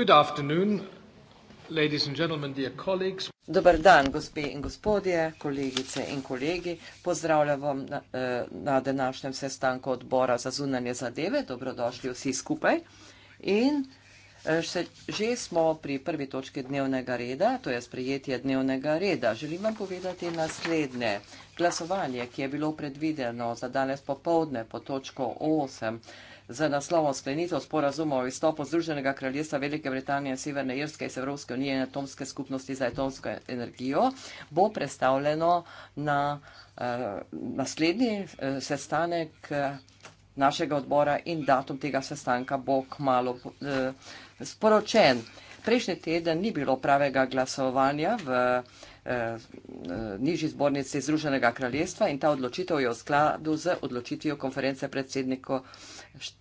Good afternoon, ladies and gentlemen, dear colleagues. Dober dan, gospe in gospodje, kolegice in kolegi. Pozdravljam vam na, eh, na današnjem sestanku odbora za zunanje zadeve. Dobrodošli vsi skupaj. In eh, še, že smo pri prvi točki dnevnega reda, to je sprejetje dnevnega reda. Želim vam povedati naslednje. Glasovanje, ki je bilo predvideno za danes popovdne po točko 8 za naslovom sklenitev sporazuma o izstopu Združenega kraljestva Velike Britanije, Severne Irske iz Evropske unije in atomske skupnosti za atomsko energijo, bo predstavljeno na uh, naslednji uh, sestanek uh, našega odbora in datum tega sestanka bo kmalo uh, sporočen. Prejšnji teden ni bilo pravega glasovanja v nižji zbornici Združenega kraljestva in ta odločitev je v skladu z odločitvijo konference predsednikov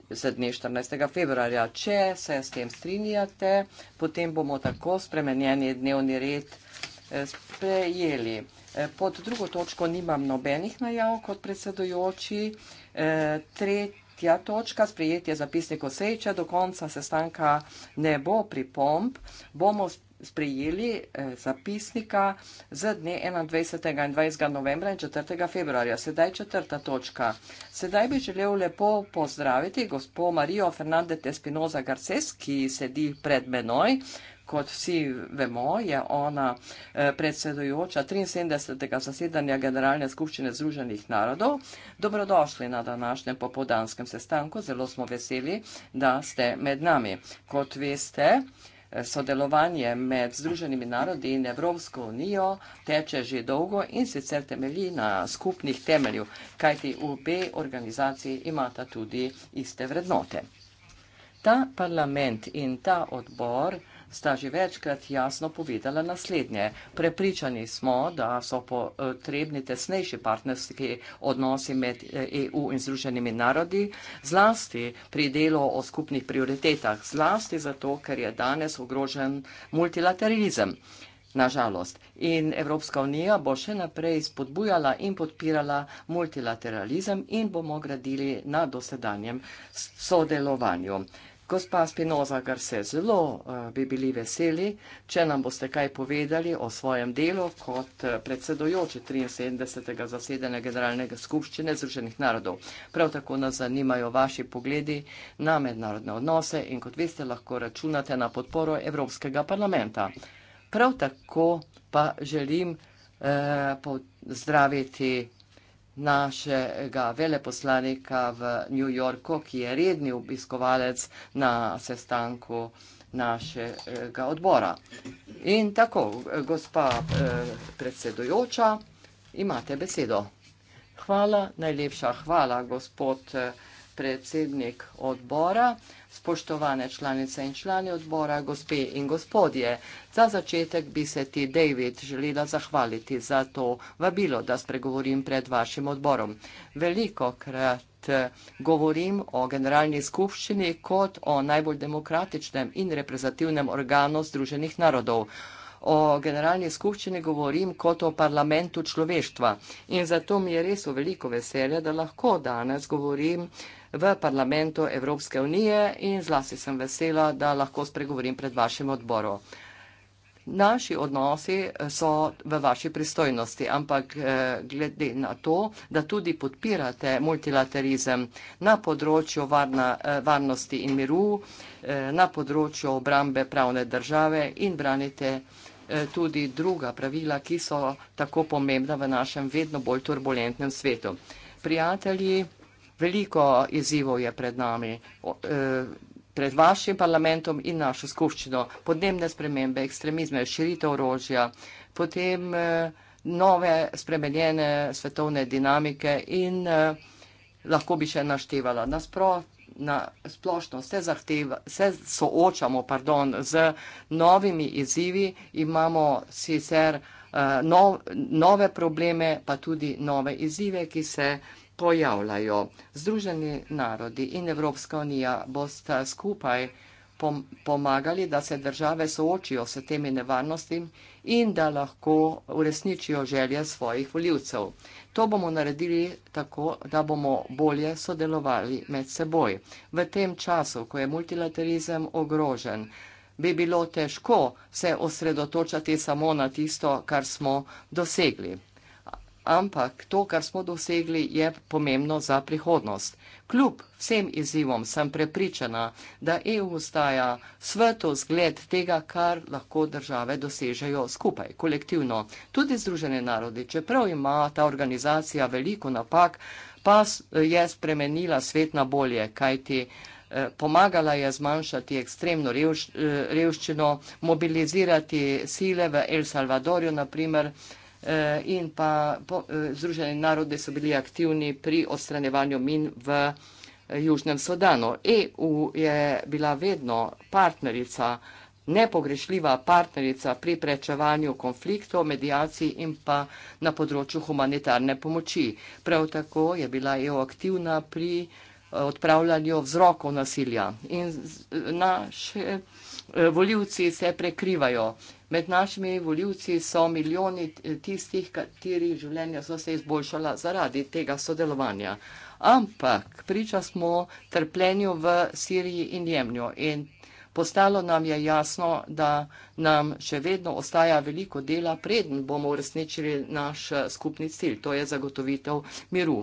za dne 14. februarja. Če se s tem strinjate, potem bomo tako spremenjeni dnevni red eh, sprejeli. Eh, pod drugo točko nimam nobenih najav kot predsedujoči. Eh, tretja točka, sprejetje zapisnikov sreče, do konca sestanka ne bo pripomp. Bomo sprejeli eh, zapisnika z dne 21. in 20. novembra in 4. februarja. Sedaj četrta točka. Sedaj bi želel lepo pozdraviti gospo Marijo Fernandez Espinoza Garces, ki sedi pred menoj. Kot vsi vemo, je ona eh, predsedujoča 73. zasedanja Generalne skupščine Združenih narodov. Dobrodošli na današnjem popodanskem sestanku. Zelo smo veseli, da ste med nami. Kot veste, sodelovanje med Združenimi narodi in Evropsko unijo teče že dolgo in sicer temelji na skupnih temelju, kajti obe organizaciji imata tudi iste vrednote. Ta parlament in ta odbor sta že večkrat jasno povedala naslednje. Prepričani smo, da so potrebni tesnejši partnerski odnosi med EU eh, e in Združenimi narodi, zlasti pri delu o skupnih prioritetah, zlasti zato, ker je danes ogrožen multilateralizem. Nažalost, in Evropska unija bo še naprej spodbujala in podpirala multilateralizem in bomo gradili na dosedanjem sodelovanju. Gospa Spinoza Garce, zelo eh, bi bili veseli, če nam boste kaj povedali o svojem delu kot eh, predsedojoči 73. zasedanja Generalnega skupščine Združenih narodov. Prav tako nas zanimajo vaši pogledi na mednarodne odnose in kot veste, lahko računate na podporo Evropskega parlamenta. Prav tako pa želim eh, pozdraviti našega veleposlanika v New Yorku, ki je redni obiskovalec na sestanku našega odbora. In tako, gospa eh, predsedujoča, imate besedo. Hvala, najlepša hvala, gospod eh, predsednik odbora spoštovane članice in člani odbora, gospe in gospodje. Za začetek bi se ti, David, želela zahvaliti za to vabilo, da spregovorim pred vašim odborom. Veliko krat govorim o generalni skupščini kot o najbolj demokratičnem in reprezentativnem organu Združenih narodov. O generalni skupščini govorim kot o parlamentu človeštva in zato mi je res veliko veselje, da lahko danes govorim eh, v parlamentu Evropske unije in zlasti sem vesela, da lahko spregovorim pred vašim odborom. Naši odnosi so v vaši pristojnosti, ampak eh, glede na to, da tudi podpirate multilaterizem na področju varna, eh, varnosti in miru, eh, na področju obrambe pravne države in branite tudi druga pravila, ki so tako pomembna v našem vedno bolj turbulentnem svetu. Prijatelji, veliko izzivov je pred nami, e, pred vašim parlamentom in našo skupščino. Podnebne spremembe, ekstremizme, širitev orožja, potem e, nove spremenjene svetovne dinamike in e, lahko bi še naštevala nasprot. Na splošno se, zahteva, se soočamo pardon, z novimi izzivi, imamo sicer uh, no, nove probleme, pa tudi nove izzive, ki se uh, pojavljajo. Združeni narodi in Evropska unija boste skupaj pomagali, da se države soočijo s temi nevarnostim in da lahko uresničijo želje svojih voljivcev. To bomo naredili tako, da bomo bolje sodelovali med seboj. V tem času, ko je multilaterizem ogrožen, bi bilo težko se osredotočati samo na tisto, kar smo dosegli ampak to, kar smo dosegli, je pomembno za prihodnost. Kljub vsem izzivom sem prepričana, da EU ostaja svetov zgled tega, kar lahko države dosežejo skupaj, kolektivno. Tudi Združene narodi, čeprav ima ta organizacija veliko napak, pa je spremenila svet na bolje, kajti eh, pomagala je zmanjšati ekstremno eh, revščino, mobilizirati sile v El Salvadorju, naprimer, Eh, in pa po, eh, Združene narode so bili aktivni pri odstranjevanju min v eh, Južnem Sodanu. EU je bila vedno partnerica, nepogrešljiva partnerica pri prečevanju konfliktov, medijaciji in pa na področju humanitarne pomoči. Prav tako je bila EU aktivna pri odpravljanju vzrokov nasilja. In naši volivci se prekrivajo Med našimi voljivci so milijoni tistih, katerih življenja so se izboljšala zaradi tega sodelovanja. Ampak priča smo trpljenju v Siriji in Jemnju in postalo nam je jasno, da nam še vedno ostaja veliko dela, preden bomo uresničili naš skupni cilj, to je zagotovitev miru.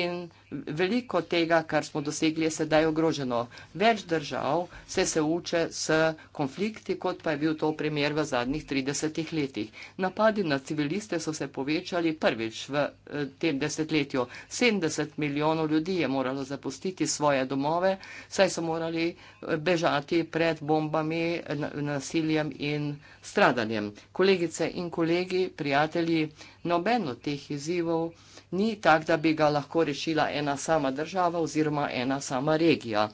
In veliko tega, kar smo dosegli, je sedaj ogroženo. Več držav se se uče s konflikti, kot pa je bil to primer v zadnjih 30 letih. Napadi na civiliste so se povečali prvič v eh, tem desetletju. 70 milijonov ljudi je moralo zapustiti svoje domove, saj so morali eh, bežati pred bombami, eh, nasiljem in stradanjem. Kolegice in kolegi, prijatelji, nobeno teh izzivov ni tak, da bi ga lahko rešila ena sama država oziroma ena sama regija.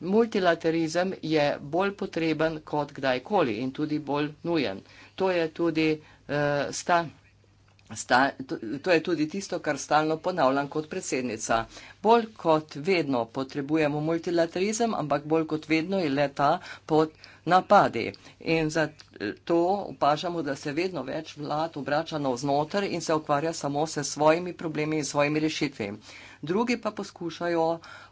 Multilaterizem je bolj potreben kot kdajkoli in tudi bolj nujen. To je tudi uh, eh, stanje. Sta, to, to je tudi tisto, kar stalno ponavljam kot predsednica. Bolj kot vedno potrebujemo multilaterizem, ampak bolj kot vedno je le ta pod napadi. In zato upažamo, da se vedno več vlad obrača na vznoter in se ukvarja samo se svojimi problemi in svojimi rešitvi. Drugi pa poskušajo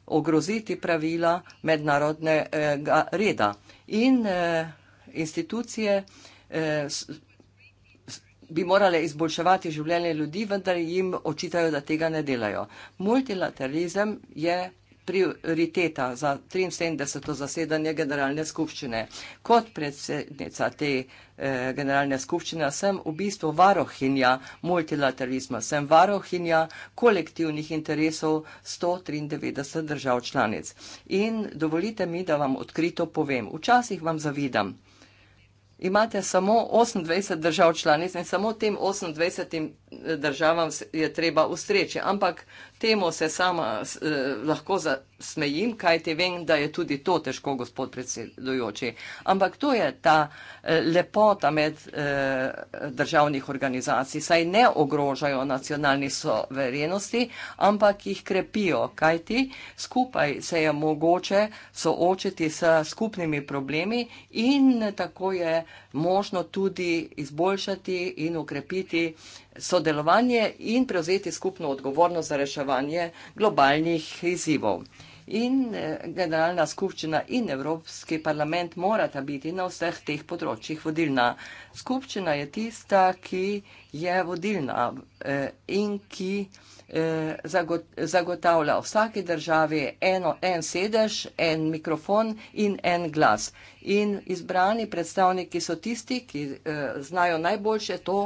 ogroziti pravila mednarodnega reda. In eh, institucije. Eh, bi morale izboljševati življenje ljudi, vendar jim očitajo, da tega ne delajo. Multilaterizem je prioriteta za 73. zasedanje generalne skupščine. Kot predsednica te eh, generalne skupščine sem v bistvu varohinja multilaterizma, sem varohinja kolektivnih interesov 193 držav članic. In dovolite mi, da vam odkrito povem, včasih vam zavidam imate samo 28 držav članic in samo tem 28 eh, državam je treba ustreči. Ampak Temu se sama eh, lahko smejim, kajti vem, da je tudi to težko, gospod predsedujoči. Ampak to je ta eh, lepota med eh, državnih organizacij, saj ne ogrožajo nacionalni soverenosti, ampak jih krepijo, kajti skupaj se je mogoče soočiti s skupnimi problemi in tako je možno tudi izboljšati in ukrepiti eh, sodelovanje in prevzeti skupno odgovornost za reševanje globalnih izzivov. In eh, generalna skupščina in Evropski parlament morata biti na vseh teh področjih vodilna. Skupščina je tista, ki je vodilna eh, in ki. Eh, zagotavlja vsaki državi eno, en sedež, en mikrofon in en glas. In izbrani predstavniki so tisti, ki eh, znajo najboljše to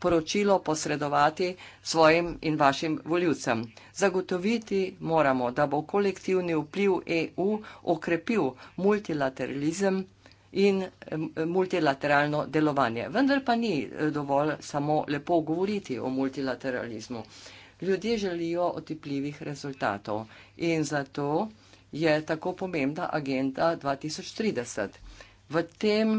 poročilo posredovati svojim in vašim voljivcem. Zagotoviti moramo, da bo kolektivni vpliv EU okrepil multilateralizem in eh, multilateralno delovanje. Vendar pa ni dovolj samo lepo govoriti o multilateralizmu ljudje želijo otepljivih rezultatov in zato je tako pomembna agenda 2030. V tem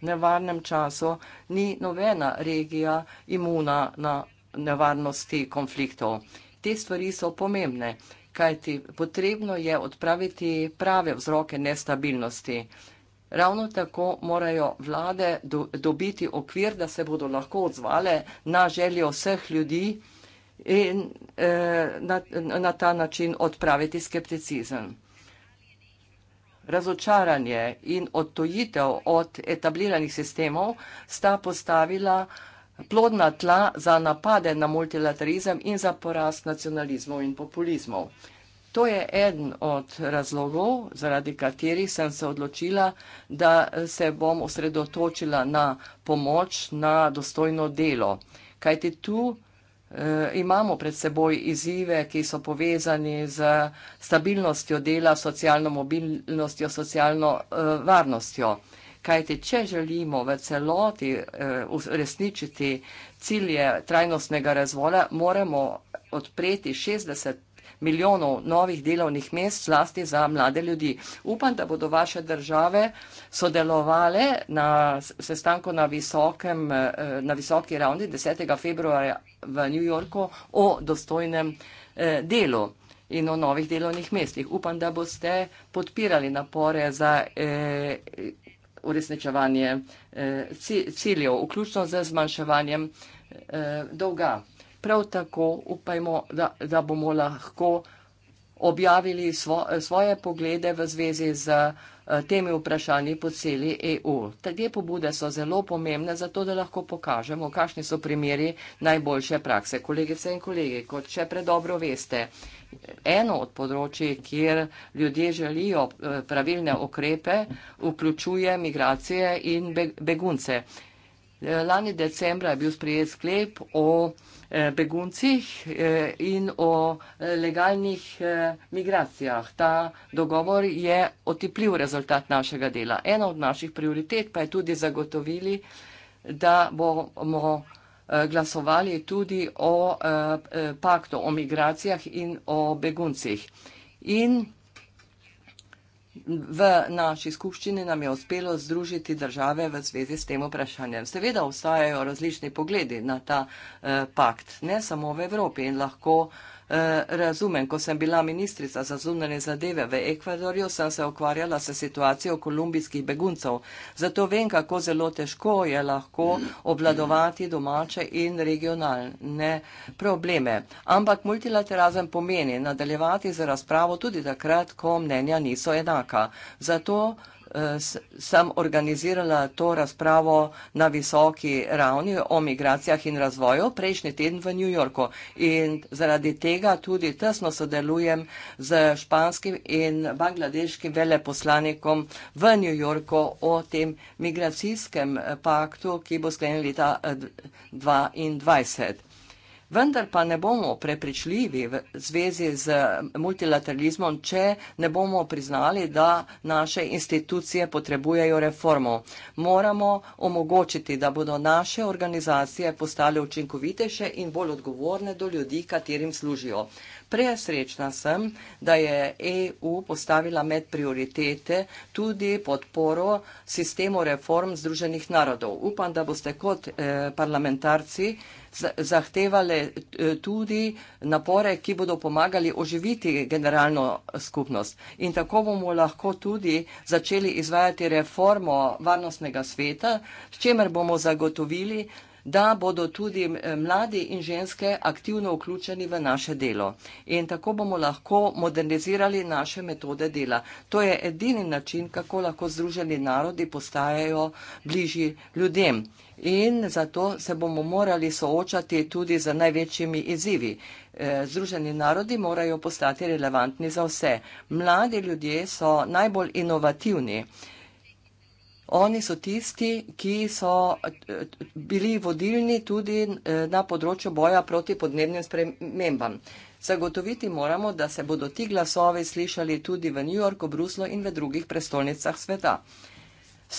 nevarnem času ni novena regija imuna na nevarnosti konfliktov. Te stvari so pomembne, kajti potrebno je odpraviti prave vzroke nestabilnosti. Ravno tako morajo vlade do, dobiti okvir, da se bodo lahko odzvale na željo vseh ljudi in eh, na, na ta način odpraviti skepticizem. Razočaranje in odtojitev od etabliranih sistemov sta postavila plodna tla za napade na multilaterizem in za porast nacionalizmov in populizmov. To je eden od razlogov, zaradi katerih sem se odločila, da se bom osredotočila na pomoč, na dostojno delo. Kajti tu Eh, imamo pred seboj izzive, ki so povezani z stabilnostjo dela, socialno mobilnostjo, socialno eh, varnostjo. Kajti, če želimo v celoti eh, uresničiti cilje trajnostnega razvoja, moramo odpreti 60 milijonov novih delovnih mest, zlasti za mlade ljudi. Upam, da bodo vaše države sodelovale na sestanku na, visokem, eh, na visoki ravni 10. februarja v New Yorku o dostojnem eh, delu in o novih delovnih mestih. Upam, da boste podpirali napore za eh, uresničevanje ciljev, vključno z zmanjševanjem dolga prav tako upajmo, da, da bomo lahko objavili svo, svoje poglede v zvezi z eh, temi vprašanji po celi EU. Te pobude so zelo pomembne, zato da lahko pokažemo, kakšni so primeri najboljše prakse. Kolegice in kolegi, kot še predobro veste, eno od področji, kjer ljudje želijo eh, pravilne okrepe, vključuje migracije in begunce. Eh, lani decembra je bil sprejet sklep o Eh, beguncih eh, in o eh, legalnih migracijah. Ta dogovor je otipljiv rezultat našega dela. Ena od naših prioritet pa je tudi zagotovili, da bomo glasovali tudi o paktu o migracijah in o beguncih. In v naši skupščini nam je uspelo združiti države v zvezi s tem vprašanjem. Seveda obstajajo različni pogledi na ta eh, pakt, ne samo v Evropi in lahko eh, Eh, razumem. Ko sem bila ministrica za zunanje zadeve v Ekvadorju, sem se ukvarjala s situacijo kolumbijskih beguncev. Zato vem, kako zelo težko je lahko obladovati domače in regionalne probleme. Ampak multilateralizem pomeni nadaljevati z razpravo tudi takrat, ko mnenja niso enaka. Zato Eh, sem organizirala to razpravo na visoki ravni o migracijah in razvoju prejšnji teden v New Yorku. In zaradi tega tudi tesno sodelujem z španskim in bangladeškim veleposlanikom v New Yorku o tem migracijskem eh, paktu, ki bo sklenjen leta 2022. Eh, Vendar pa ne bomo prepričljivi v zvezi z multilateralizmom, če ne bomo priznali, da naše institucije potrebujejo reformo. Moramo omogočiti, da bodo naše organizacije postale učinkovitejše in bolj odgovorne do ljudi, katerim služijo. Presrečna sem, da je EU postavila med prioritete tudi podporo sistemu reform Združenih narodov. Upam, da boste kot eh, parlamentarci zahtevali eh, tudi napore, ki bodo pomagali oživiti generalno skupnost. In tako bomo lahko tudi začeli izvajati reformo varnostnega sveta, s čemer bomo zagotovili, da bodo tudi eh, mladi in ženske aktivno vključeni v naše delo. In tako bomo lahko modernizirali naše metode dela. To je edini način, kako lahko združeni narodi postajajo bližji ljudem. In zato se bomo morali soočati tudi z največjimi izzivi. Eh, združeni narodi morajo postati relevantni za vse. Mladi ljudje so najbolj inovativni. Oni so tisti, ki so bili vodilni tudi eh, na področju boja proti podnebnim spremembam. Zagotoviti moramo, da se bodo ti glasovi slišali tudi v New Yorku, Bruslu in v drugih prestolnicah sveta.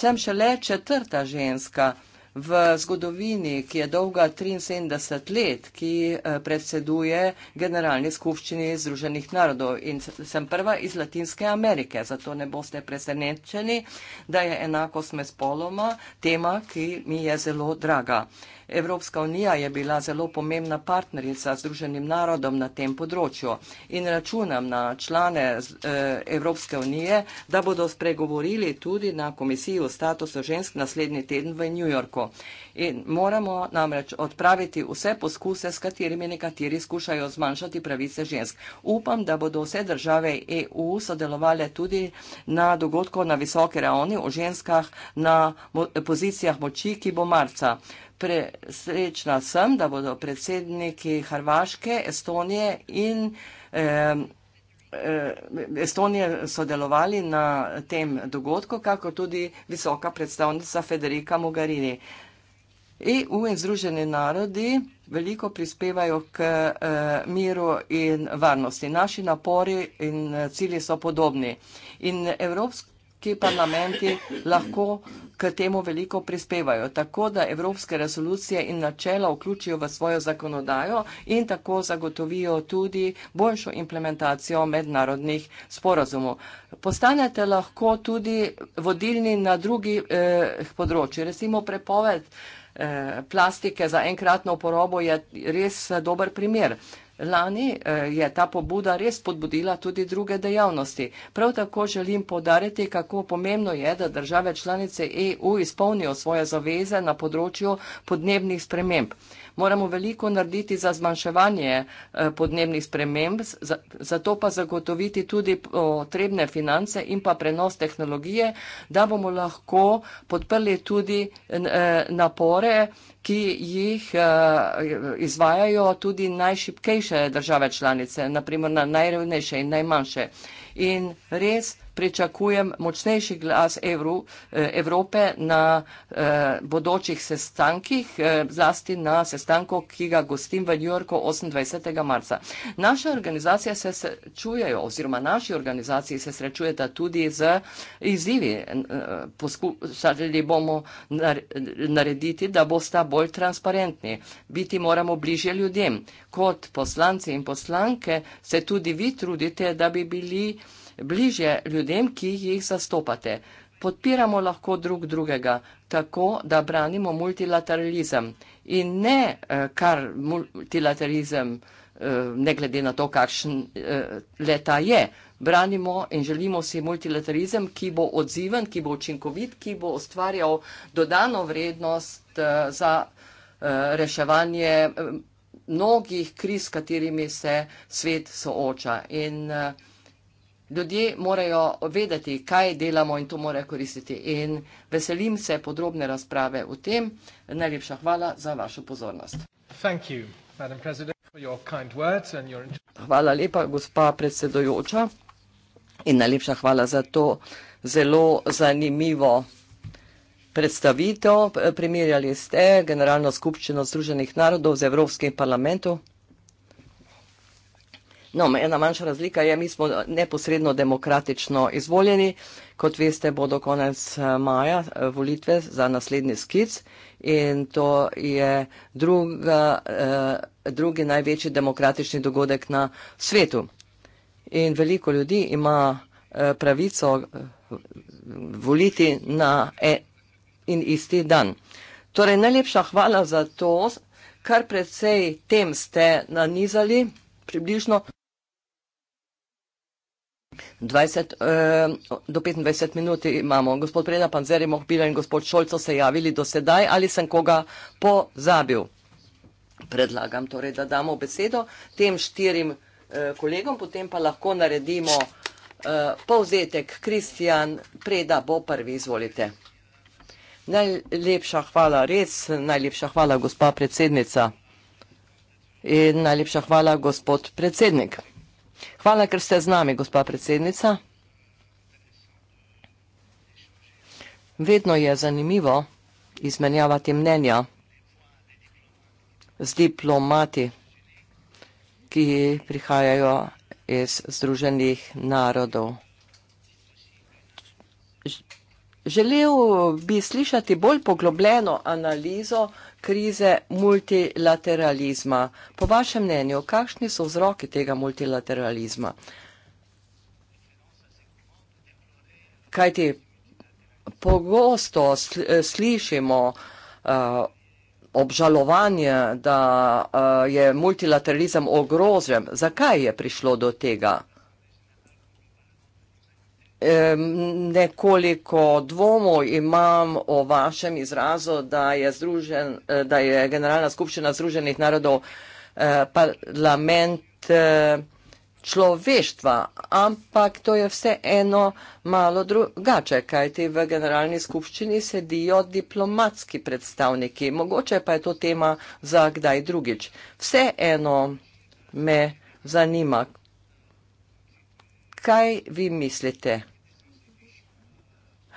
Sem šele četrta ženska, v zgodovini, ki je dolga 73 let, ki eh, predseduje Generalni skupščini Združenih narodov in sem prva iz Latinske Amerike, zato ne boste presenečeni, da je enakost med spoloma tema, ki mi je zelo draga. Evropska unija je bila zelo pomembna partnerica Združenim narodom na tem področju in računam na člane eh, Evropske unije, da bodo spregovorili tudi na komisiji o statusu žensk naslednji teden v New Yorku. In moramo namreč odpraviti vse poskuse, s katerimi nekateri skušajo zmanjšati pravice žensk. Upam, da bodo vse države EU sodelovali tudi na dogodku na visoke ravni o ženskah na pozicijah moči, ki bo marca presrečna sem, da bodo predsedniki Hrvaške, Estonije in eh, Estonije sodelovali na tem dogodku, kako tudi visoka predstavnica Federica Mogarini. EU in Združeni narodi veliko prispevajo k eh, miru in varnosti. Naši napori in eh, cilji so podobni. In Evropska ti parlamenti lahko k temu veliko prispevajo, tako da evropske resolucije in načela vključijo v svojo zakonodajo in tako zagotovijo tudi boljšo implementacijo mednarodnih sporazumov. Postanete lahko tudi vodilni na drugih eh, področjih, recimo prepoved eh, plastike za enkratno uporabo je res eh, dober primer. Lani eh, je ta pobuda res podbudila tudi druge dejavnosti. Prav tako želim podariti, kako pomembno je, da države članice EU izpolnijo svoje zaveze na področju podnebnih sprememb moramo veliko narediti za zmanjševanje eh, podnebnih sprememb, zato pa zagotoviti tudi potrebne finance in pa prenos tehnologije, da bomo lahko podprli tudi eh, napore, ki jih eh, izvajajo tudi najšipkejše države članice, naprimer na najrevnejše in najmanjše. In res, pričakujem močnejši glas Evru, eh, Evrope na eh, bodočih sestankih, eh, zlasti na sestanku, ki ga gostim v New Yorku 28. marca. Naša organizacija se srečujejo oziroma naši organizaciji se srečujeta tudi z izzivi. Eh, poskušali bomo narediti, da bosta bolj transparentni. Biti moramo bliže ljudem. Kot poslanci in poslanke se tudi vi trudite, da bi bili bližje ljudem, ki jih zastopate. Podpiramo lahko drug drugega, tako da branimo multilateralizem in ne eh, kar multilateralizem, eh, ne glede na to, kakšen eh, leta je. Branimo in želimo si multilateralizem, ki bo odziven, ki bo učinkovit, ki bo ustvarjal dodano vrednost za reševanje mnogih kriz, s katerimi se svet sooča. In, uh ljudje morajo vedeti, kaj delamo in to morajo koristiti. In veselim se podrobne razprave o tem. Najlepša hvala za vašo pozornost. Hvala lepa, gospa predsedojoča. In najlepša hvala za to zelo zanimivo predstavitev. Primerjali ste Generalno skupščino Združenih narodov z Evropskim parlamentom. No, ena manjša razlika je, mi smo eh, neposredno demokratično izvoljeni. Kot veste, bodo konec eh, maja eh, volitve za naslednji skic in to je druga, drugi največji demokratični dogodek na svetu. In veliko ljudi ima pravico voliti na en isti dan. Torej, najlepša hvala za to, kar predvsej tem ste nanizali približno. 20, eh, do 25 minut imamo. Gospod Preda Panzer je mohbila in gospod Šolco se javili do sedaj ali sem koga pozabil. Predlagam torej, da damo besedo tem štirim eh, kolegom, potem pa lahko naredimo eh, povzetek. Kristjan Preda bo prvi, izvolite. Najlepša hvala, res najlepša hvala, gospa predsednica. In najlepša hvala, gospod predsednik. Hvala, ker ste z nami, gospa predsednica. Vedno je zanimivo izmenjavati mnenja z diplomati, ki prihajajo iz Združenih narodov. Želel bi slišati bolj poglobljeno analizo, krize multilateralizma. Po vašem mnenju, kakšni so vzroki tega multilateralizma? Kajti pogosto slišimo eh, obžalovanje, da eh, je multilateralizem ogrožen. Zakaj je prišlo do tega? nekoliko dvomov imam o vašem izrazu, da je, združen, eh, da je Generalna skupščina Združenih narodov eh, parlament eh, človeštva, ampak to je vse eno malo drugače, kajti v Generalni skupščini sedijo diplomatski predstavniki, mogoče pa je to tema za kdaj drugič. Vse eno me zanima, kaj vi mislite?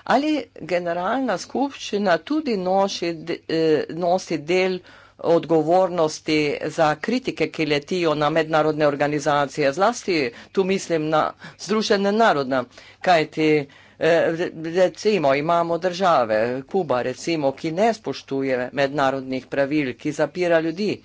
Ali generalna skupščina tudi nosi, eh, nosi del odgovornosti za kritike, ki letijo na mednarodne organizacije, zlasti tu mislim na Združene narode, kajti eh, recimo imamo države, Kuba recimo, ki ne spoštuje mednarodnih pravil, ki zapira ljudi.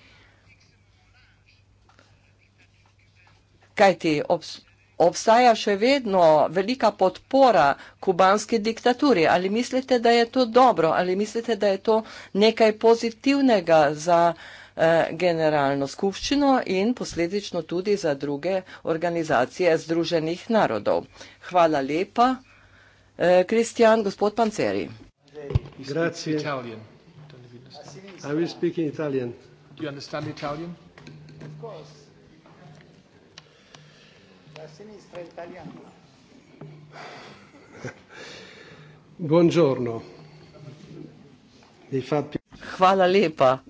Kajti obstoječe obstaja še vedno velika podpora kubanski diktaturi. Ali mislite, da je to dobro, ali mislite, da je to nekaj pozitivnega za eh, generalno skupščino in posledično tudi za druge organizacije Združenih narodov. Hvala lepa. Eh, Kristjan, gospod Panceri. Grazie. I will speak in Italian. Do you understand Italian? Of course sinistra italiana. Buongiorno. Hvala lepa.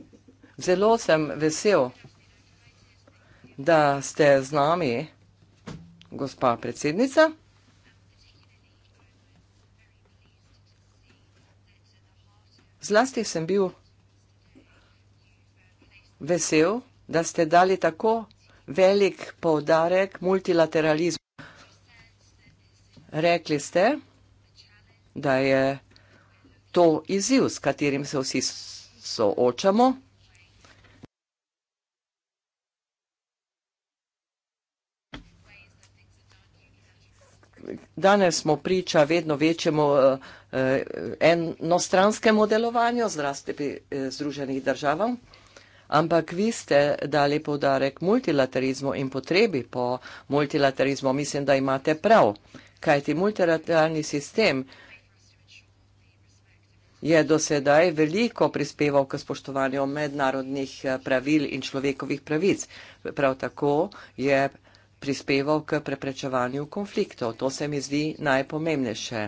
Zelo sem vesel, da ste z nami, gospa predsednica. Zlasti sem bil vesel, da ste dali tako velik povdarek multilateralizmu. Rekli ste, da je to izziv, s katerim se vsi soočamo. Danes smo priča vedno večjemu eh, eh, enostranskemu delovanju zdravstvenih združenih državam. Ampak vi ste dali podarek multilaterizmu in potrebi po multilaterizmu. Mislim, da imate prav, kajti multilateralni sistem je dosedaj veliko prispeval k spoštovanju mednarodnih eh, pravil in človekovih pravic. Prav tako je prispeval k preprečevanju konfliktov. To se mi zdi najpomembnejše.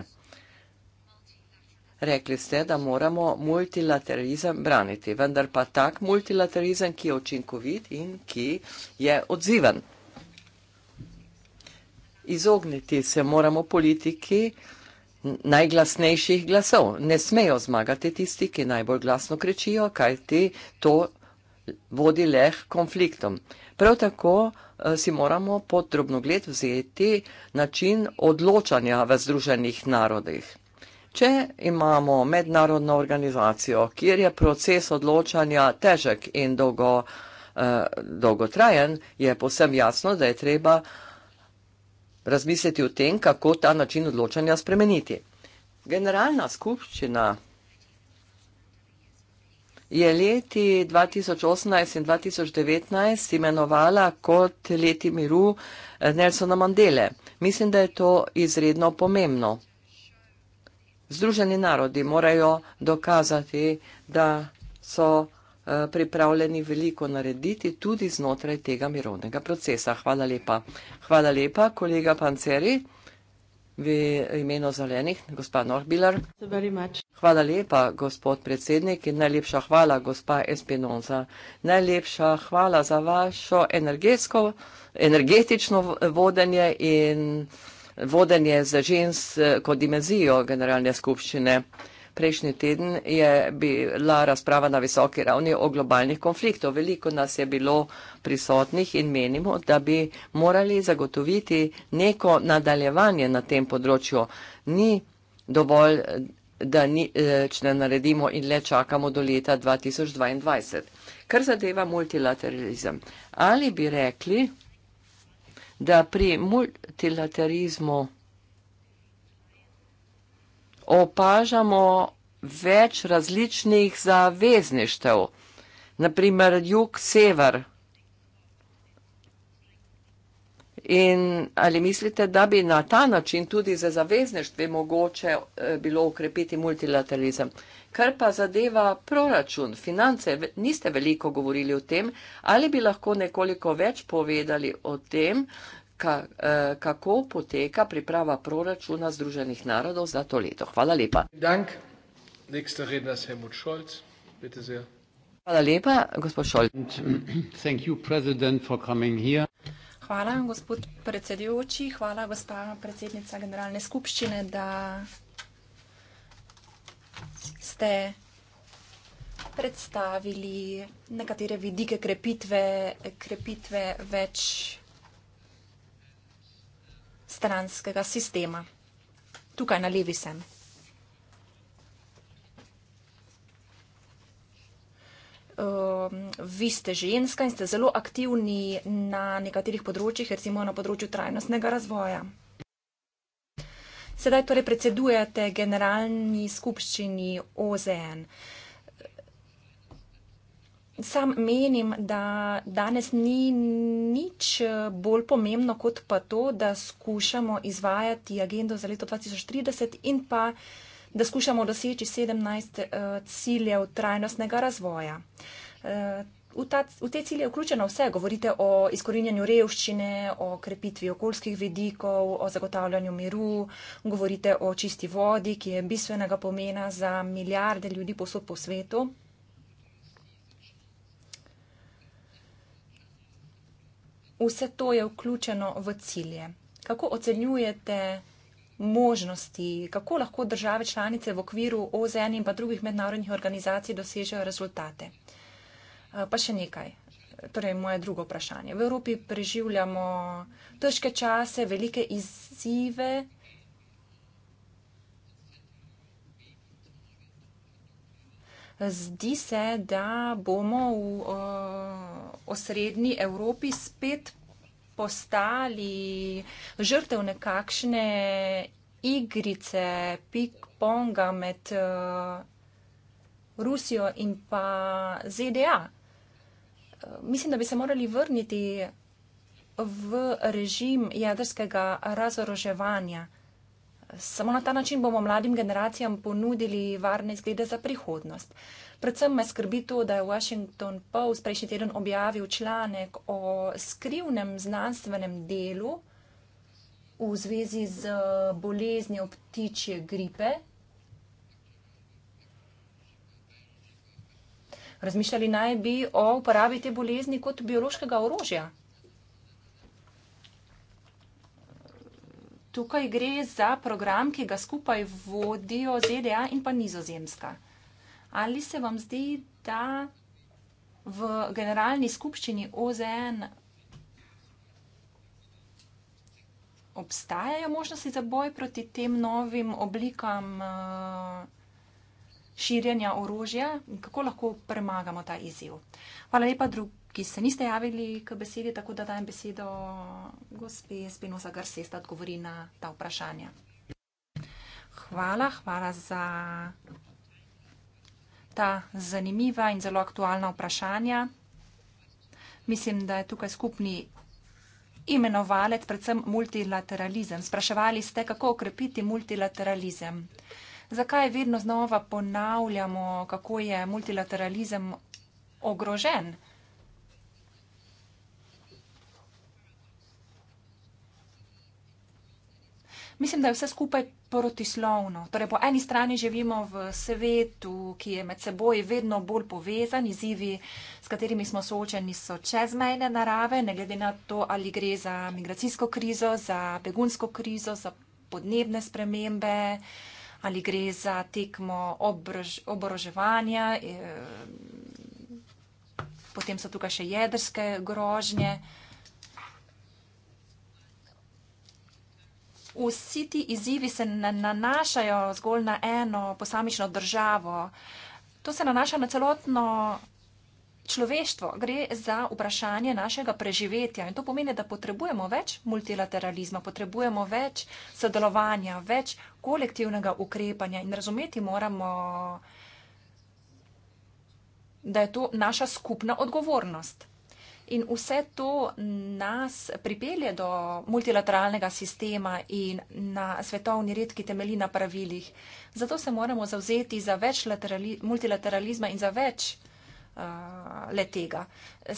Rekli ste, da moramo multilaterizem braniti, vendar pa tak multilaterizem, ki je očinkovit in ki je odziven. Izogniti se moramo politiki najglasnejših glasov. Ne smejo zmagati tisti, ki najbolj glasno kričijo, kajti to vodi leh konfliktom. Prav tako eh, si moramo pod drobnogled vzeti način odločanja v Združenih narodih. Če imamo mednarodno organizacijo, kjer je proces odločanja težek in dolgo, eh, dolgotrajen, je posebno jasno, da je treba razmisliti o tem, kako ta način odločanja spremeniti. Generalna skupščina je leti 2018 in 2019 imenovala kot leti miru eh, Nelsona Mandele. Mislim, da je to izredno pomembno. Združeni narodi morajo dokazati, da so eh, pripravljeni veliko narediti tudi znotraj tega mirovnega procesa. Hvala lepa. Hvala lepa, kolega Panceri, v imenu zelenih, gospa Norbilar. Hvala lepa, gospod predsednik, in najlepša hvala, gospa Espinoza. Najlepša hvala za vašo energetsko, energetično vodenje in vodenje za žensk eh, kot dimenzijo generalne skupščine. Prejšnji teden je bila razprava na visoki ravni o globalnih konfliktov. Veliko nas je bilo prisotnih in menimo, da bi morali zagotoviti neko nadaljevanje na tem področju. Ni dovolj, da nič eh, ne naredimo in le čakamo do leta 2022. Kar zadeva multilateralizem. Ali bi rekli, da pri multilaterizmu opažamo več različnih zavezništev, naprimer jug-sever. In ali mislite, da bi na ta način tudi za zavezništve mogoče eh, bilo ukrepiti multilaterizem? Kar pa zadeva proračun, finance, niste veliko govorili o tem, ali bi lahko nekoliko več povedali o tem, ka, eh, kako poteka priprava proračuna Združenih narodov za to leto. Hvala lepa. Dank. Hvala lepa, gospod Šolc. Hvala, gospod predsedujoči, hvala, gospa predsednica generalne skupščine, da ste predstavili nekatere vidike krepitve, krepitve več stranskega sistema. Tukaj na levi sem. Um, vi ste ženska in ste zelo aktivni na nekaterih področjih, recimo na področju trajnostnega razvoja. Sedaj torej predsedujete generalni skupščini OZN. Sam menim, da danes ni nič bolj pomembno kot pa to, da skušamo izvajati agendo za leto 2030 in pa da skušamo doseči 17 eh, ciljev trajnostnega razvoja. Eh, v, ta, v te cilje vključeno vse? Govorite o izkorinjanju revščine, o krepitvi okoljskih vidikov, o zagotavljanju miru, govorite o čisti vodi, ki je bistvenega pomena za milijarde ljudi posod po svetu. Vse to je vključeno v cilje. Kako ocenjujete možnosti, kako lahko države članice v okviru OZN in pa drugih mednarodnih organizacij dosežejo rezultate? Eh, pa še nekaj, torej moje drugo vprašanje. V Evropi preživljamo težke čase, velike izzive. Zdi se, da bomo v o, eh, osrednji Evropi spet postali žrtev nekakšne igrice ping-ponga med o, eh, Rusijo in pa ZDA mislim, da bi se morali vrniti v režim jedrskega razoroževanja. Samo na ta način bomo mladim generacijam ponudili varne izglede za prihodnost. Predvsem me skrbi to, da je Washington Post prejšnji teden objavil članek o skrivnem znanstvenem delu v zvezi z boleznjo ptičje gripe, Razmišljali naj bi o uporabi te bolezni kot biološkega orožja. Tukaj gre za program, ki ga skupaj vodijo ZDA in pa nizozemska. Ali se vam zdi, da v generalni skupščini OZN obstajajo možnosti za boj proti tem novim oblikam uh, širjenja orožja, kako lahko premagamo ta izziv. Hvala lepa, drugi se niste javili k besedi, tako da dajem besedo gospe Spinoza Garces, da odgovori na ta vprašanja. Hvala, hvala za ta zanimiva in zelo aktualna vprašanja. Mislim, da je tukaj skupni imenovalec, predvsem multilateralizem. Spraševali ste, kako okrepiti multilateralizem zakaj vedno znova ponavljamo, kako je multilateralizem ogrožen? Mislim, da je vse skupaj protislovno. Torej, po eni strani živimo v svetu, ki je med seboj vedno bolj povezan, izzivi, s katerimi smo soočeni, so čezmejne narave, ne glede na to, ali gre za migracijsko krizo, za begunsko krizo, za podnebne spremembe, uh, ali gre za tekmo obrož, oboroževanja, eh, potem so tukaj še jedrske grožnje. Vsi ti izzivi se nanašajo zgolj na eno posamično državo. To se nanaša na celotno človeštvo, gre za vprašanje našega preživetja. In to pomeni, da potrebujemo več multilateralizma, potrebujemo več sodelovanja, več kolektivnega ukrepanja in razumeti moramo, da je to naša skupna odgovornost. In vse to nas pripelje do multilateralnega sistema in na svetovni red, ki temeli na pravilih. Zato se moramo zauzeti za več multilateralizma in za več Eh, le tega.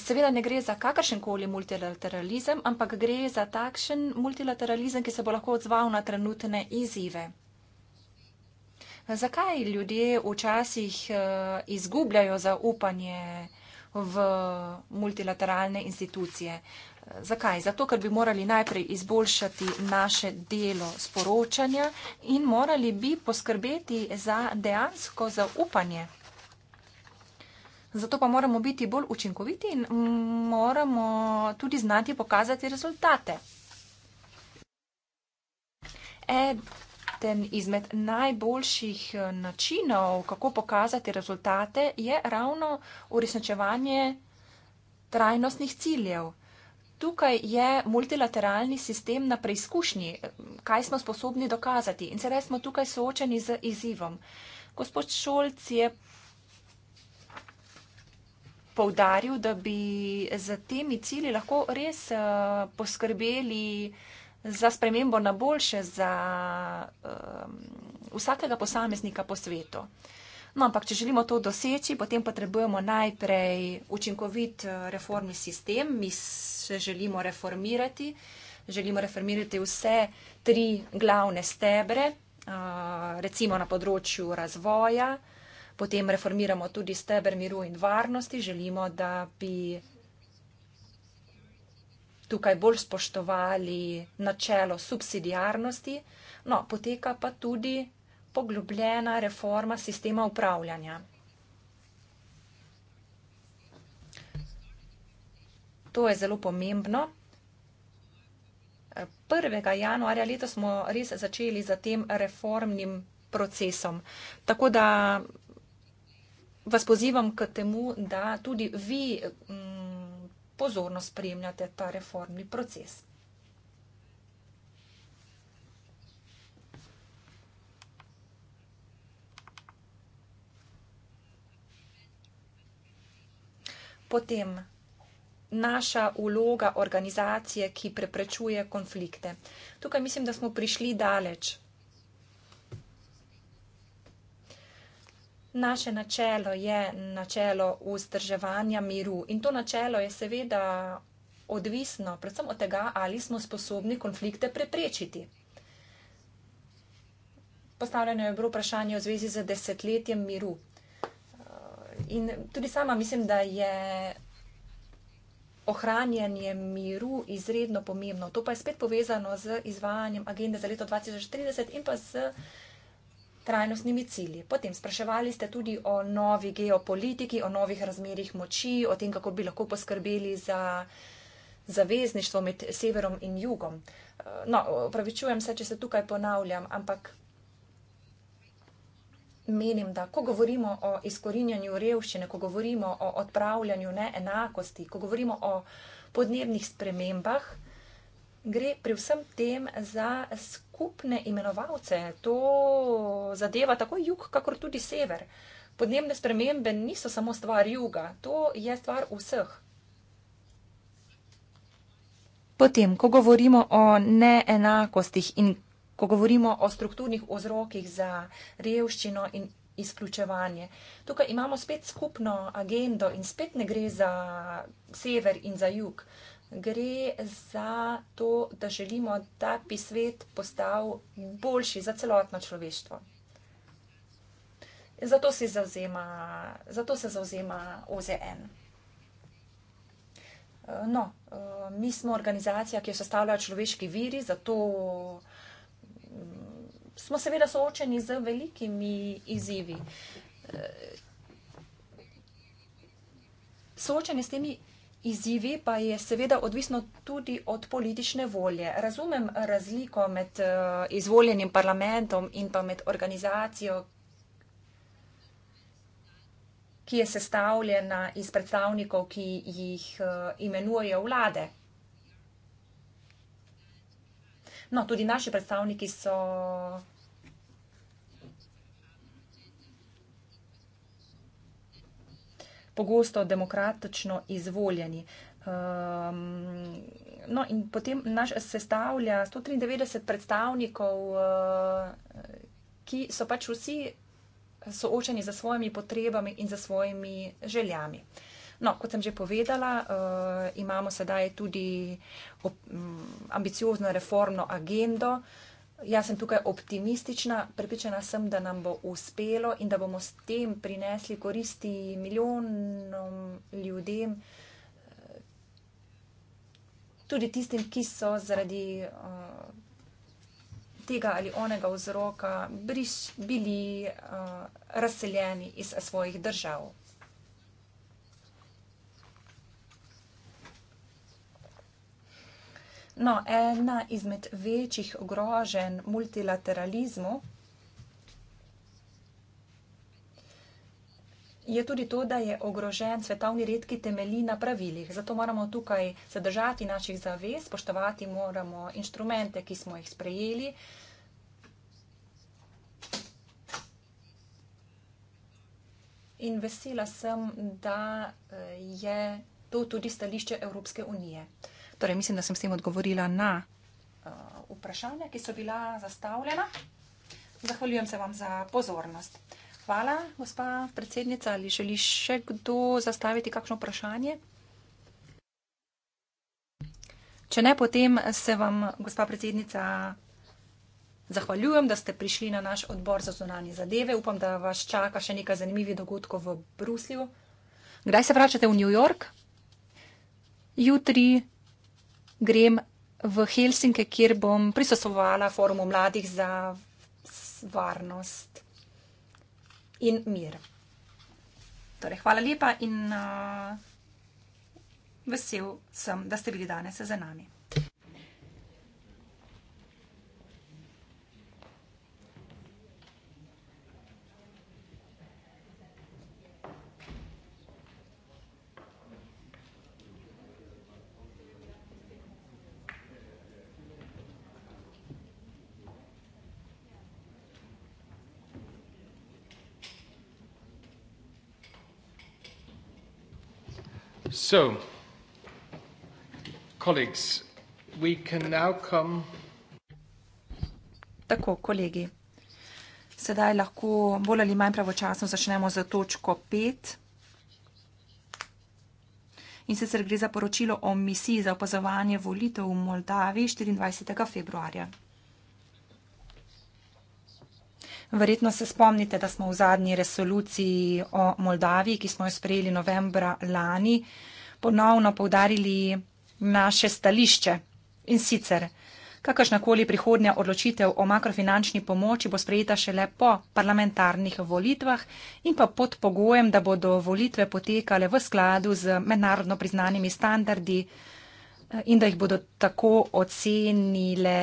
Seveda ne gre za kakršenkoli multilateralizem, ampak gre za takšen multilateralizem, ki se bo lahko odzval na trenutne izzive. Zakaj ljudje včasih eh, izgubljajo zaupanje v multilateralne institucije? Zakaj? Zato, ker bi morali najprej izboljšati naše delo sporočanja in morali bi poskrbeti za dejansko zaupanje. Zato pa moramo biti bolj učinkoviti in moramo tudi znati pokazati rezultate. Eden izmed najboljših eh, načinov, kako pokazati rezultate, je ravno uresničevanje trajnostnih ciljev. Tukaj je multilateralni sistem na preizkušnji, eh, kaj smo sposobni dokazati in sedaj smo tukaj soočeni z izzivom. Gospod Šolc je poudaril, da bi za temi cili lahko res eh, poskrbeli za spremembo na boljše za eh, vsakega posameznika po svetu. No, ampak, če želimo to doseči, potem potrebujemo najprej učinkovit eh, reformni sistem. Mi se želimo reformirati, želimo reformirati vse tri glavne stebre, recimo na področju razvoja, Potem reformiramo tudi steber miru in varnosti. Želimo, da bi tukaj bolj spoštovali načelo subsidijarnosti. No, poteka pa tudi poglobljena reforma sistema upravljanja. To je zelo pomembno. 1. januarja leta smo res začeli za tem reformnim procesom. Tako da vas pozivam k temu, da tudi vi mm, pozorno spremljate ta reformni proces. Potem naša vloga organizacije, ki preprečuje konflikte. Tukaj mislim, da smo prišli daleč. Naše načelo je načelo vzdrževanja miru in to načelo je seveda odvisno predvsem od tega, ali smo sposobni konflikte preprečiti. Postavljeno je bilo vprašanje v zvezi z desetletjem miru. In tudi sama mislim, da je ohranjanje miru izredno pomembno. To pa je spet povezano z izvajanjem agende za leto 2030 in pa z trajnostnimi cilji. Potem spraševali ste tudi o novi geopolitiki, o novih razmerih moči, o tem, kako bi lahko poskrbeli za zavezništvo med severom in jugom. No, pravičujem se, če se tukaj ponavljam, ampak menim, da ko govorimo o izkorinjanju revščine, ko govorimo o odpravljanju neenakosti, ko govorimo o podnebnih spremembah, gre pri vsem tem za skupaj skupne imenovalce. To zadeva tako jug, kakor tudi sever. Podnebne spremembe niso samo stvar juga, to je stvar vseh. Potem, ko govorimo o neenakostih in ko govorimo o strukturnih vzrokih za revščino in izključevanje, tukaj imamo spet skupno agendo in spet ne gre za sever in za jug. Uh, gre za to, da želimo, da bi svet postal boljši za celotno človeštvo. Zato se zauzema, zato se zauzema OZN. No, mi smo organizacija, ki jo sestavljajo človeški viri, zato mm, smo seveda soočeni z velikimi izzivi. Soočeni s temi izzivi pa je seveda odvisno tudi od politične volje. Razumem razliko med eh, izvoljenim parlamentom in pa med organizacijo, ki je sestavljena iz predstavnikov, ki jih eh, imenujejo vlade. No, tudi naši predstavniki so pogosto demokratično izvoljeni. Um, no, in potem naš sestavlja 193 predstavnikov, uh, ki so pač vsi soočeni za svojimi potrebami in za svojimi željami. No, kot sem že povedala, uh, imamo sedaj tudi ob, um, ambiciozno reformno agendo, uh, Jaz sem tukaj optimistična, pripričana sem, da nam bo uspelo in da bomo s tem prinesli koristi milijonom ljudem, tudi tistim, ki so zaradi uh, tega ali onega vzroka bili uh, razseljeni iz svojih držav. No, ena izmed večjih groženj multilateralizmu je tudi to, da je ogrožen svetovni red, ki temelji na pravilih. Zato moramo tukaj zadržati naših zavez, spoštovati moramo inštrumente, ki smo jih sprejeli. In vesela sem, da eh, je to tudi stališče Evropske unije. Torej, mislim, da sem s tem odgovorila na uh, vprašanja, ki so bila zastavljena. Zahvaljujem se vam za pozornost. Hvala, gospa predsednica. Ali želi še kdo zastaviti kakšno vprašanje? Če ne, potem se vam, gospa predsednica, zahvaljujem, da ste prišli na naš odbor za zunanje zadeve. Upam, da vas čaka še nekaj zanimivih dogodkov v Bruslju. Kdaj se vračate v New York? Jutri grem v Helsinke, kjer bom prisosovala forumu mladih za varnost in mir. Torej, hvala lepa in uh, vesel sem, da ste bili danes za nami. So, colleagues, we can now come... Tako, kolegi, sedaj lahko bolj ali manj pravočasno začnemo za točko 5. In se gre za poročilo o misiji za opazovanje volitev v Moldavi 24. februarja. Verjetno se spomnite, da smo v zadnji resoluciji o Moldavi, ki smo jo sprejeli novembra lani, ponovno povdarili naše stališče. In sicer, kakršnakoli prihodnja odločitev o makrofinančni pomoči bo sprejeta šele po parlamentarnih volitvah in pa pod pogojem, da bodo volitve potekale v skladu z mednarodno priznanimi standardi eh, in da jih bodo tako ocenile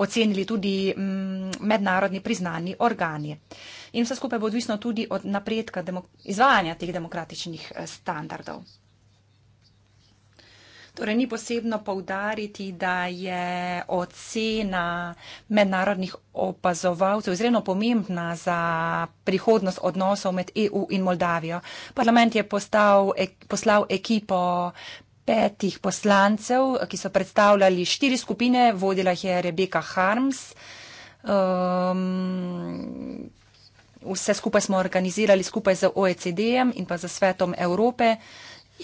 ocenili tudi m, mm, mednarodni priznani organi. In vse skupaj bo odvisno tudi od napredka demok izvajanja teh demokratičnih eh, standardov. Torej, ni posebno poudariti, da je ocena mednarodnih opazovalcev izredno pomembna za prihodnost odnosov med EU in Moldavijo. Parlament je postav, ek, poslal ekipo petih poslancev, ki so predstavljali štiri skupine, vodila jih je Rebeka Harms. Um, vse skupaj smo organizirali skupaj z OECD-jem in pa z Svetom Evrope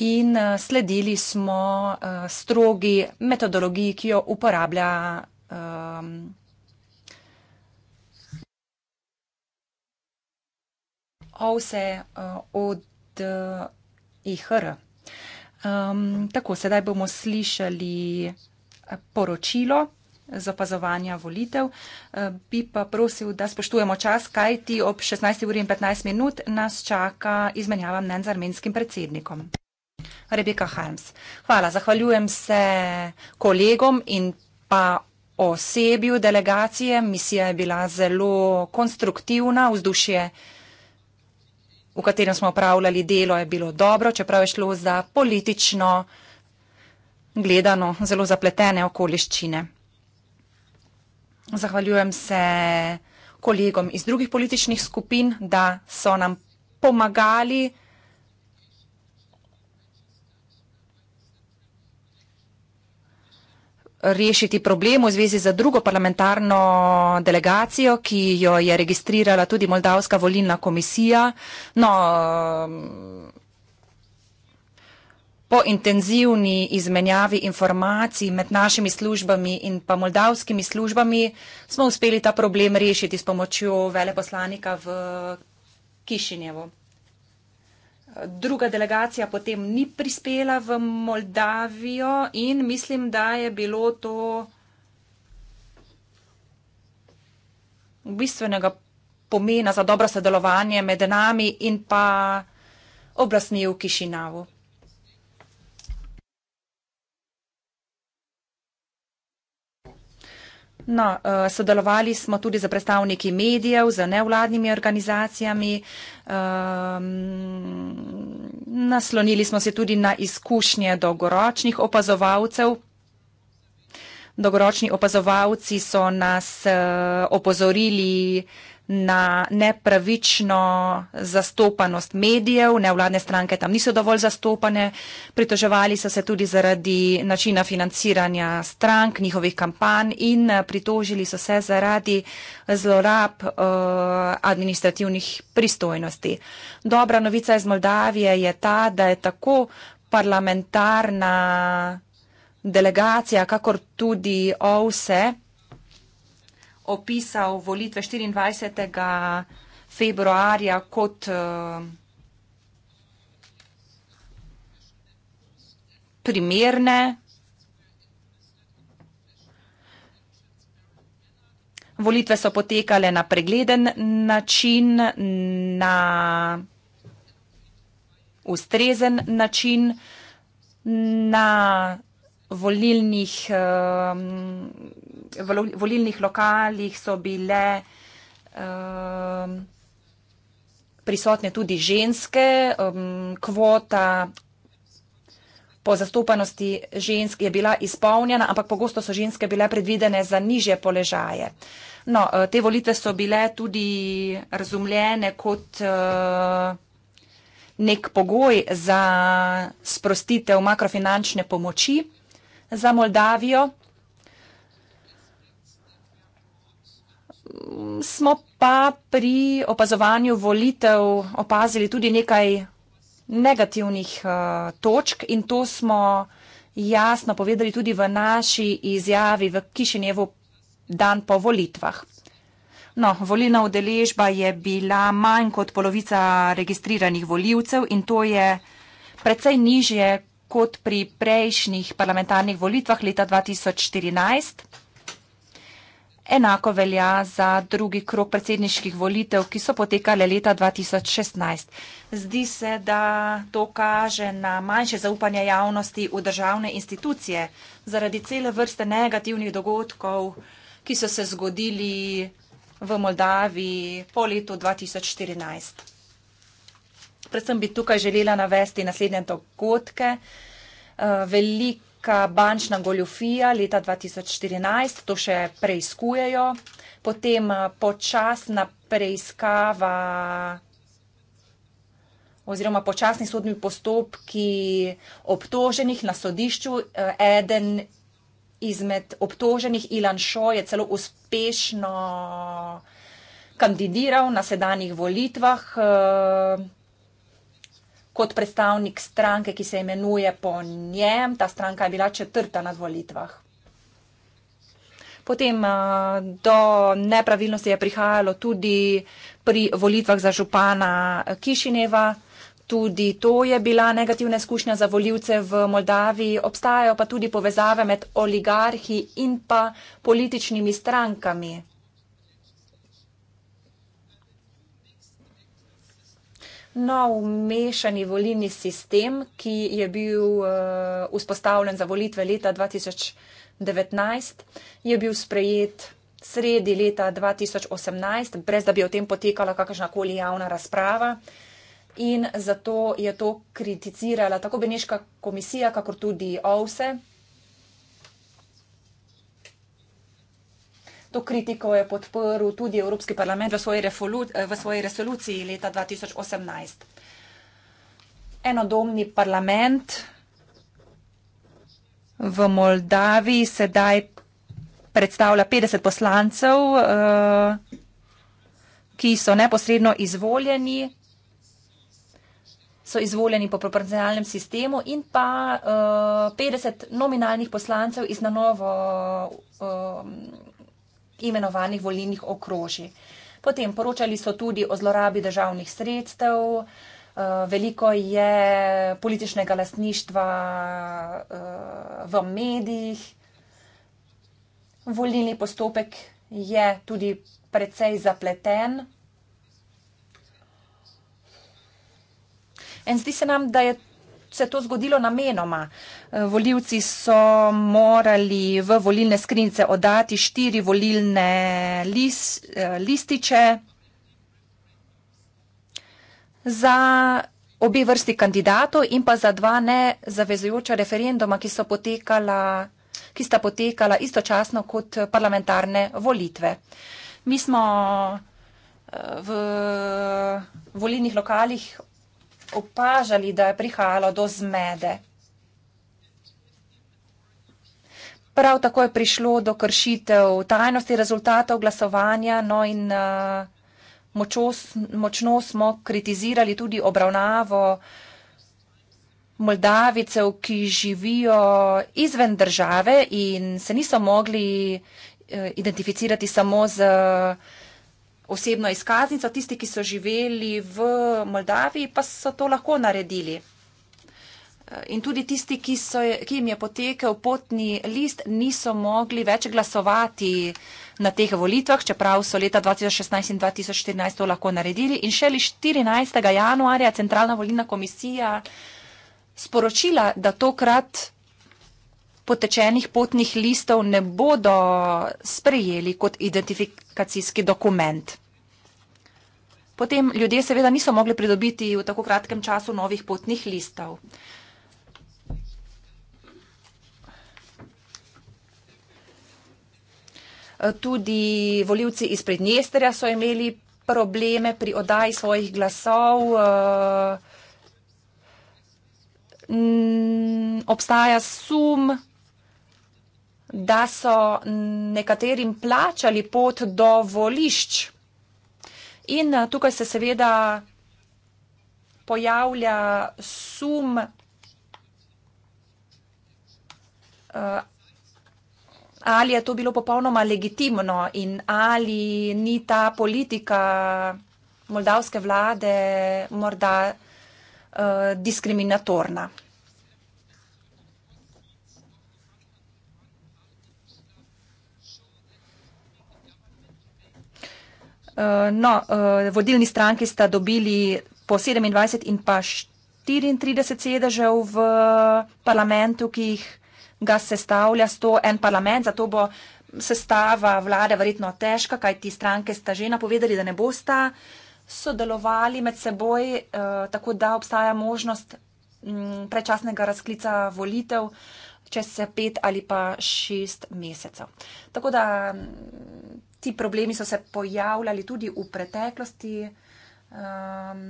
in uh, sledili smo uh, strogi metodologiji, ki jo uporablja. Um, OVSE uh, od uh, IHR. Um, tako, sedaj bomo slišali eh, poročilo z opazovanja volitev. Eh, bi pa prosil, da spoštujemo čas, kaj ti ob 16.15 minut nas čaka izmenjava mnen z armenskim predsednikom. Rebeka Harms. Hvala, zahvaljujem se kolegom in pa osebju delegacije. Misija je bila zelo konstruktivna, vzdušje v katerem smo opravljali delo, je bilo dobro, čeprav je šlo za politično gledano zelo zapletene okoliščine. Zahvaljujem se kolegom iz drugih političnih skupin, da so nam pomagali. rešiti problem v zvezi z drugo parlamentarno delegacijo, ki jo je registrirala tudi Moldavska volilna komisija. No, ehm, Po intenzivni izmenjavi informacij med našimi službami in pa moldavskimi službami smo uspeli ta problem rešiti s pomočjo veleposlanika v Kišinjevu druga delegacija potem ni prispela v Moldavijo in mislim, da je bilo to bistvenega pomena za dobro sodelovanje med nami in pa oblastmi v Kišinavu. No, eh, sodelovali smo tudi za predstavniki medijev, za nevladnimi organizacijami. Ehm, naslonili smo se tudi na izkušnje dolgoročnih opazovalcev. Dolgoročni opazovalci so nas eh, opozorili, na nepravično zastopanost medijev, nevladne stranke tam niso dovolj zastopane, pritoževali so se tudi zaradi načina financiranja strank, njihovih kampanj in eh, pritožili so se zaradi zlorab uh, administrativnih pristojnosti. Dobra novica iz Moldavije je ta, da je tako parlamentarna delegacija, kakor tudi OVSE, opisal volitve 24. februarja kot eh, primerne. Volitve so potekale na pregleden način, na ustrezen način, na volilnih um, v volilnih lokalih so bile um, prisotne tudi ženske, um, kvota po zastopanosti žensk je bila izpolnjena, ampak pogosto so ženske bile predvidene za nižje položaje. No, eh, te volitve so bile tudi razumljene kot eh, nek pogoj za sprostitev makrofinančne pomoči za Moldavijo. smo pa pri opazovanju volitev opazili tudi nekaj negativnih eh, točk in to smo jasno povedali tudi v naši izjavi v Kišinjevu dan po volitvah. No, volilna udeležba je bila manj kot polovica registriranih voljivcev in to je precej nižje kot pri prejšnjih parlamentarnih volitvah leta 2014. Enako velja za drugi krok predsedniških volitev, ki so potekale leta 2016. Zdi se, da to kaže na manjše zaupanje javnosti v državne institucije zaradi cele vrste negativnih dogodkov, ki so se zgodili v Moldaviji po letu 2014. Predvsem bi tukaj želela navesti naslednje dogodke. Eh, veliko Slovenska bančna goljofija leta 2014, to še preizkujejo, potem eh, počasna preiskava oziroma počasni sodni postopki obtoženih na sodišču. Eh, eden izmed obtoženih, Ilan Šo, je celo uspešno kandidiral na sedanjih volitvah. Eh, kot predstavnik stranke, ki se imenuje po njem. Ta stranka je bila četrta na volitvah. Potem do nepravilnosti je prihajalo tudi pri volitvah za župana Kišineva. Tudi to je bila negativna izkušnja za voljivce v Moldaviji. Obstajajo pa tudi povezave med oligarhi in pa političnimi strankami. nov mešani volilni sistem, ki je bil uh, vzpostavljen za volitve leta 2019, je bil sprejet sredi leta 2018, brez da bi o tem potekala kakršnakoli javna razprava. In zato je to kriticirala tako Beneška komisija, kakor tudi OVSE, To kritiko je podprl tudi Evropski parlament v svoji, v svoji resoluciji leta 2018. Enodomni parlament v Moldaviji sedaj predstavlja 50 poslancev, eh, ki so neposredno izvoljeni, so izvoljeni po proporcionalnem sistemu in pa 50 eh, nominalnih poslancev iz na novo eh, imenovanih volilnih okroži. Potem poročali so tudi o zlorabi državnih sredstev, eh, veliko je političnega lastništva eh, v medijih. Volilni postopek je tudi precej zapleten. In zdi se nam, da je se to zgodilo namenoma. Eh, volivci so morali v volilne skrinjce oddati štiri volilne list, eh, lističe za obe vrsti kandidatov in pa za dva nezavezujoča referenduma, ki, potekala, ki sta potekala istočasno kot parlamentarne volitve. Mi smo eh, v volilnih lokalih opažali, da je prihajalo do zmede. Prav tako je prišlo do kršitev tajnosti rezultatov glasovanja, no in uh, močos, močno smo kritizirali tudi obravnavo Moldavicev, ki živijo izven države in se niso mogli eh, identificirati samo z osebno izkaznico, tisti, ki so živeli v Moldaviji, pa so to lahko naredili. Eh, in tudi tisti, ki, so, ki jim je potekel potni list, niso mogli več glasovati na teh volitvah, čeprav so leta 2016 in 2014 to lahko naredili. In šele 14. januarja Centralna volilna komisija sporočila, da tokrat potečenih potnih listov ne bodo sprejeli kot identifikacijski dokument. Potem ljudje seveda niso mogli pridobiti v tako kratkem času novih potnih listov. Tudi voljivci iz Prednjesterja so imeli probleme pri odaji svojih glasov. Eh, obstaja sum, da so nekaterim plačali pot do volišč. In eh, tukaj se seveda pojavlja sum eh, ali je to bilo popolnoma legitimno in ali ni ta politika moldavske vlade morda eh, diskriminatorna. Eh, no, eh, vodilni stranki sta dobili po 27 in pa 34 sedežev v parlamentu, ki jih ga sestavlja 101 parlament, zato bo sestava vlade verjetno težka, kaj ti stranke sta že napovedali, da ne bosta sodelovali med seboj, eh, tako da obstaja možnost mm, prečasnega razklica volitev čez pet ali pa šest mesecev. Tako da mm, ti problemi so se pojavljali tudi v preteklosti um,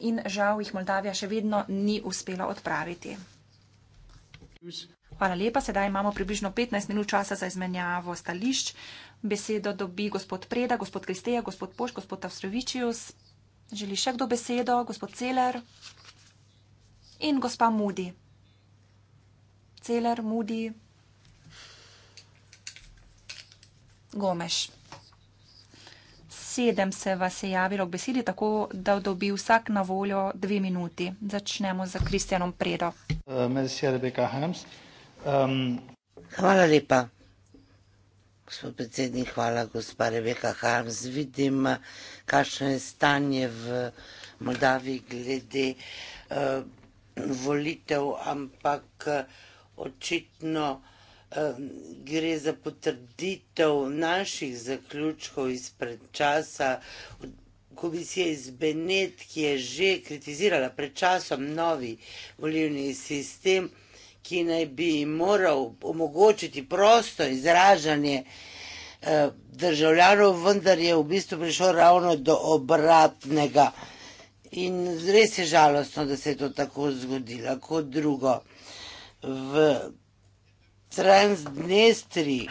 in žal jih Moldavija še vedno ni uspela odpraviti. Hvala lepa, sedaj imamo približno 15 minut časa za izmenjavo stališč. Besedo dobi gospod Preda, gospod Kristeja, gospod Poš, gospod Avstrovičius. Želi še kdo besedo? Gospod Celer in gospa Mudi. Celer, Mudi, Gomeš sedem se vas je javilo k besedi, tako da dobi vsak na voljo dve minuti. Začnemo z Kristjanom Predo. Hvala lepa, gospod predsednik, hvala gospa Rebeka Harms. Vidim, kakšno je stanje v Moldaviji glede uh, volitev, ampak eh, očitno. Uh, gre za potrditev naših zaključkov iz predčasa komisije iz Benet, ki je že kritizirala pred časom novi volivni sistem, ki naj bi moral omogočiti prosto izražanje eh, državljanov, vendar je v bistvu prišlo ravno do obratnega. In res je žalostno, da se je to tako zgodilo. Kot drugo, v Transdnestri.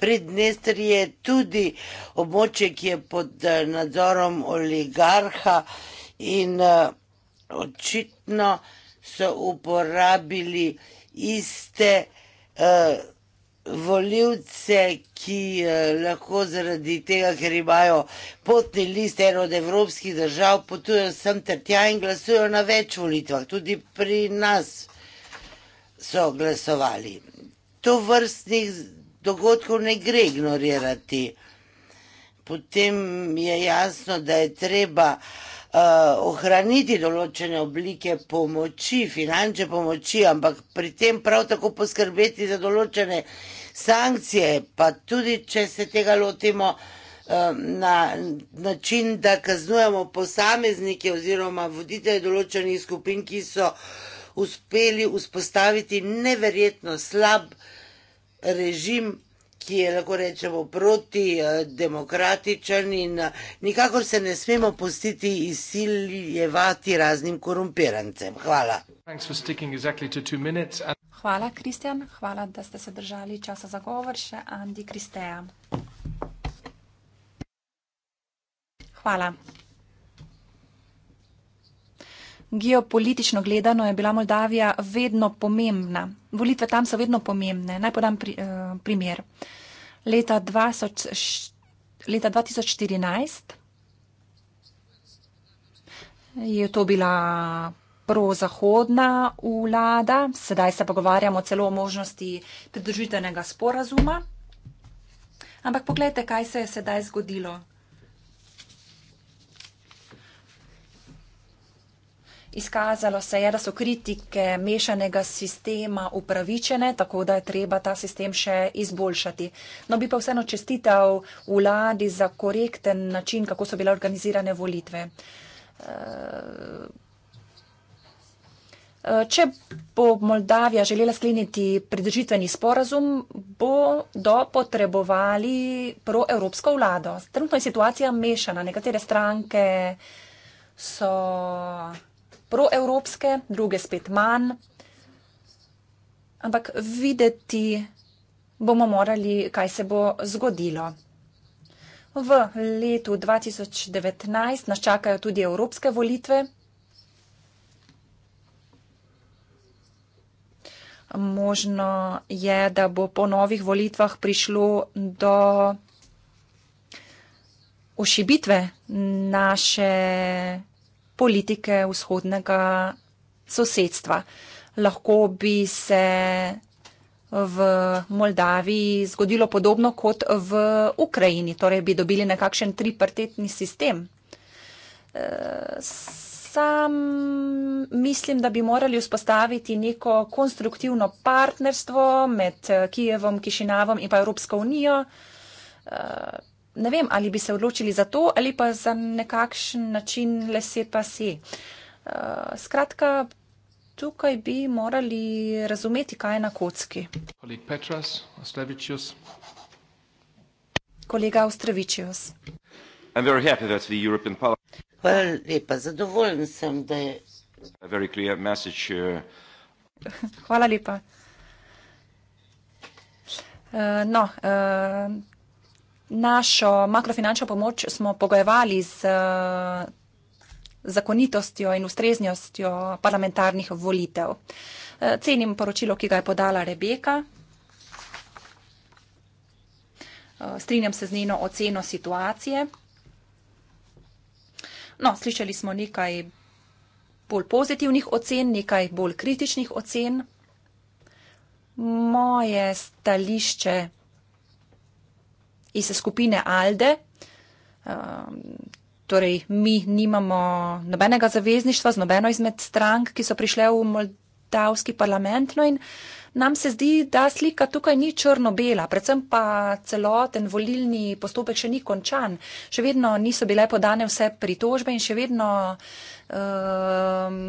Pridnestr je tudi območje, ki je pod eh, nadzorom oligarha in eh, očitno so uporabili iste uh, Voljivce, ki eh, lahko zaradi tega, ker imajo potni list eno od evropskih držav, potujejo sem ter tja in glasujejo na več volitvah. Tudi pri nas so glasovali. To vrstnih dogodkov ne gre ignorirati. Potem je jasno, da je treba uh, Eh, ohraniti določene oblike pomoči, finančne pomoči, ampak pri tem prav tako poskrbeti za določene sankcije, pa tudi, če se tega lotimo eh, na način, da kaznujemo posameznike oziroma voditelje določenih skupin, ki so uspeli vzpostaviti neverjetno slab režim ki je, lahko rečemo, proti eh, demokratičen in eh, nikakor se ne smemo pustiti izsiljevati raznim korumpirancem. Hvala. Hvala, Kristjan. Hvala, da ste se držali časa za govor. Še Andi Kristeja. Hvala. Geopolitično gledano je bila Moldavija vedno pomembna. Volitve tam so vedno pomembne. Naj podam pri, uh, primer. Leta, 20, leta 2014 je to bila prozahodna vlada, sedaj se pogovarjamo celo o možnosti pridružitvenega sporazuma. Ampak pogledajte, kaj se je sedaj zgodilo. Izkazalo se je, da so kritike mešanega sistema upravičene, tako da je treba ta sistem še izboljšati. No, bi pa vseeno čestital vladi za korekten način, kako so bile organizirane volitve. Eh, eh, če bo Moldavija želela skleniti pridržitveni sporazum, bo dopotrebovali proevropsko vlado. Trenutno je situacija mešana. Nekatere stranke so proevropske, druge spet manj. Ampak videti bomo morali, kaj se bo zgodilo. V letu 2019 nas čakajo tudi evropske volitve. Možno je, da bo po novih volitvah prišlo do ošibitve naše politike vzhodnega sosedstva. Lahko bi se v Moldaviji zgodilo podobno kot v Ukrajini, torej bi dobili nekakšen tripartetni sistem. E, sam mislim, da bi morali vzpostaviti neko konstruktivno partnerstvo med Kijevom, Kišinavom in pa Evropsko unijo. E, ne vem, ali bi se odločili za to ali pa za nekakšen način lese pa se. Uh, eh, skratka, tukaj bi morali razumeti, kaj je na kocki. Kolega Petras, Ostravičius. Kolega Ostravičius. Hvala lepa, zadovoljen sem, da je. Uh, Hvala lepa. Eh, no, eh, Našo makrofinančno pomoč smo pogojevali z eh, zakonitostjo in ustreznostjo parlamentarnih volitev. Eh, cenim poročilo, ki ga je podala Rebeka. Eh, strinjam se z njeno oceno situacije. No, slišali smo nekaj bolj pozitivnih ocen, nekaj bolj kritičnih ocen. Moje stališče iz skupine Alde. Torej, mi nimamo nobenega zavezništva z nobeno izmed strank, ki so prišle v Moldavski parlament. No in, uh, Nam se zdi, da slika tukaj ni črno-bela, predvsem pa celoten volilni postopek še ni končan. Še vedno niso bile podane vse pritožbe in še vedno um,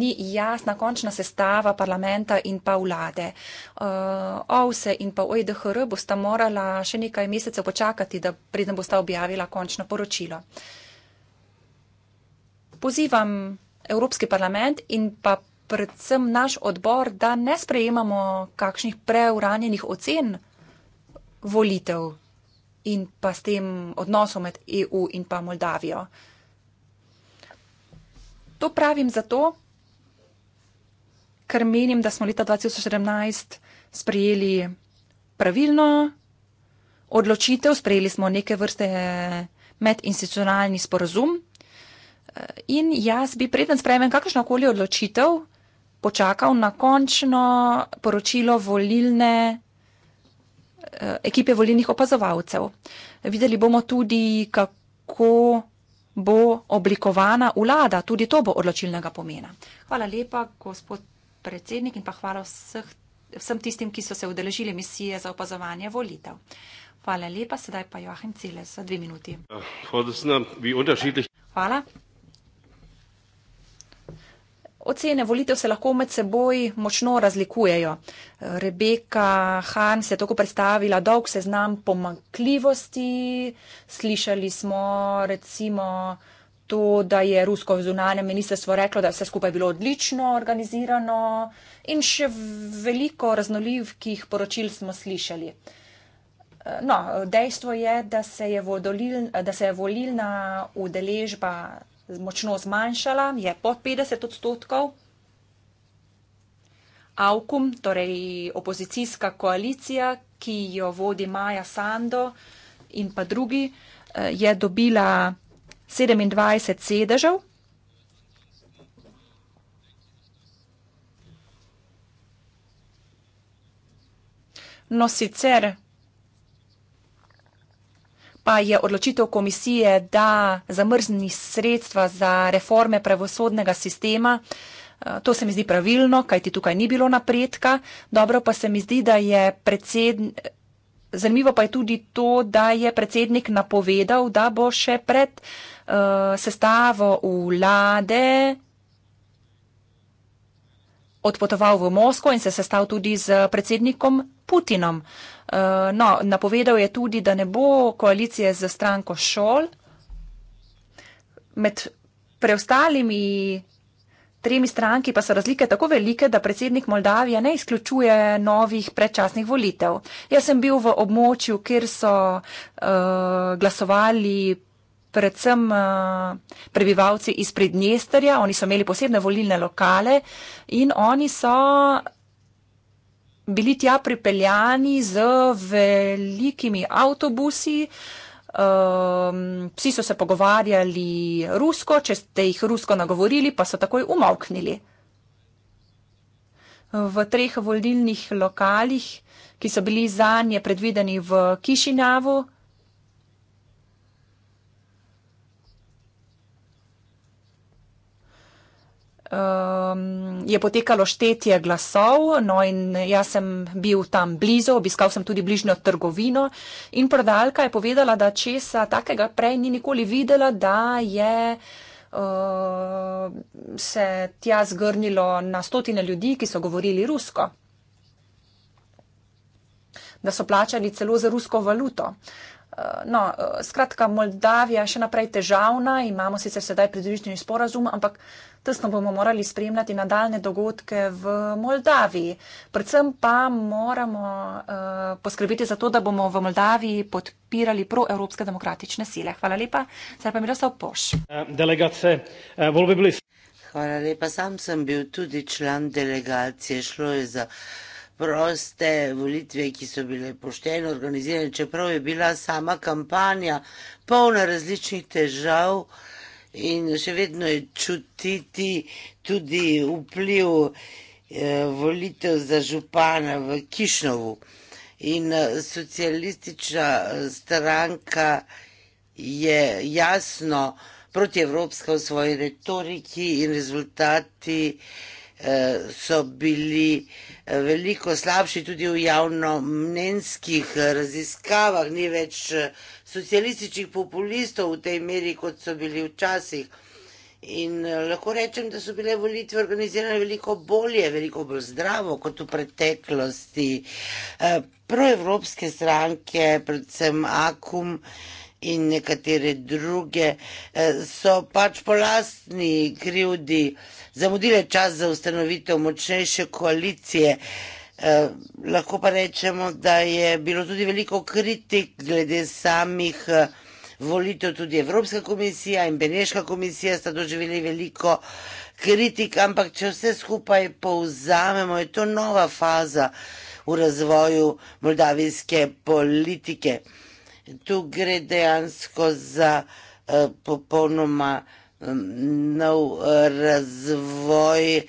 ni jasna končna sestava parlamenta in pa vlade. Uh, eh, OVSE in pa OEDHR bosta morala še nekaj mesecev počakati, da preden bosta objavila končno poročilo. Pozivam Evropski parlament in pa predvsem naš odbor, da ne sprejemamo kakšnih preuranjenih ocen volitev in pa s tem odnosom med EU in pa Moldavijo. To pravim zato, ker menim, da smo leta 2017 sprejeli pravilno odločitev, sprejeli smo neke vrste medinstitucionalni sporozum. Eh, in jaz bi preden sprejmem kakršnokoli odločitev, počakal na končno poročilo volilne eh, ekipe volilnih opazovalcev. Videli bomo tudi, kako bo oblikovana vlada, tudi to bo odločilnega pomena. Hvala lepa, gospod predsednik, in pa hvala vseh, vsem tistim, ki so se udeležili misije za opazovanje volitev. Hvala lepa, sedaj pa Joachim Cile za dve minuti. Ja, hvala ocene volitev se lahko med seboj močno razlikujejo. Rebeka Han se je tako predstavila dolg seznam pomankljivosti. Slišali smo recimo to, da je rusko zunanje ministrstvo reklo, da vse skupaj je bilo odlično organizirano in še veliko raznolikih poročil smo slišali. No, dejstvo je, da se je, vodolil, da se je volilna udeležba močno zmanjšala, je pod 50 odstotkov. Avkum, torej opozicijska koalicija, ki jo vodi Maja Sando in pa drugi, eh, je dobila 27 sedežev. No sicer pa je odločitev komisije, da zamrzni sredstva za reforme pravosodnega sistema. Eh, to se mi zdi pravilno, kajti tukaj ni bilo napredka. Dobro pa se mi zdi, da je predsednik. Zanimivo pa je tudi to, da je predsednik napovedal, da bo še pred uh, sestavo vlade odpotoval v Moskvo in se sestav tudi z predsednikom Putinom. Uh, Eh, no, napovedal je tudi, da ne bo koalicije z stranko šol. Med preostalimi tremi stranki pa so razlike tako velike, da predsednik Moldavije ne izključuje novih predčasnih volitev. Jaz sem bil v območju, kjer so uh, glasovali predvsem uh, prebivalci iz Prednjesterja, oni so imeli posebne volilne lokale in oni so bili tja pripeljani z velikimi avtobusi. Um, psi so se pogovarjali rusko, če ste jih rusko nagovorili, pa so takoj umavknili. V treh volilnih lokalih, ki so bili zanje predvideni v Kišinavu, um, je potekalo štetje glasov, no in jaz sem bil tam blizu, obiskal sem tudi bližnjo trgovino in prodalka je povedala, da česa takega prej ni nikoli videla, da je uh, se tja zgrnilo na stotine ljudi, ki so govorili rusko. Da so plačali celo za rusko valuto. Uh, no, uh, skratka, Moldavija je še naprej težavna, imamo sicer sedaj pridružitveni sporazum, ampak uh, tesno bomo morali spremljati nadaljne dogodke v Moldaviji. Predvsem pa moramo uh, poskrbeti za to, da bomo v Moldaviji podpirali proevropske demokratične sile. Hvala lepa. Zdaj pa Miroslav Poš. Eh, delegace, eh, volbi bliz. Hvala lepa. Sam sem bil tudi član delegacije. Šlo je za proste volitve, ki so bile pošteno organizirane, čeprav je bila sama kampanja polna različnih težav in še vedno je čutiti tudi vpliv eh, volitev za župana v Kišnovu. In eh, socialistična eh, stranka je jasno protievropska v svoji retoriki in rezultati. Eh, so bili eh, veliko slabši tudi v javnomnenskih eh, raziskavah, ni več socialističnih populistov v tej meri, kot so bili včasih. In lahko rečem, da so bile volitve organizirane veliko bolje, veliko bolj zdravo kot v preteklosti. Proevropske stranke, predvsem Akum, in nekatere druge eh, so pač po lastni krivdi zamudile čas za ustanovitev močnejše koalicije. Eh, lahko pa rečemo, da je bilo tudi veliko kritik glede samih eh, volitev, tudi Evropska komisija in Beneška komisija sta doživeli veliko kritik, ampak če vse skupaj povzamemo, je to nova faza v razvoju moldavijske politike tu gre dejansko za uh, popolnoma mm, nov eh, razvoj eh,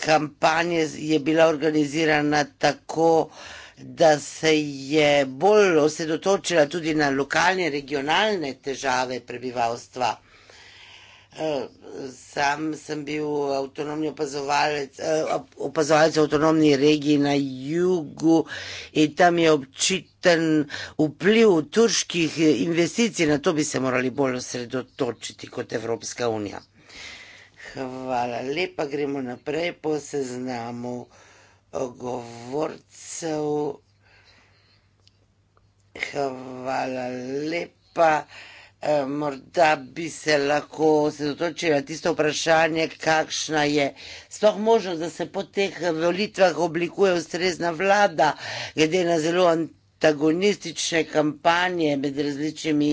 kampanje je bila organizirana tako, da se je bolj osredotočila tudi na lokalne, regionalne težave prebivalstva sam sem bil avtonomni opazovalec, eh, opazovalec v avtonomni regiji na jugu in tam je občiten vpliv turških investicij, na to bi se morali bolj osredotočiti kot Evropska unija. Hvala lepa, gremo naprej po seznamu govorcev. Hvala lepa. Eh, morda bi se lahko osredotočili na tisto vprašanje, kakšna je sploh možnost, da se po teh volitvah oblikuje ustrezna vlada, glede na zelo antagonistične kampanje med različnimi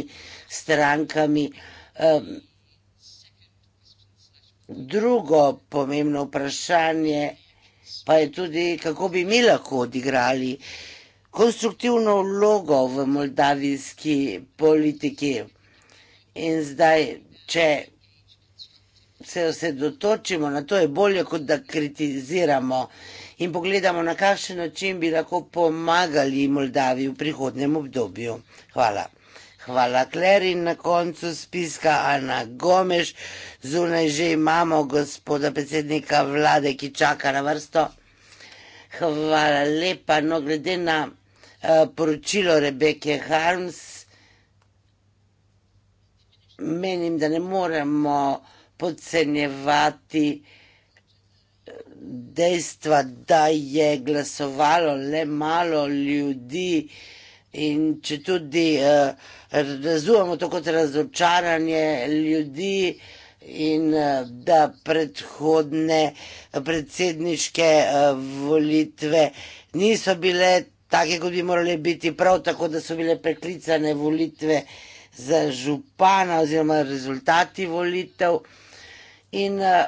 strankami. Um, drugo pomembno vprašanje pa je tudi, kako bi mi lahko odigrali konstruktivno vlogo v moldavijski politiki. In zdaj, če se osredotočimo na to, je bolje, kot da kritiziramo in pogledamo, na kakšen način bi lahko pomagali Moldaviji v prihodnem obdobju. Hvala. Hvala, Kler in na koncu spiska Ana Gomeš. Zunaj že imamo gospoda predsednika vlade, ki čaka na vrsto. Hvala lepa. No, glede na uh, poročilo Rebeke Harms, menim, da ne moremo podcenjevati eh, dejstva, da je glasovalo le malo ljudi in če tudi eh, razumemo to kot razočaranje ljudi in eh, da predhodne predsedniške volitve niso bile take, kot bi morali biti prav tako, da so bile preklicane volitve in za župana oziroma rezultati volitev in eh,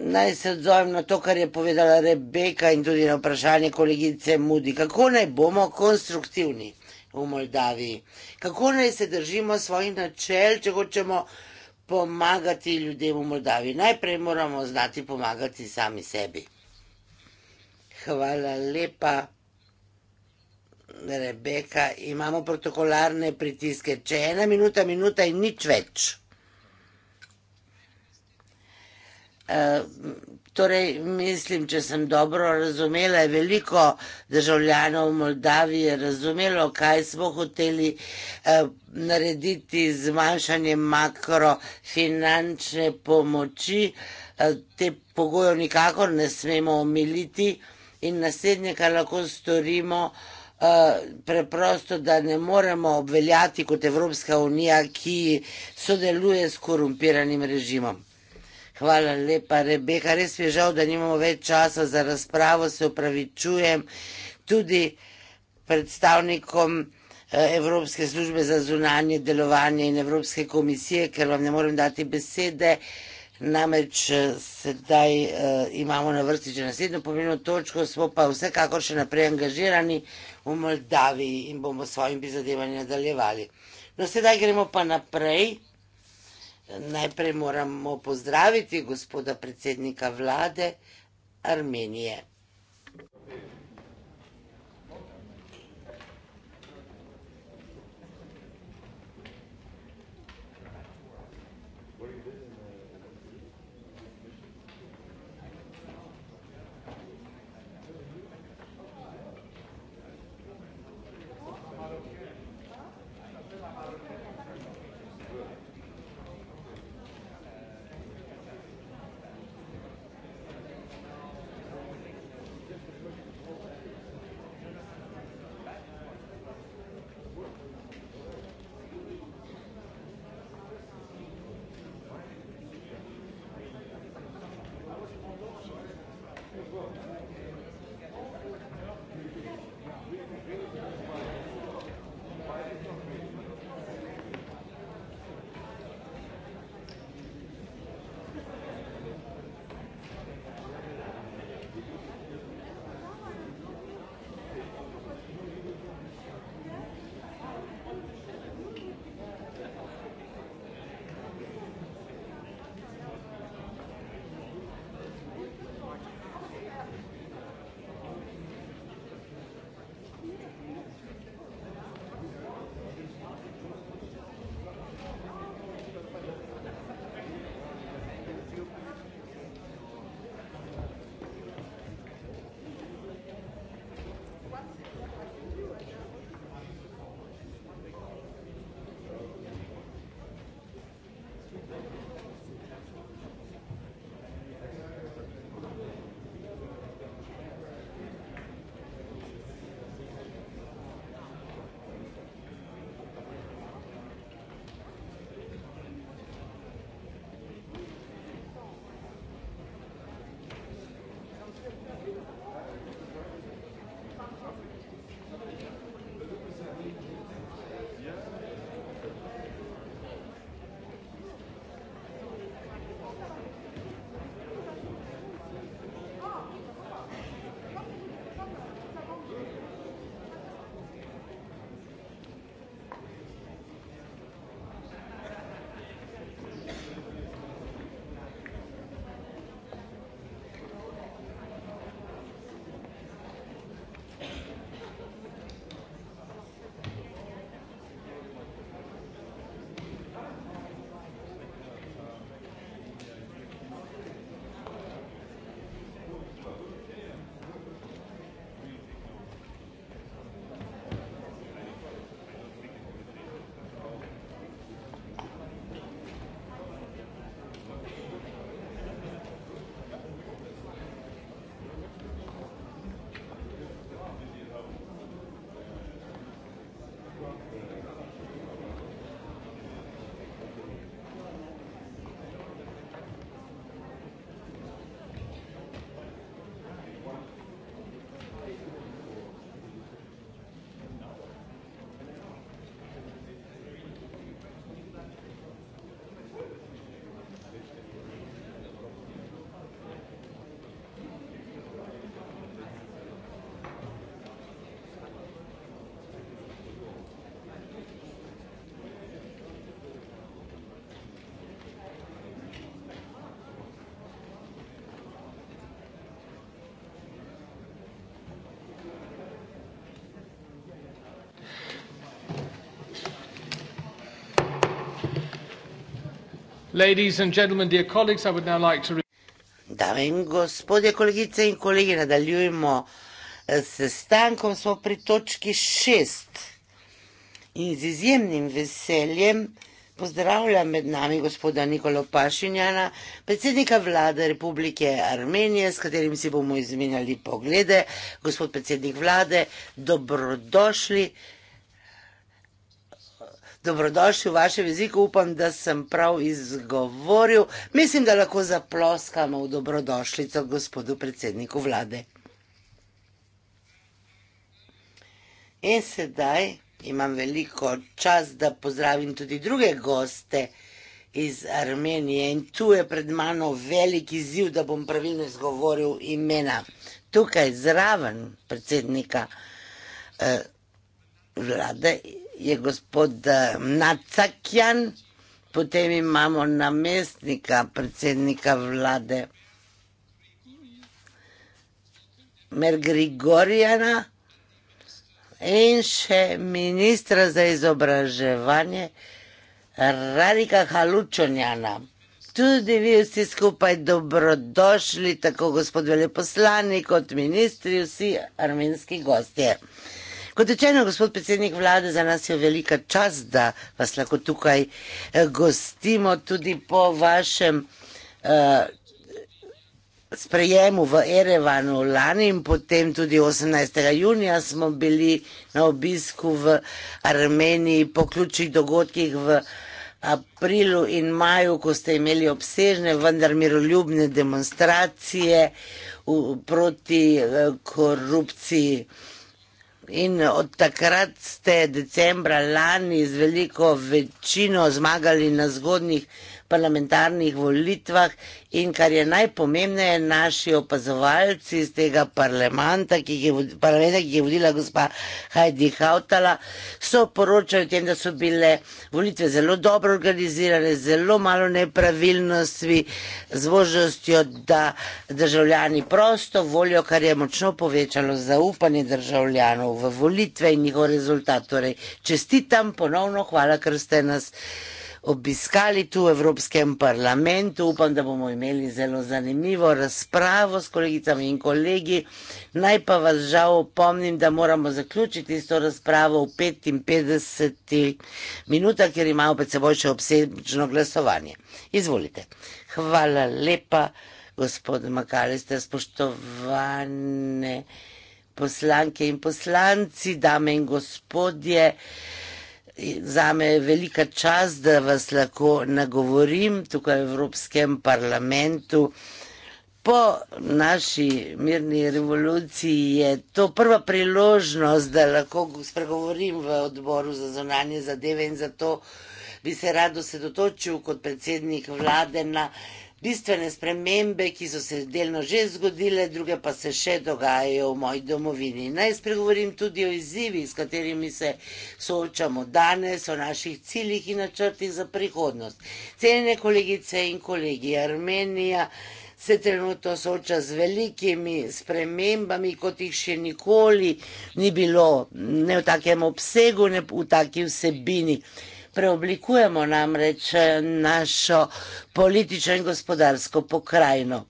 naj se odzovem na to, kar je povedala Rebeka in tudi na vprašanje kolegice Mudi. Kako naj bomo konstruktivni v Moldaviji? Kako naj se držimo svojih načel, če hočemo pomagati ljudem v Moldaviji? Najprej moramo znati pomagati sami sebi. Hvala lepa. Rebeka, imamo protokolarne pritiske, če je ena minuta, minuta in nič več. Uh, torej, mislim, če sem dobro razumela, je veliko državljanov Moldavije razumelo, kaj smo hoteli uh, narediti z zmanjšanjem makrofinančne pomoči. Uh, te pogojev nikakor ne smemo omiliti in naslednje, kar lahko storimo, uh, Eh, preprosto, da ne moremo obveljati kot Evropska unija, ki sodeluje s korumpiranim režimom. Hvala lepa, Rebeka. Res je žal, da nimamo več časa za razpravo. Se upravičujem tudi predstavnikom eh, Evropske službe za zunanje delovanje in Evropske komisije, ker vam ne morem dati besede. Namreč eh, sedaj uh, imamo na vrsti že naslednjo pomembno točko, smo pa vsekakor še naprej angažirani v Moldaviji in bomo s svojim prizadevanjem nadaljevali. No, sedaj gremo pa naprej. Najprej moramo pozdraviti gospoda predsednika vlade Armenije. Ladies and gentlemen, dear colleagues, I would now like to... Dame in gospodje, kolegice in kolegi, nadaljujemo eh, s stankom, smo pri točki šest. In z izjemnim veseljem pozdravljam med nami gospoda Nikolo Pašinjana, predsednika vlade Republike Armenije, s katerim si bomo izmenjali poglede. Gospod predsednik vlade, dobrodošli. Dobrodošli v vašem jeziku, upam, da sem prav izgovoril. Mislim, da lahko zaploskamo v dobrodošlico gospodu predsedniku vlade. In sedaj imam veliko čas, da pozdravim tudi druge goste iz Armenije. In tu je pred mano veliki ziv, da bom pravilno izgovoril imena. Tukaj zraven predsednika eh, vlade je gospod eh, Nacakjan, potem imamo namestnika predsednika vlade Mergrigorjana in še ministra za izobraževanje Radika Halučonjana. Tudi vi vsi skupaj dobrodošli, tako gospod veleposlanik kot ministri, vsi armenski gostje. Kot rečeno, gospod predsednik vlade, za nas je velika čas, da vas lahko tukaj eh, gostimo tudi po vašem uh, sprejemu v Erevanu lani in potem tudi 18. junija smo bili na obisku v Armeniji po ključnih dogodkih v aprilu in maju, ko ste imeli obsežne, vendar miroljubne demonstracije v, proti eh, korupciji. In od takrat ste decembra lani z veliko večino zmagali na zgodnjih parlamentarnih volitvah in kar je najpomembneje, naši opazovalci iz tega parlamenta, ki jih je, parlamenta, ki jih je vodila gospa Heidi Hautala, so poročali o tem, da so bile volitve zelo dobro organizirane, zelo malo nepravilnosti, z možnostjo, da državljani prosto volijo, kar je močno povečalo zaupanje državljanov v volitve in njihov rezultat. Torej, čestitam ponovno, hvala, ker ste nas obiskali tu v Evropskem parlamentu. Upam, da bomo imeli zelo zanimivo razpravo s kolegicami in kolegi. Naj pa vas žal opomnim, da moramo zaključiti s to razpravo v 55 minutah, ker imamo pred seboj še obsežno glasovanje. Izvolite. Hvala lepa, gospod Makalester, spoštovane poslanke in poslanci, dame in gospodje. Za me je velika čast, da vas lahko nagovorim tukaj v Evropskem parlamentu. Po naši mirni revoluciji je to prva priložnost, da lahko spregovorim v odboru za zonanje zadeve in zato bi se rado sedotočil kot predsednik vlade na bistvene spremembe, ki so se delno že zgodile, druge pa se še dogajajo v moji domovini. Naj spregovorim tudi o izzivih, s katerimi se soočamo danes, o naših ciljih in načrtih za prihodnost. Cenjene kolegice in kolegi, Armenija se trenutno sooča z velikimi spremembami, kot jih še nikoli ni bilo, ne v takem obsegu, ne v taki vsebini preoblikujemo namreč eh, našo politično in gospodarsko pokrajino.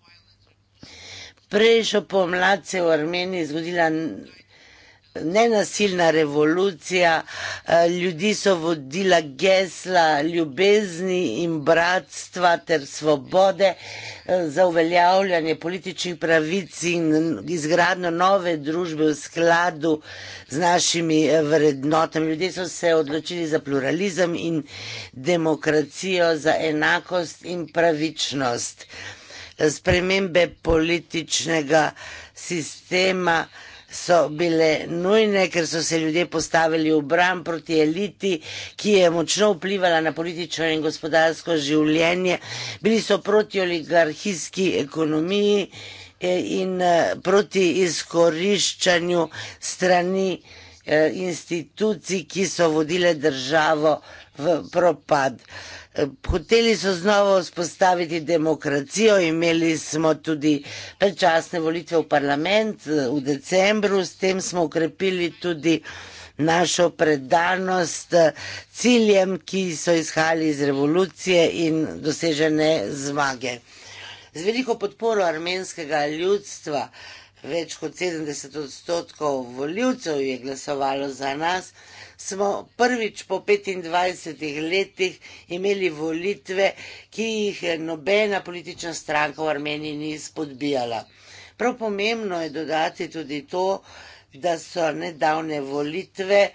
Prejšnjo pomlad se je v Armeniji zgodila nenasilna revolucija, eh, ljudi so vodila gesla ljubezni in bratstva ter svobode eh, za uveljavljanje političnih pravic in izgradno nove družbe v skladu z našimi eh, vrednotami. Ljudje so se odločili za pluralizem in demokracijo, za enakost in pravičnost. Spremembe političnega sistema, so bile nujne, ker so se ljudje postavili v bran proti eliti, ki je močno vplivala na politično in gospodarsko življenje. Bili so proti oligarhijski ekonomiji e, in e, proti izkoriščanju strani e, institucij, ki so vodile državo v propad. Hoteli so znova vzpostaviti demokracijo, imeli smo tudi predčasne volitve v parlament v decembru, s tem smo ukrepili tudi našo predanost ciljem, ki so izhali iz revolucije in dosežene zmage. Z veliko podporo armenskega ljudstva, več kot 70 odstotkov voljivcev je glasovalo za nas, smo prvič po 25 letih imeli volitve, ki jih nobena politična stranka v Armeniji ni spodbijala. Prav pomembno je dodati tudi to, da so nedavne volitve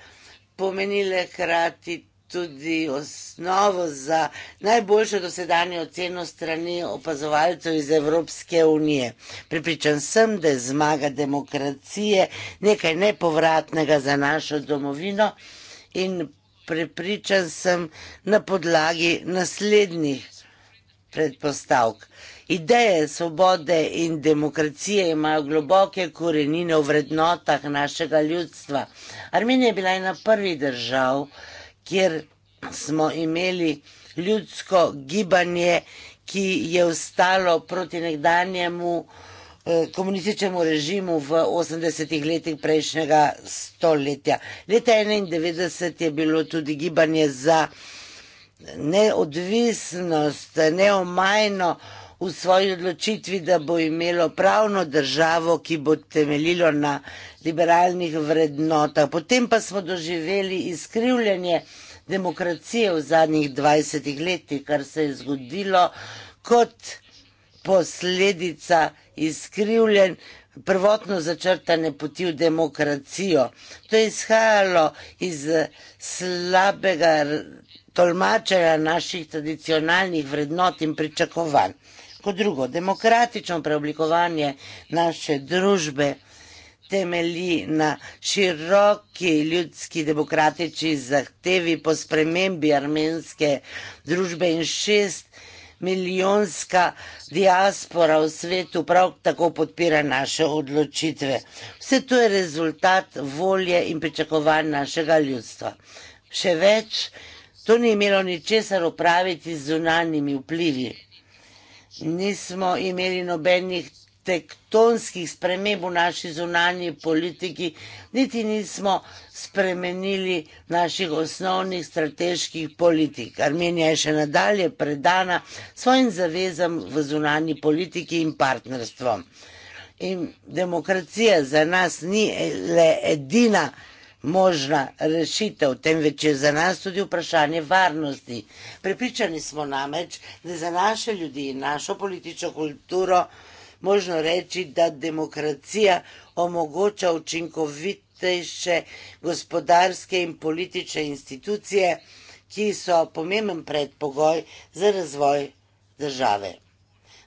pomenile hkrati tudi osnovo za najboljšo dosedanje oceno strani opazovalcev iz Evropske unije. Pripričan sem, da je zmaga demokracije nekaj nepovratnega za našo domovino in prepričan sem na podlagi naslednjih predpostavk. Ideje svobode in demokracije imajo globoke korenine v vrednotah našega ljudstva. Armenija je bila ena prvih držav, kjer smo imeli ljudsko gibanje, ki je ostalo proti nekdanjemu komunističnemu režimu v 80-ih letih prejšnjega stoletja. Leta 91 je bilo tudi gibanje za neodvisnost, neomajno v svoji odločitvi, da bo imelo pravno državo, ki bo temeljilo na liberalnih vrednotah. Potem pa smo doživeli izkrivljanje demokracije v zadnjih 20 letih, kar se je zgodilo kot posledica izkrivljen prvotno začrtane poti v demokracijo. To je izhajalo iz slabega tolmačenja naših tradicionalnih vrednot in pričakovanj. Kot drugo, demokratično preoblikovanje naše družbe temelji na široki ljudski demokratični zahtevi po spremembi armenske družbe in šest milijonska diaspora v svetu prav tako podpira naše odločitve. Vse to je rezultat volje in pričakovanj našega ljudstva. Še več, to ni imelo ničesar opraviti z zunanjimi vplivi. Nismo imeli nobenih tektonskih sprememb v naši zunanji politiki, niti nismo spremenili naših osnovnih strateških politik. Armenija je še nadalje predana svojim zavezam v zunanji politiki in partnerstvom. In demokracija za nas ni le edina možna rešitev, temveč je za nas tudi vprašanje varnosti. Pripričani smo namreč, da za naše ljudi in našo politično kulturo možno reči, da demokracija omogoča učinkovitejše gospodarske in politične institucije, ki so pomemben predpogoj za razvoj države.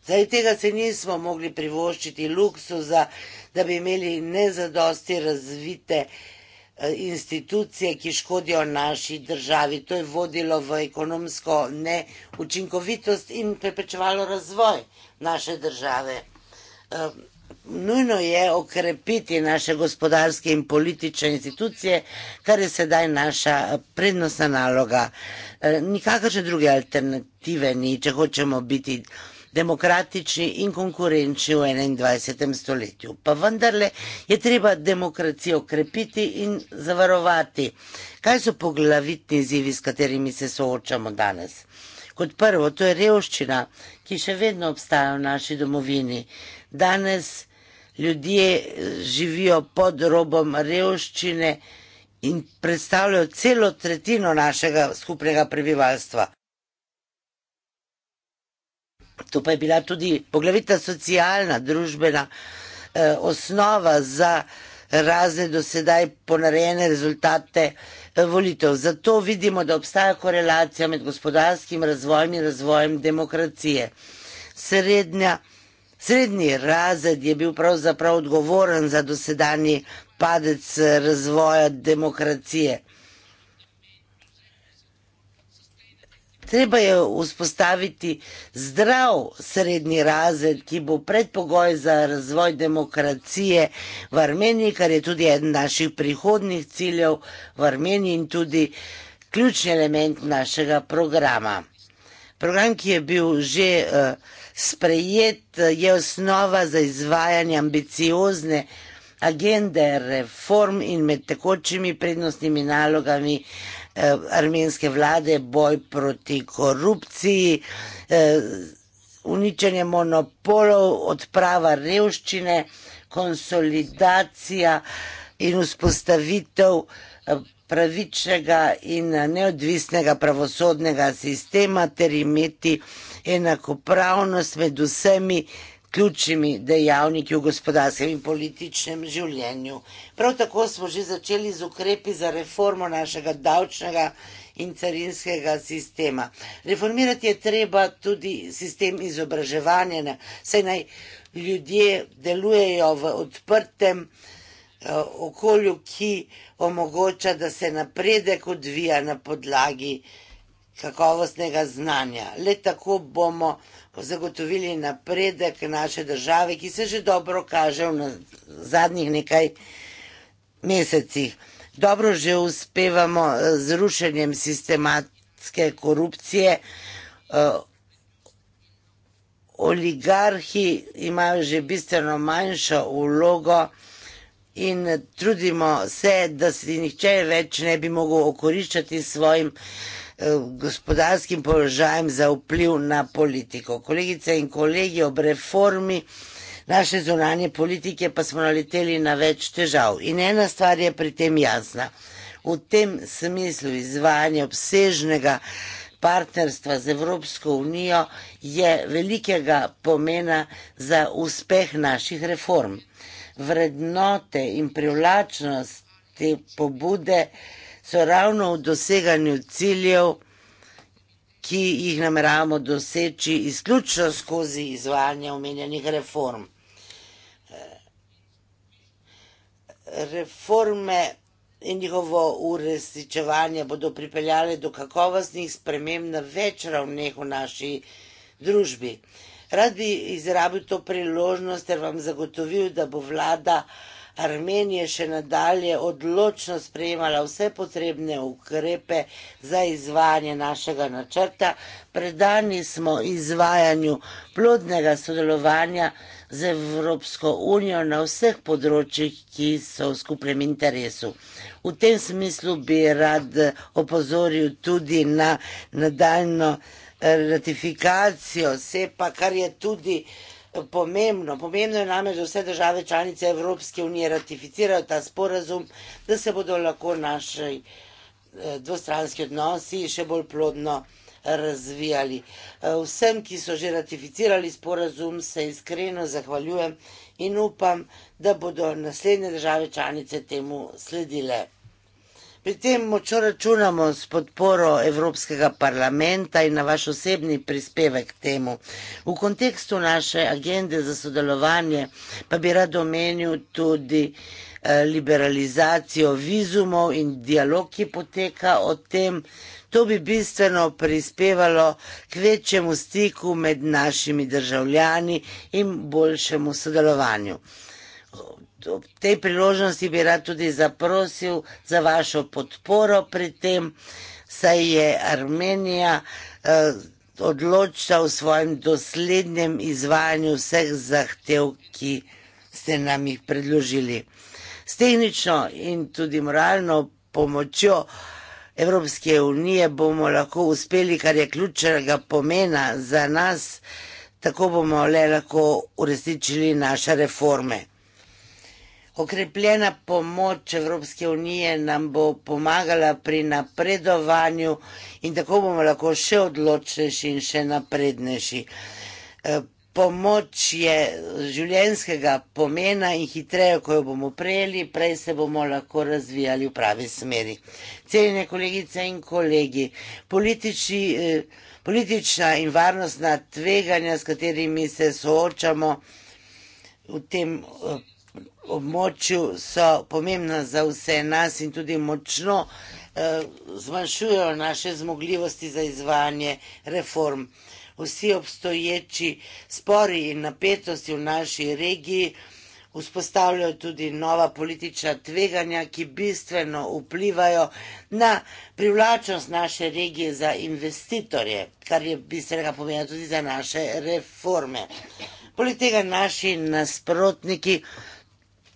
Zdaj tega se nismo mogli privoščiti luksuza, da bi imeli nezadosti razvite eh, institucije, ki škodijo naši državi. To je vodilo v ekonomsko neučinkovitost in preprečevalo razvoj naše države. Nujno je okrepiti naše gospodarske in politične institucije, kar je sedaj naša eh, prednostna naloga. Eh, nikakršne druge alternative ni, če hočemo biti demokratični in konkurenčni v 21. stoletju. Pa vendarle je treba demokracijo okrepiti in zavarovati. Kaj so poglavitni izzivi, s katerimi se soočamo danes? Kot prvo, to je revščina, ki še vedno obstaja v naši domovini. Danes ljudje eh, živijo pod robom revščine in predstavljajo celo tretjino našega skupnega prebivalstva. To pa je bila tudi poglavita socialna, družbena eh, osnova za razne dosedaj ponarejene rezultate eh, volitev. Zato vidimo, da obstaja korelacija med gospodarskim razvojem in razvojem demokracije. Srednja Srednji razred je bil pravzaprav odgovoren za dosedanji padec eh, razvoja demokracije. Treba je vzpostaviti zdrav srednji razred, ki bo predpogoj za razvoj demokracije v Armeniji, kar je tudi eden naših prihodnih ciljev v Armeniji in tudi ključni element našega programa. Program, ki je bil že uh, sprejet je osnova za izvajanje ambiciozne agende reform in med tekočimi prednostnimi nalogami eh, armenske vlade boj proti korupciji, eh, uničenje monopolov, odprava revščine, konsolidacija in vzpostavitev eh, pravičnega in neodvisnega pravosodnega sistema ter imeti enakopravnost med vsemi ključnimi dejavniki v gospodarskem in političnem življenju. Prav tako smo že začeli z ukrepi za reformo našega davčnega in carinskega sistema. Reformirati je treba tudi sistem izobraževanja, saj naj ljudje delujejo v odprtem eh, okolju, ki omogoča, da se napredek odvija na podlagi kakovostnega znanja. Le tako bomo zagotovili napredek naše države, ki se že dobro kaže v zadnjih nekaj mesecih. Dobro že uspevamo eh, z rušenjem sistematske korupcije. Eh, oligarhi imajo že bistveno manjšo ulogo in trudimo se, da si nihče več ne bi mogel okoriščati svojim gospodarskim položajem za vpliv na politiko. Kolegice in kolegi, ob reformi naše zunanje politike pa smo naleteli na več težav. In ena stvar je pri tem jasna. V tem smislu izvajanje obsežnega partnerstva z Evropsko unijo je velikega pomena za uspeh naših reform. Vrednote in privlačnost te pobude so ravno v doseganju ciljev, ki jih nameravamo doseči izključno skozi izvajanje omenjenih reform. Eh, reforme in njihovo uresničevanje bodo pripeljale do kakovostnih sprememb na več ravneh v naši družbi. Rad bi izrabil to priložnost, ker vam zagotovil, da bo vlada Armenije še nadalje odločno sprejemala vse potrebne ukrepe za izvajanje našega načrta. Predani smo izvajanju plodnega sodelovanja z Evropsko unijo na vseh področjih, ki so v skupnem interesu. V tem smislu bi rad opozoril tudi na nadaljno eh, ratifikacijo SEPA, kar je tudi eh, pomembno. Pomembno je namreč, da vse države članice Evropske unije ratificirajo ta sporazum, da se bodo lahko naši eh, dvostranski odnosi še bolj plodno razvijali. Eh, vsem, ki so že ratificirali sporazum, se iskreno zahvaljujem in upam, da bodo naslednje države članice temu sledile. Pri tem močno računamo s podporo Evropskega parlamenta in na vaš osebni prispevek k temu. V kontekstu naše agende za sodelovanje pa bi rad omenil tudi eh, liberalizacijo vizumov in dialog, ki poteka o tem. To bi bistveno prispevalo k večjemu stiku med našimi državljani in boljšemu sodelovanju ob tej priložnosti bi rad tudi zaprosil za vašo podporo pri tem, saj je Armenija eh, odločila v svojem doslednjem izvajanju vseh zahtev, ki ste nam jih predložili. S tehnično in tudi moralno pomočjo Evropske unije bomo lahko uspeli, kar je ključnega pomena za nas, tako bomo le lahko uresničili naše reforme. Okrepljena pomoč Evropske unije nam bo pomagala pri napredovanju in tako bomo lahko še odločnejši in še naprednejši. Eh, pomoč je življenskega pomena in hitreje, ko jo bomo prejeli, prej se bomo lahko razvijali v pravi smeri. Cenjene kolegice in kolegi, politični, eh, politična in varnostna tveganja, s katerimi se soočamo v tem eh, območju so pomembna za vse nas in tudi močno eh, zmanjšujejo naše zmogljivosti za izvajanje reform. Vsi obstoječi spori in napetosti v naši regiji vzpostavljajo tudi nova politična tveganja, ki bistveno vplivajo na privlačnost naše regije za investitorje, kar je bistvenega pomena tudi za naše reforme. Poleg tega naši nasprotniki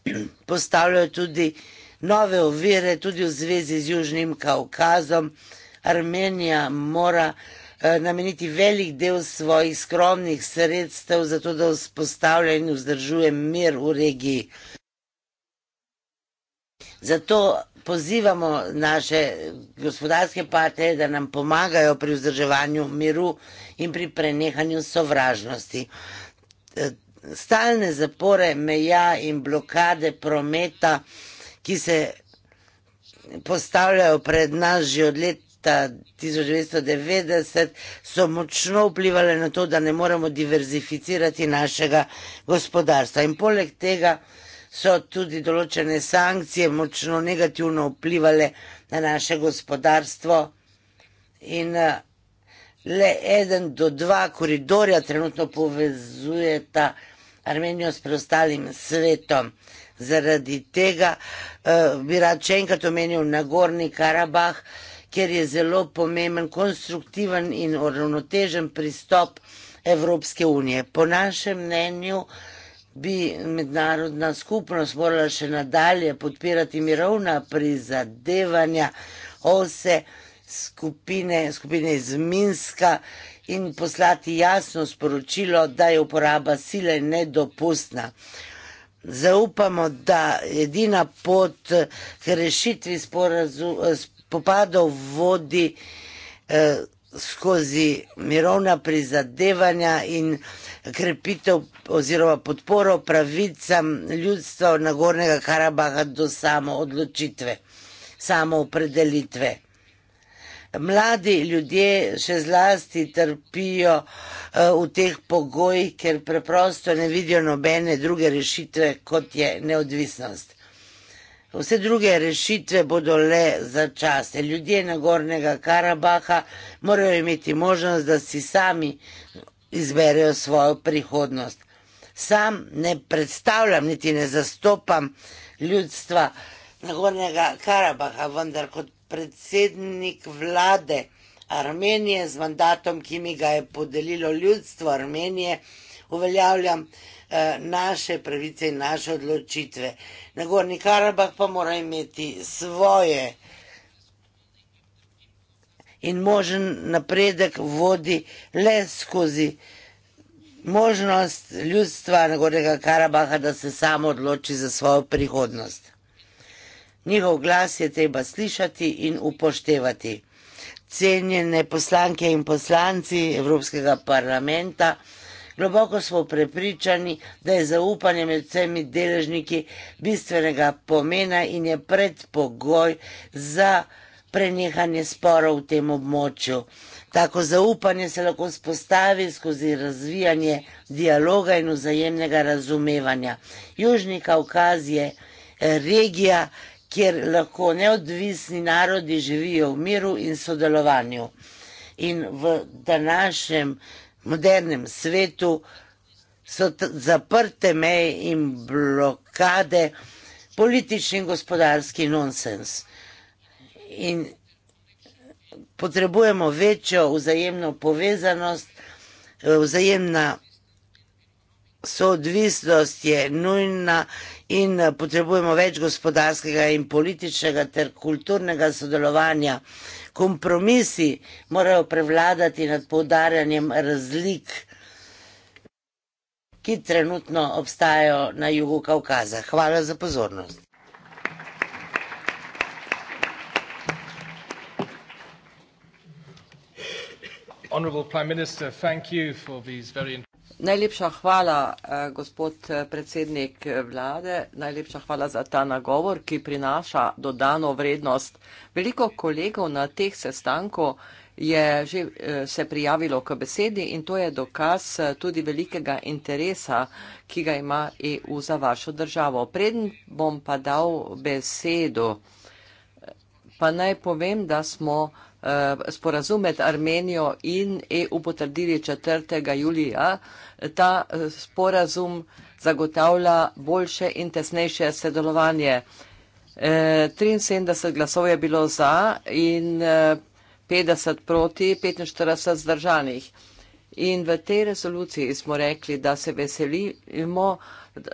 postavljajo tudi nove ovire, tudi v zvezi z Južnim Kaukazom. Armenija mora eh, nameniti velik del svojih skromnih sredstev za to, da vzpostavlja in vzdržuje mir v regiji. Zato pozivamo naše gospodarske partnerje, da nam pomagajo pri vzdrževanju miru in pri prenehanju sovražnosti stalne zapore meja in blokade prometa, ki se postavljajo pred nas že od leta 1990, so močno vplivali na to, da ne moremo diverzificirati našega gospodarstva. In poleg tega so tudi določene sankcije močno negativno vplivali na naše gospodarstvo in eh, le eden do dva koridorja trenutno povezuje ta gospodarstvo Armenijo s preostalim svetom. Zaradi tega uh, bi rad še enkrat omenil Nagorni Karabah, kjer je zelo pomemben, konstruktiven in uravnotežen pristop Evropske unije. Po našem mnenju bi mednarodna skupnost morala še nadalje podpirati mirovna prizadevanja OSE skupine, skupine iz Minska, in poslati jasno sporočilo, da je uporaba sile nedopustna. Zaupamo, da edina pot k rešitvi eh, spopadov vodi eh, skozi mirovna prizadevanja in krepitev oziroma podporo pravicam ljudstva Nagornega Karabaha do samo odločitve, samo opredelitve mladi ljudje še zlasti trpijo eh, v teh pogojih, ker preprosto ne vidijo nobene druge rešitve, kot je neodvisnost. Vse druge rešitve bodo le začasne. Ljudje na Gornjega Karabaha morajo imeti možnost, da si sami izberejo svojo prihodnost. Sam ne predstavljam, niti ne zastopam ljudstva na Gornjega Karabaha, vendar kot predsednik vlade Armenije z mandatom, ki mi ga je podelilo ljudstvo Armenije, uveljavljam eh, naše pravice in naše odločitve. Nagorni Karabah pa mora imeti svoje in možen napredek vodi le skozi možnost ljudstva Nagornega Karabaha, da se samo odloči za svojo prihodnost. Njihov glas je treba slišati in upoštevati. Cenjene poslanke in poslanci Evropskega parlamenta, globoko smo prepričani, da je zaupanje med vsemi deležniki bistvenega pomena in je predpogoj za prenehanje sporov v tem območju. Tako zaupanje se lahko spostavi skozi razvijanje dialoga in vzajemnega razumevanja. Južni Kaukaz je regija, kjer lahko neodvisni narodi živijo v miru in sodelovanju. In v današnjem modernem svetu so zaprte meje in blokade politični in gospodarski nonsens. In potrebujemo večjo vzajemno povezanost, eh, vzajemna soodvisnost je nujna in eh, potrebujemo več gospodarskega in političnega ter kulturnega sodelovanja. Kompromisi morajo prevladati nad poudarjanjem razlik, ki trenutno obstajajo na jugu Kaukaza. Hvala za pozornost. Honorable Prime Minister, thank you for these very important... Najlepša hvala, eh, gospod eh, predsednik eh, vlade. Najlepša hvala za ta nagovor, ki prinaša dodano vrednost. Veliko kolegov na teh sestankov je že se prijavilo k besedi in to je dokaz tudi velikega interesa, ki ga ima EU za vašo državo. Preden bom pa dal besedo, pa naj povem, da smo Eh, sporazum med Armenijo in EU potrdili 4. julija. Ta eh, sporazum zagotavlja boljše in tesnejše sedelovanje. 73 eh, glasov je bilo za in 50 proti, 45 zdržanih. In v tej resoluciji smo rekli, da se veselimo,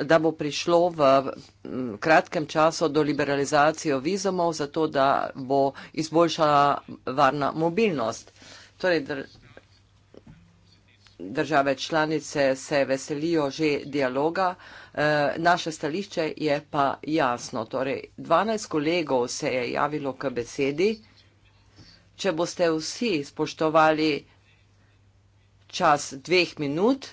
da bo prišlo v kratkem času do liberalizacije vizumov, zato da bo izboljšala varna mobilnost. Torej, države članice se veselijo že dialoga, e, naše stališče je pa jasno. Torej, 12 kolegov se je javilo k besedi. Če boste vsi spoštovali vizumov, čas dveh minut,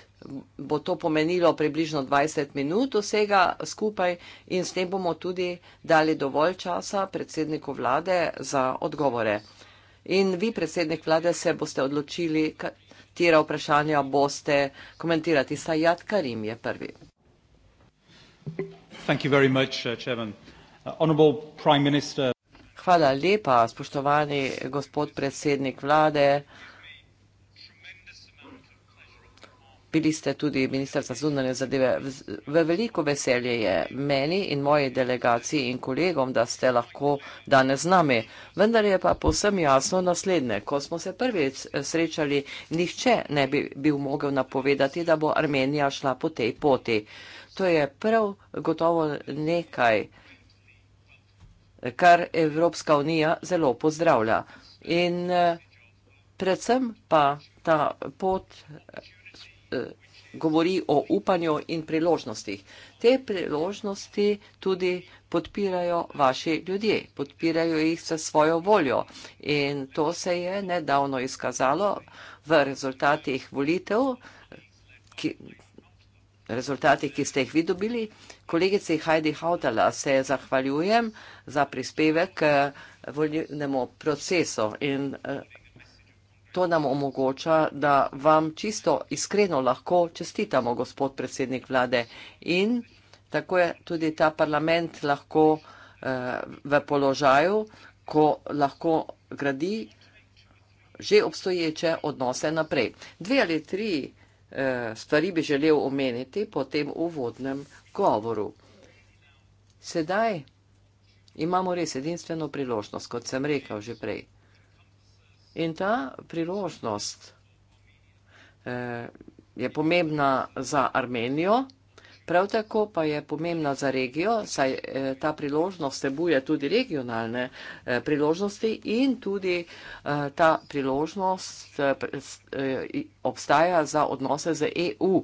bo to pomenilo približno 20 minut vsega skupaj in s tem bomo tudi dali dovolj časa predsedniku vlade za odgovore. In vi, predsednik vlade, se boste odločili, katera vprašanja boste komentirati. Sajat Karim je prvi. Uh, uh, Hvala lepa, spoštovani gospod predsednik vlade. Bili ste tudi ministr za zunanje zadeve. V veliko veselje je meni in moji delegaciji in kolegom, da ste lahko danes z nami. Vendar je pa posem jasno naslednje. Ko smo se prvič eh, srečali, nihče ne bi bil mogel napovedati, da bo Armenija šla po tej poti. To je prav gotovo nekaj, kar Evropska unija zelo pozdravlja. In eh, predvsem pa ta pot Armenija, Eh, govori o upanju in priložnostih. Te priložnosti tudi podpirajo vaši ljudje, podpirajo jih se svojo voljo in to se je nedavno izkazalo v rezultatih volitev, rezultatih, ki ste jih vi dobili. Kolegici Heidi Hautala se zahvaljujem za prispevek volilnemu procesu in vsega. Eh, To nam omogoča, da vam čisto iskreno lahko čestitamo, gospod predsednik vlade. In tako je tudi ta parlament lahko eh, v položaju, ko lahko gradi že obstoječe odnose naprej. Dve ali tri eh, stvari bi želel omeniti po tem uvodnem govoru. Sedaj imamo res edinstveno priložnost, kot sem rekel že prej. In ta priložnost eh, je pomembna za Armenijo, prav tako pa je pomembna za regijo, saj eh, ta priložnost tebuje tudi regionalne eh, priložnosti in tudi eh, ta priložnost eh, eh obstaja za odnose z EU.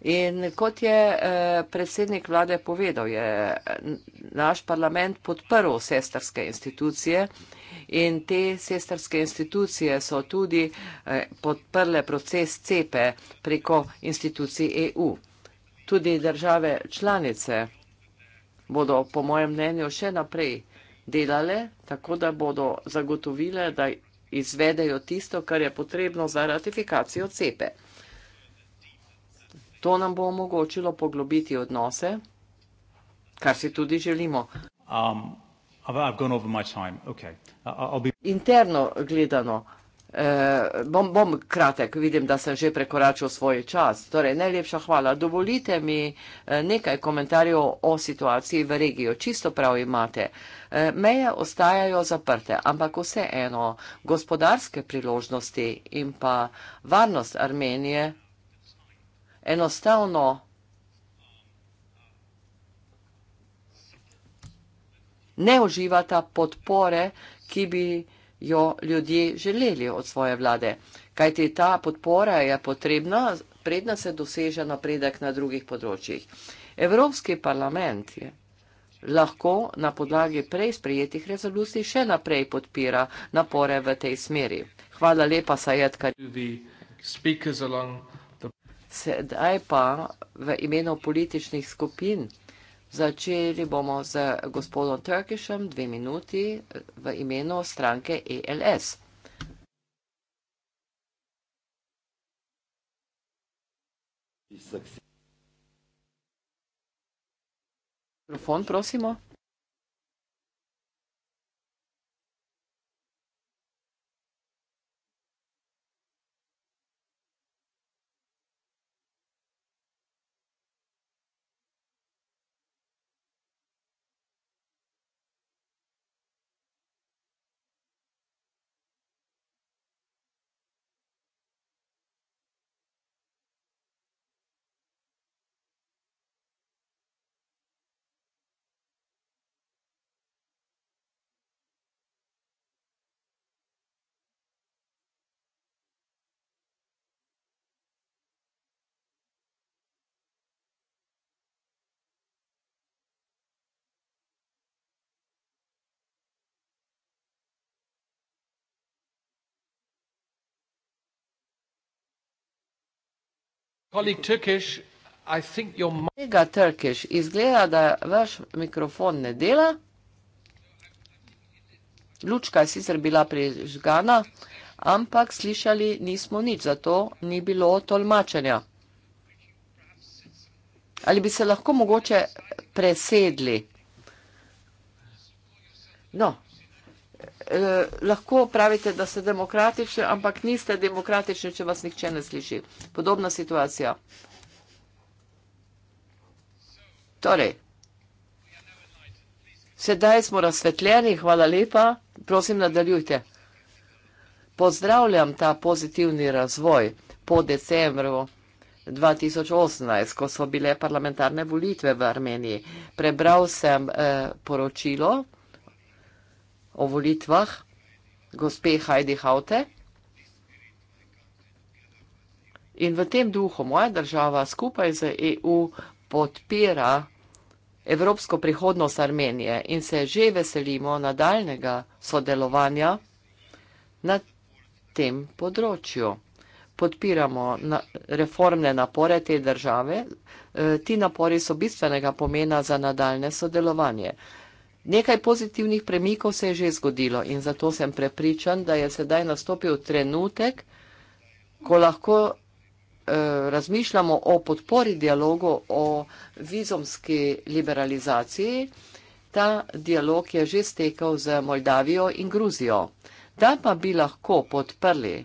In kot je eh, predsednik vlade povedal, je naš parlament podprl sestrske institucije, in te sestrske institucije so tudi eh, podprle proces cepe preko institucij EU. Tudi države članice bodo po mojem mnenju še naprej delale, tako da bodo zagotovile, da izvedejo tisto, kar je potrebno za ratifikacijo cepe. To nam bo omogočilo poglobiti odnose, kar si tudi želimo. Um. Interno gledano, eh, bom, bom kratek, vidim, da sem že prekoračil svoj čas. Torej, najlepša hvala. Dovolite mi eh, nekaj komentarjev o situaciji v regiji. Čisto prav imate. Eh, meje ostajajo zaprte, ampak vseeno gospodarske priložnosti in pa varnost Armenije enostavno ne uživata podpore, ki bi jo ljudje želeli od svoje vlade. Kajti ta podpora je potrebna, predna se doseže napredek na drugih področjih. Evropski parlament je lahko na podlagi prej sprejetih rezolucij še naprej podpira napore v tej smeri. Hvala lepa, Sajed, kar je. Sedaj pa v imenu političnih skupin. Začeli bomo z gospodom Turkišem, dve minuti v imenu stranke ELS. Mikrofon, prosimo. Kolega Turkish, izgleda, da vaš mikrofon ne dela. Lučka je sicer bila prižgana, ampak slišali nismo nič, zato ni bilo tolmačenja. Ali bi se lahko mogoče presedli? No, Eh, lahko pravite, da ste demokratični, ampak niste demokratični, če vas nihče ne sliši. Podobna situacija. Torej, sedaj smo razsvetljeni, hvala lepa, prosim nadaljujte. Pozdravljam ta pozitivni razvoj po decembru 2018, ko so bile parlamentarne volitve v Armeniji. Prebral sem eh, poročilo o volitvah gospe Heidi Haute. In v tem duhu moja država skupaj z EU podpira evropsko prihodnost Armenije in se že veselimo nadaljnega sodelovanja na tem področju. Podpiramo na reformne napore te države. Eh, ti napori so bistvenega pomena za nadaljne sodelovanje. Nekaj pozitivnih premikov se je že zgodilo in zato sem prepričan, da je sedaj nastopil trenutek, ko lahko eh, razmišljamo o podpori dialogu, o vizomski liberalizaciji. Ta dialog je že stekel z Moldavijo in Gruzijo. Da pa bi lahko podprli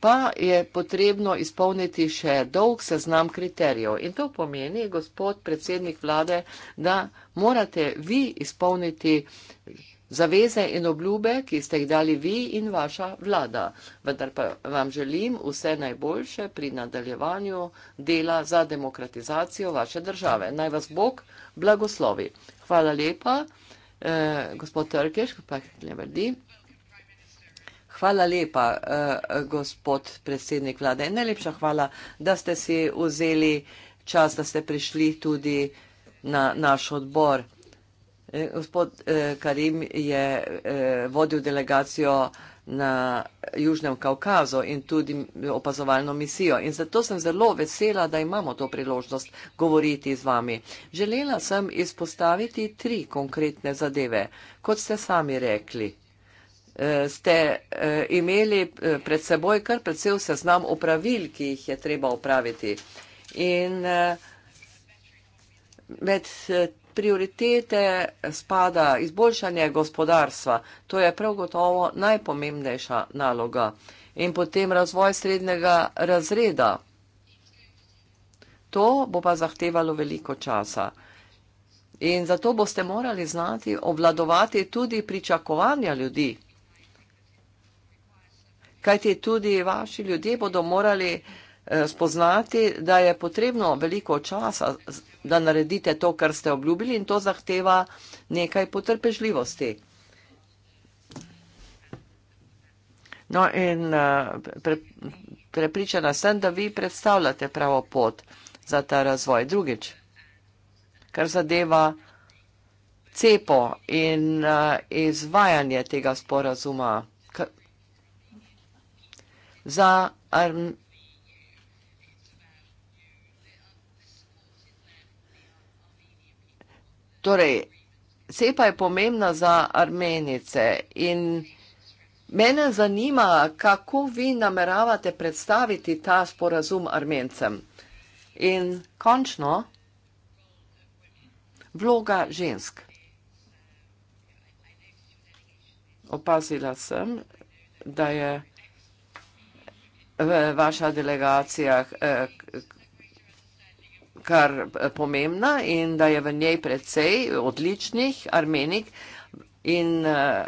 pa je potrebno izpolniti še dolg seznam kriterijev. In to pomeni, gospod predsednik vlade, da morate vi izpolniti zaveze in obljube, ki ste jih dali vi in vaša vlada. Vendar pa vam želim vse najboljše pri nadaljevanju dela za demokratizacijo vaše države. Naj vas Bog blagoslovi. Hvala lepa, eh, gospod Trkeš, pa jih ne vrdim. Hvala lepa, eh, gospod predsednik vlade. Najlepša hvala, da ste si vzeli čas, da ste prišli tudi na naš odbor. Eh, gospod eh, Karim je vodil delegacijo na Južnem Kaukazu in tudi opazovalno misijo. In zato sem zelo vesela, da imamo to priložnost govoriti z vami. Želela sem izpostaviti tri konkretne zadeve, kot ste sami rekli. Eh, ste eh, imeli eh, pred seboj kar predvsev seznam upravil, ki jih je treba upraviti. In med prioritete spada izboljšanje gospodarstva. To je prav gotovo najpomembnejša naloga. In potem razvoj srednjega razreda. To bo pa zahtevalo veliko časa. In zato boste morali znati obladovati tudi pričakovanja ljudi kajti tudi vaši ljudje bodo morali eh, spoznati, da je potrebno veliko časa, da naredite to, kar ste obljubili in to zahteva nekaj potrpežljivosti. No in eh, prepričana sem, da vi predstavljate pravo pot za ta razvoj. Drugič, kar zadeva cepo in eh, izvajanje tega sporazuma vsega za arm. Torej, cepa je pomembna za armenice in mene zanima, kako vi nameravate predstaviti ta sporazum armencem. In končno, vloga žensk. Opazila sem, da je vloga žensk vaša delegacija eh, kar pomembna in da je v njej precej odličnih armenik in eh,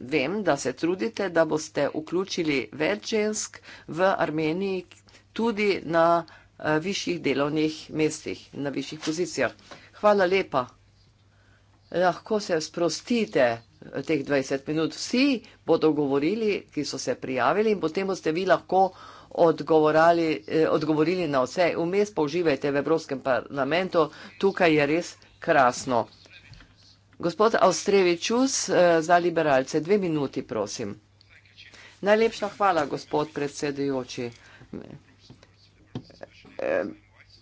vem, da se trudite, da boste vključili več žensk v Armeniji tudi na eh, višjih delovnih mestih, na višjih pozicijah. Hvala lepa lahko se sprostite teh 20 minut. Vsi bodo govorili, ki so se prijavili in potem boste vi lahko odgovorali, eh, odgovorili na vse. Vmes pa uživajte v Evropskem parlamentu, tukaj je res krasno. Gospod Avstrevičus eh, za liberalce, dve minuti prosim. Najlepša hvala, gospod predsedujoči. Eh,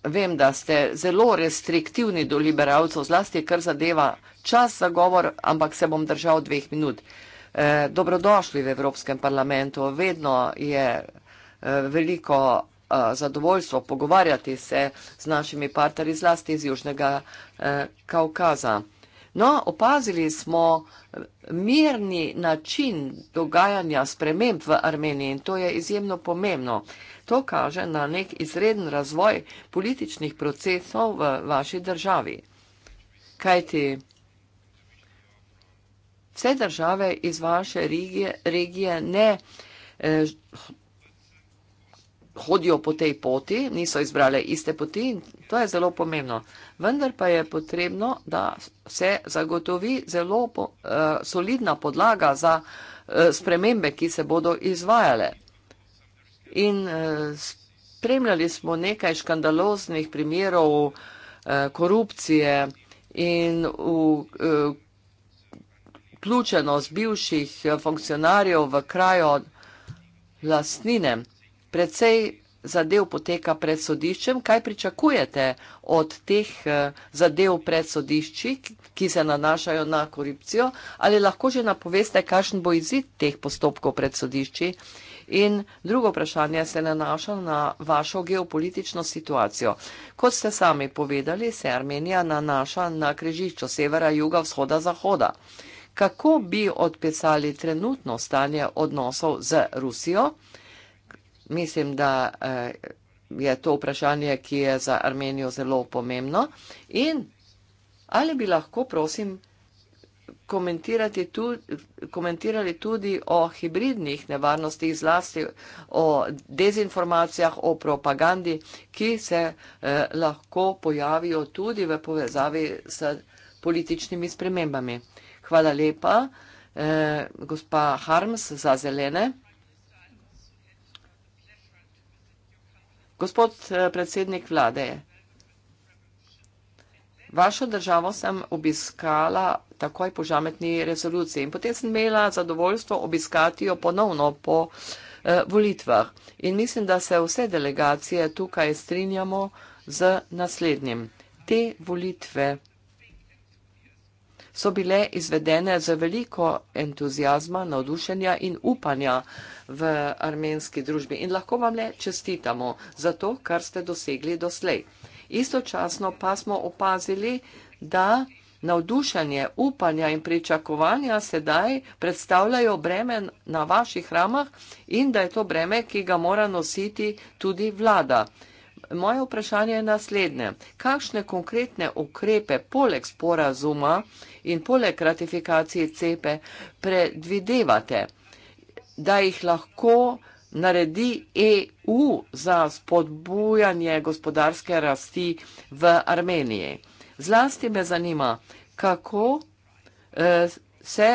vem, da ste zelo restriktivni do liberalcev, zlasti kar zadeva čas za govor, ampak se bom držal dveh minut. Eh, dobrodošli v Evropskem parlamentu. Vedno je eh, veliko eh, zadovoljstvo pogovarjati se z našimi partnerji, zlasti iz Južnega Kaukaza. No, opazili smo mirni način dogajanja sprememb v Armeniji in to je izjemno pomembno. To kaže na nek izreden razvoj političnih procesov v vaši državi. Kajti vse države iz vaše regije ne želijo, eh, hodijo po tej poti, niso izbrale iste poti in to je zelo pomembno. Vendar pa je potrebno, da se zagotovi zelo po, uh, solidna podlaga za uh, spremembe, ki se bodo izvajale. In uh, spremljali smo nekaj škandaloznih primerov uh, korupcije in v, uh, vključenost bivših funkcionarjev v krajo lastninem precej zadev poteka pred sodiščem. Kaj pričakujete od teh eh, zadev pred sodišči, ki se nanašajo na korupcijo? Ali lahko že napoveste, kakšen bo izid teh postopkov pred sodišči? In drugo vprašanje se nanaša na vašo geopolitično situacijo. Kot ste sami povedali, se Armenija nanaša na križišču severa, juga, vzhoda, zahoda. Kako bi odpisali trenutno stanje odnosov z Rusijo? mislim, da eh, je to vprašanje, ki je za Armenijo zelo pomembno. In ali bi lahko, prosim, komentirati tudi, komentirali tudi o hibridnih nevarnostih, zlasti o dezinformacijah, o propagandi, ki se eh, lahko pojavijo tudi v povezavi s političnimi spremembami. Hvala lepa. Eh, gospa Harms za zelene. Gospod eh, predsednik vlade, vašo državo sem obiskala takoj po žametni rezoluciji in potem sem imela zadovoljstvo obiskati jo ponovno po eh, volitvah. In mislim, da se vse delegacije tukaj strinjamo z naslednjim. Te volitve vsega so bile izvedene z veliko entuzijazma, navdušenja in upanja v armenski družbi. In lahko vam le čestitamo za to, kar ste dosegli doslej. Istočasno pa smo opazili, da navdušenje, upanja in pričakovanja sedaj predstavljajo breme na vaših ramah in da je to breme, ki ga mora nositi tudi vlada. Moje vprašanje je naslednje. Kakšne konkretne ukrepe poleg sporazuma in poleg ratifikacije CEPE predvidevate, da jih lahko naredi EU za spodbujanje gospodarske rasti v Armeniji. Zlasti me zanima, kako eh, se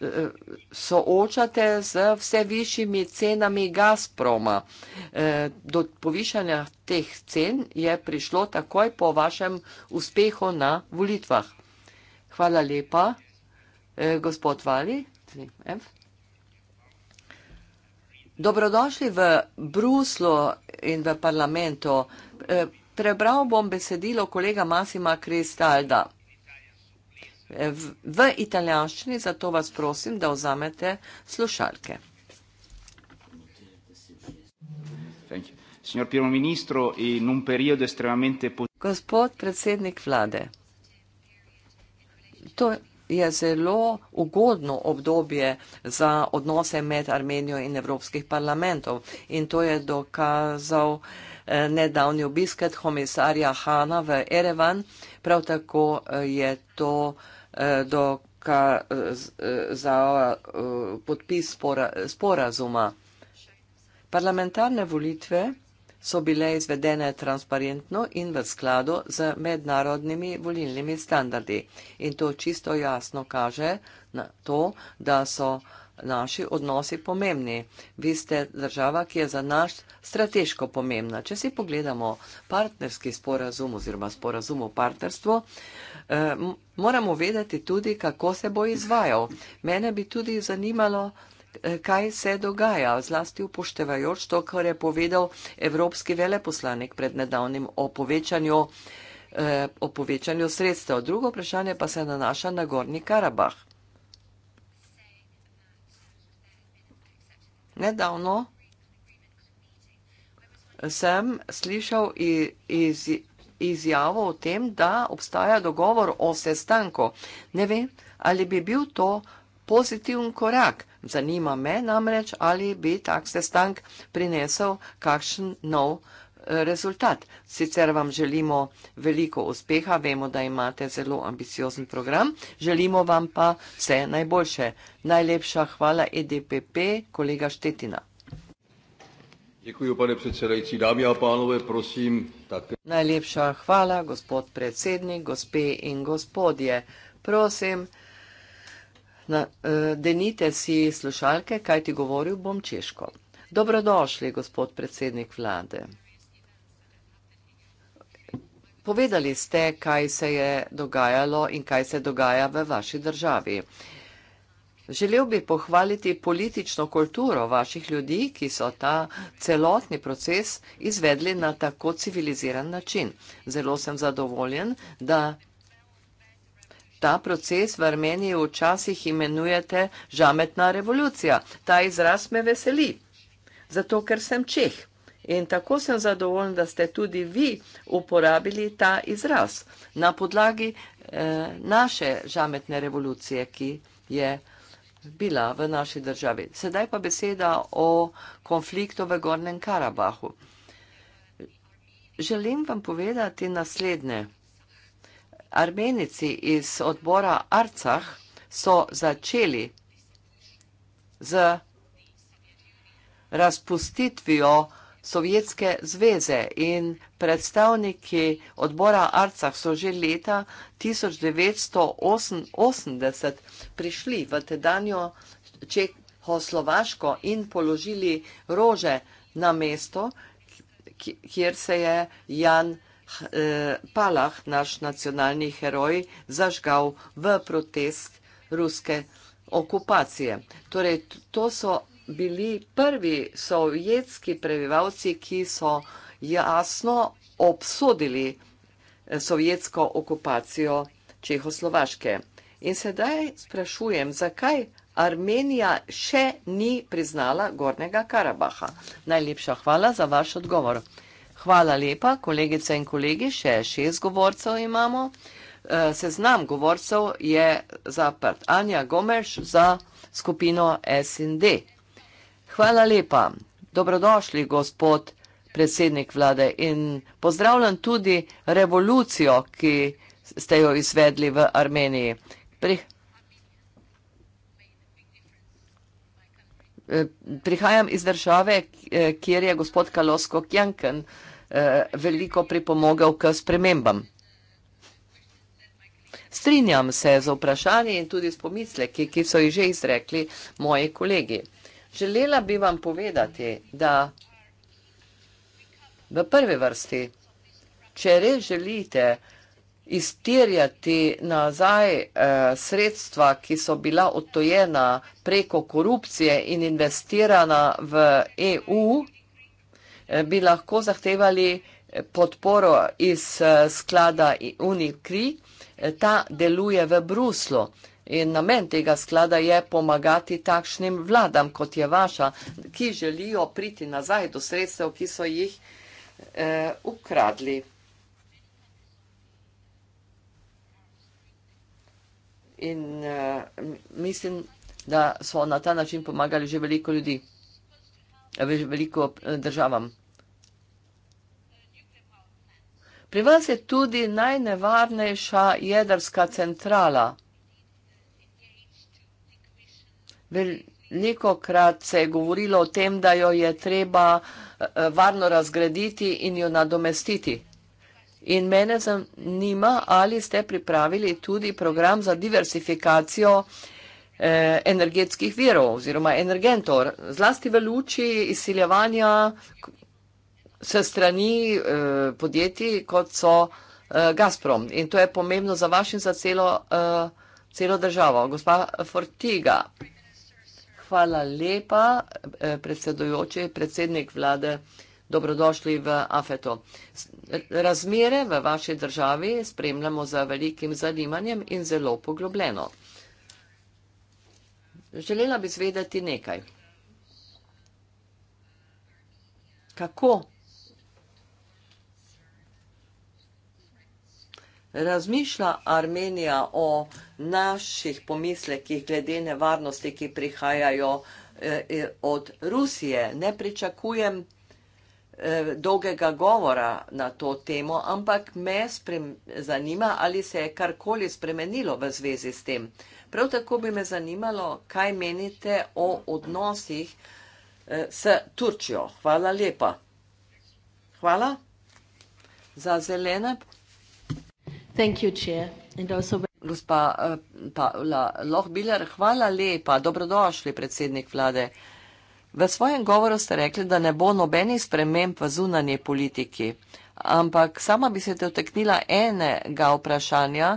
eh, soočate z vse višjimi cenami Gazproma. Eh, do povišanja teh cen je prišlo takoj po vašem uspehu na volitvah. Hvala lepa. Eh, gospod Vali. Dobrodošli v Bruslu in v parlamentu. Eh, prebral bom besedilo kolega Masima Kristalda. E, v italijanščini, zato vas prosim, da vzamete slušalke. Gospod predsednik vlade, To je zelo ugodno obdobje za odnose med Armenijo in Evropskih parlamentov in to je dokazal eh, nedavni obisket komisarja Hana v Erevan. Prav tako eh, je to eh, dokazal podpis spora, sporazuma. Parlamentarne volitve so bile izvedene transparentno in v skladu z mednarodnimi volilnimi standardi. In to čisto jasno kaže na to, da so naši odnosi pomembni. Vi ste država, ki je za naš strateško pomembna. Če si pogledamo partnerski sporazum oziroma sporazum o partnerstvu, eh, moramo vedeti tudi, kako se bo izvajal. Mene bi tudi zanimalo, Eh, kaj se dogaja, zlasti upoštevajoč to, kar je povedal evropski veleposlanik pred nedavnim o povečanju, eh, o povečanju sredstev. Drugo vprašanje pa se nanaša na Gorni Karabah. Nedavno sem slišal iz, izjavo o tem, da obstaja dogovor o sestanku. Ne vem, ali bi bil to pozitiven korak. Zanima me namreč, ali bi tak sestank prinesel kakšen nov eh, rezultat. Sicer vam želimo veliko uspeha, vemo, da imate zelo ambiciozen program, želimo vam pa vse najboljše. Najlepša hvala EDPP, kolega Štetina. Děkuji, pane predsedajci, dámy a pánové, prosím. Tak... Najlepša hvala, gospod predsednik, gospe in gospodje, prosim. Eh, denite si slušalke, kaj ti govoril bom češko. Dobrodošli, gospod predsednik vlade. Povedali ste, kaj se je dogajalo in kaj se dogaja v vaši državi. Želel bi pohvaliti politično kulturo vaših ljudi, ki so ta celotni proces izvedli na tako civiliziran način. Zelo sem zadovoljen, da Ta proces v Armeniji včasih imenujete žametna revolucija. Ta izraz me veseli, zato ker sem Čeh. In tako sem zadovoljen, da ste tudi vi uporabili ta izraz na podlagi eh, naše žametne revolucije, ki je bila v naši državi. Sedaj pa beseda o konfliktu v Gornjem Karabahu. Želim vam povedati naslednje. Armenici iz odbora Arcah so začeli z razpustitvijo Sovjetske zveze in predstavniki odbora Arcah so že leta 1980 prišli v tedanjo Čehoslovaško in položili rože na mesto, kjer se je Jan Arcah. Eh, palah, naš nacionalni heroj, zažgal v protest ruske okupacije. Torej, to so bili prvi sovjetski prebivalci, ki so jasno obsodili eh, sovjetsko okupacijo Čehoslovaške. In sedaj sprašujem, zakaj Armenija še ni priznala Gornega Karabaha. Najlepša hvala za vaš odgovor. Hvala lepa, kolegice in kolegi, še šest govorcev imamo. Eh, seznam govorcev je zaprt. Anja Gomeš za skupino SND. Hvala lepa, dobrodošli gospod predsednik vlade in pozdravljam tudi revolucijo, ki ste jo izvedli v Armeniji. Pri... Eh, prihajam iz države, eh, kjer je gospod Kalosko Kjanken, Eh, veliko pripomogel k spremembam. Strinjam se z vprašanji in tudi s pomisleki, ki so jih že izrekli moji kolegi. Želela bi vam povedati, da v prvi vrsti, če res želite iztirjati nazaj eh, sredstva, ki so bila odtojena preko korupcije in investirana v EU, bi lahko zahtevali podporo iz eh, sklada Unikri. Eh, ta deluje v Bruslu in namen tega sklada je pomagati takšnim vladam, kot je vaša, ki želijo priti nazaj do sredstev, ki so jih eh, ukradli. In eh, mislim, da so na ta način pomagali že veliko ljudi, eh, veliko državam. Pri vas je tudi najnevarnejša jedrska centrala. Veliko krat se je govorilo o tem, da jo je treba eh, varno razgraditi in jo nadomestiti. In mene zanima, ali ste pripravili tudi program za diversifikacijo eh, energetskih virov oziroma energentor, zlasti v luči izsiljevanja s strani eh, podjetij, kot so eh, Gazprom. In to je pomembno za vaš in za celo, eh, celo državo. Gospa Fortiga, hvala lepa, eh, predsedujoči, predsednik vlade, dobrodošli v Afeto. Razmere v vaši državi spremljamo z velikim zanimanjem in zelo poglobljeno. Želela bi zvedeti nekaj. Kako razmišlja Armenija o naših pomislekih glede nevarnosti, ki prihajajo eh, eh, od Rusije. Ne pričakujem eh, dolgega govora na to temo, ampak me zanima, ali se je karkoli spremenilo v zvezi s tem. Prav tako bi me zanimalo, kaj menite o odnosih s Turčijo. Hvala lepa. Hvala za zelene. Thank you, chair. And also... Gospa eh, Paula Lohbiller, hvala lepa, dobrodošli, predsednik vlade. V svojem govoru ste rekli, da ne bo nobenih sprememb v zunanje politiki, ampak sama bi se doteknila enega vprašanja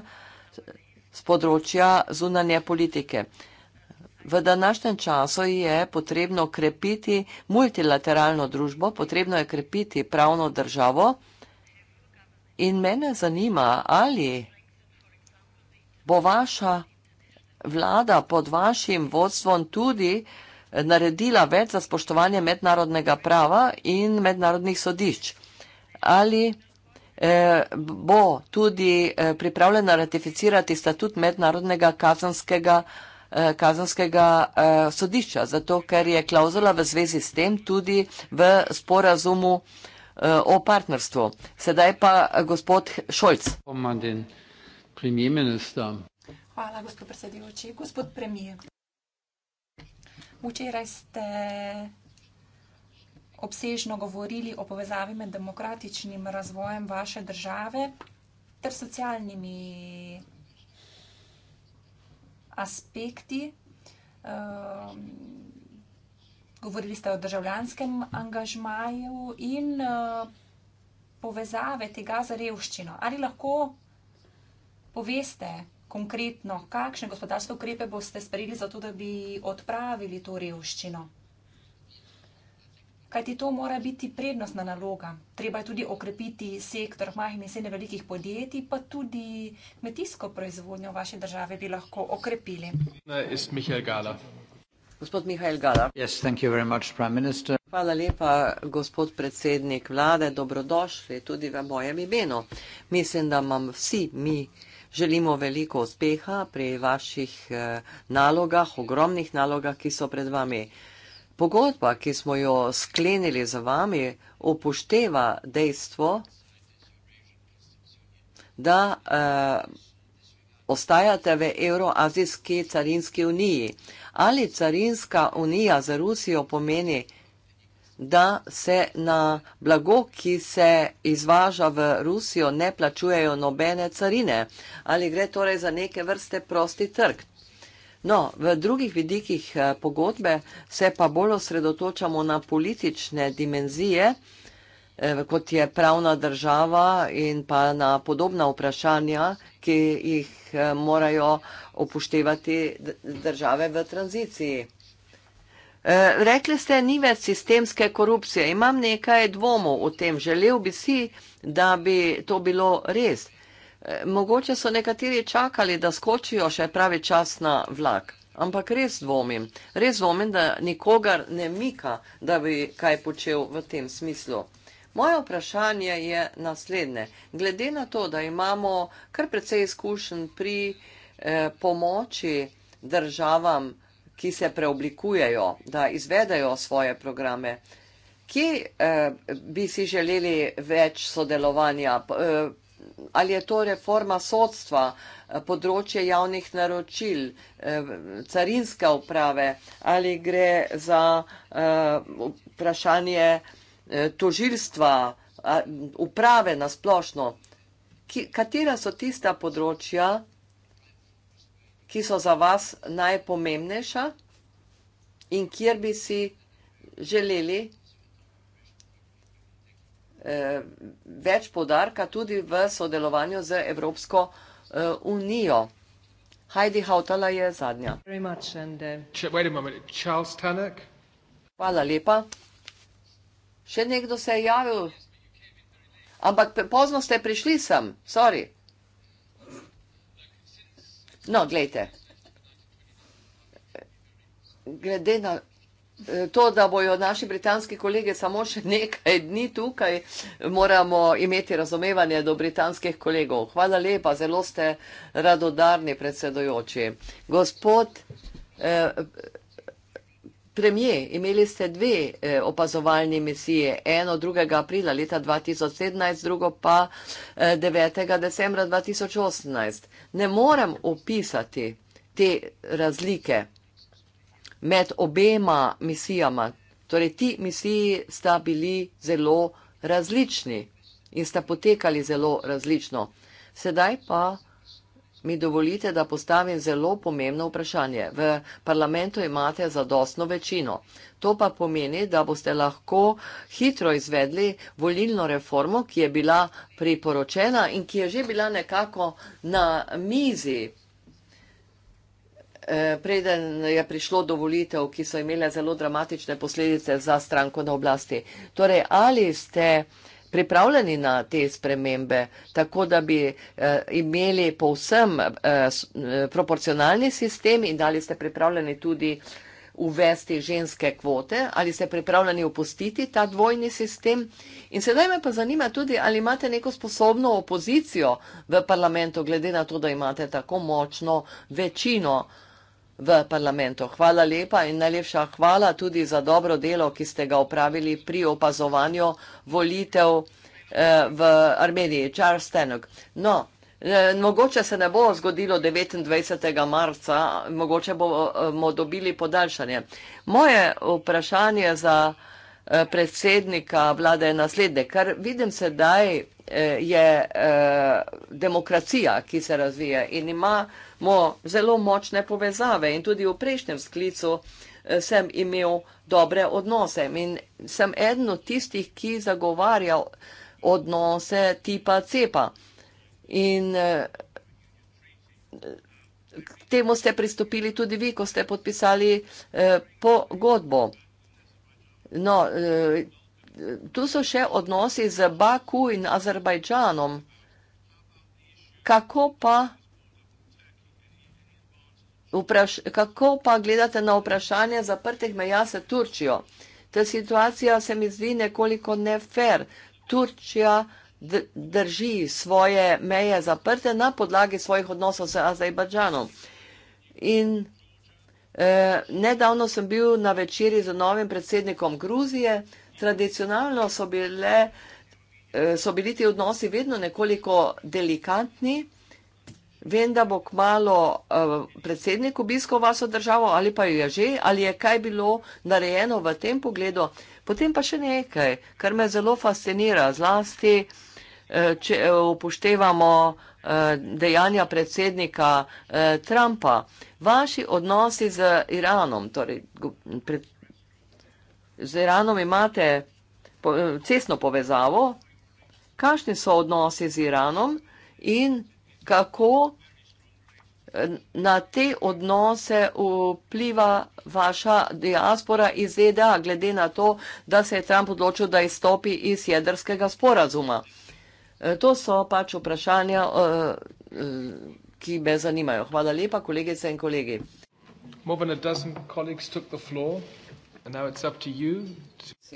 z področja zunanje politike. V današnjem času je potrebno krepiti multilateralno družbo, potrebno je krepiti pravno državo. In mene zanima, ali bo vaša vlada pod vašim vodstvom tudi eh, naredila več za spoštovanje mednarodnega prava in mednarodnih sodišč. Ali eh, bo tudi eh, pripravljena ratificirati statut mednarodnega kazanskega kazanskega sodišča, zato ker je klauzula v zvezi s tem tudi v sporazumu o partnerstvu. Sedaj pa gospod Šolc. Hvala, gospod predsedujoči. Gospod premijer, včeraj ste obsežno govorili o povezavi med demokratičnim razvojem vaše države ter socialnimi aspekti. Um, govorili ste o državljanskem angažmaju in eh, povezave tega za revščino. Ali lahko poveste konkretno, kakšne gospodarske ukrepe boste sprejeli za to, da bi odpravili to revščino? Kajti to mora biti prednostna naloga. Treba je tudi okrepiti sektor majhnih in srednjih velikih podjetij, pa tudi kmetijsko proizvodnjo v vaši državi bi lahko okrepili. Ne, Hvala lepa, gospod predsednik vlade, dobrodošli tudi v mojem imenu. Mislim, da vam vsi mi želimo veliko uspeha pri vaših eh, nalogah, ogromnih nalogah, ki so pred vami. Pogodba, ki smo jo sklenili za vami, upošteva dejstvo, da eh, ostajate v Euroazijski carinski uniji ali carinska unija za Rusijo pomeni, da se na blago, ki se izvaža v Rusijo, ne plačujejo nobene carine, ali gre torej za neke vrste prosti trg. No, v drugih vidikih eh, pogodbe se pa bolj osredotočamo na politične dimenzije, eh, kot je pravna država in pa na podobna vprašanja, ki jih eh, morajo upoštevati države v tranziciji. Eh, rekli ste, ni več sistemske korupcije. Imam nekaj dvomov o tem. Želel bi si, da bi to bilo res. Eh, mogoče so nekateri čakali, da skočijo še pravi čas na vlak. Ampak res dvomim, res dvomim, da nikogar ne mika, da bi kaj počel v tem smislu. Moje vprašanje je naslednje. Glede na to, da imamo kar precej izkušen pri eh, pomoči državam, ki se preoblikujejo, da izvedajo svoje programe, kje eh, bi si želeli več sodelovanja? Eh, ali je to reforma sodstva, eh, področje javnih naročil, eh, carinske uprave, ali gre za eh, vprašanje eh, Eh, tožilstva, uprave na splošno, katera so tista področja, ki so za vas najpomembnejša in kjer bi si želeli eh, več podarka tudi v sodelovanju z Evropsko eh, unijo. Heidi Hautala je zadnja. Hvala lepa. Še nekdo se je javil. Ampak pozno ste prišli sem. Sorry. No, gledajte. Glede na e, to, da bojo naši britanski kolege samo še nekaj dni tukaj, moramo imeti razumevanje do britanskih kolegov. Hvala lepa, zelo ste radodarni predsedojoči. Gospod... Eh, premije, imeli ste dve eh, opazovalni misije, eno 2. aprila leta 2017, drugo pa eh, 9. decembra 2018. Ne morem opisati te razlike med obema misijama. Torej, ti misiji sta bili zelo različni in sta potekali zelo različno. Sedaj pa mi dovolite, da postavim zelo pomembno vprašanje. V parlamentu imate zadostno večino. To pa pomeni, da boste lahko hitro izvedli volilno reformo, ki je bila priporočena in ki je že bila nekako na mizi, e, preden je prišlo do volitev, ki so imele zelo dramatične posledice za stranko na oblasti. Torej, ali ste pripravljeni na te spremembe, tako da bi eh, imeli povsem eh, eh proporcionalni sistem in ali ste pripravljeni tudi uvesti ženske kvote, ali ste pripravljeni opustiti ta dvojni sistem. In sedaj me pa zanima tudi, ali imate neko sposobno opozicijo v parlamentu, glede na to, da imate tako močno večino v parlamentu. Hvala lepa in najlepša hvala tudi za dobro delo, ki ste ga upravili pri opazovanju volitev eh, v Armeniji. Charles Stenog. No, eh, mogoče se ne bo zgodilo 29. marca, mogoče eh, bomo dobili podaljšanje. Moje vprašanje za Eh, predsednika vlade naslednje, kar vidim sedaj, eh, je eh, demokracija, ki se razvija in imamo zelo močne povezave in tudi v prejšnjem sklicu sem imel dobre odnose in sem eden od tistih, ki zagovarja odnose tipa cepa. In k temu ste pristopili tudi vi, ko ste podpisali pogodbo. No, eh, tu so še odnosi z Baku in Azerbajdžanom. Kako pa Vpraš kako pa gledate na vprašanje zaprtih meja s Turčijo? Ta situacija se mi zdi nekoliko nefer. Turčija drži svoje meje zaprte na podlagi svojih odnosov s Azerbajdžanom. In E, nedavno sem bil na večerji z novim predsednikom Gruzije. Tradicionalno so, bile, e, so bili ti odnosi vedno nekoliko delikatni. Vem, da bo kmalo e, predsednik obiskal vašo državo ali pa jo je že, ali je kaj bilo narejeno v tem pogledu. Potem pa še nekaj, kar me zelo fascinira, zlasti če upoštevamo dejanja predsednika Trumpa vaši odnosi z Iranom, torej pred, z Iranom imate po, cestno povezavo, kakšni so odnosi z Iranom in kako na te odnose vpliva vaša diaspora iz ZDA, glede na to, da se je Trump odločil, da izstopi iz jedrskega sporazuma. E, to so pač vprašanja. Uh, uh, ki me zanimajo. Hvala lepa, kolegice in kolegi.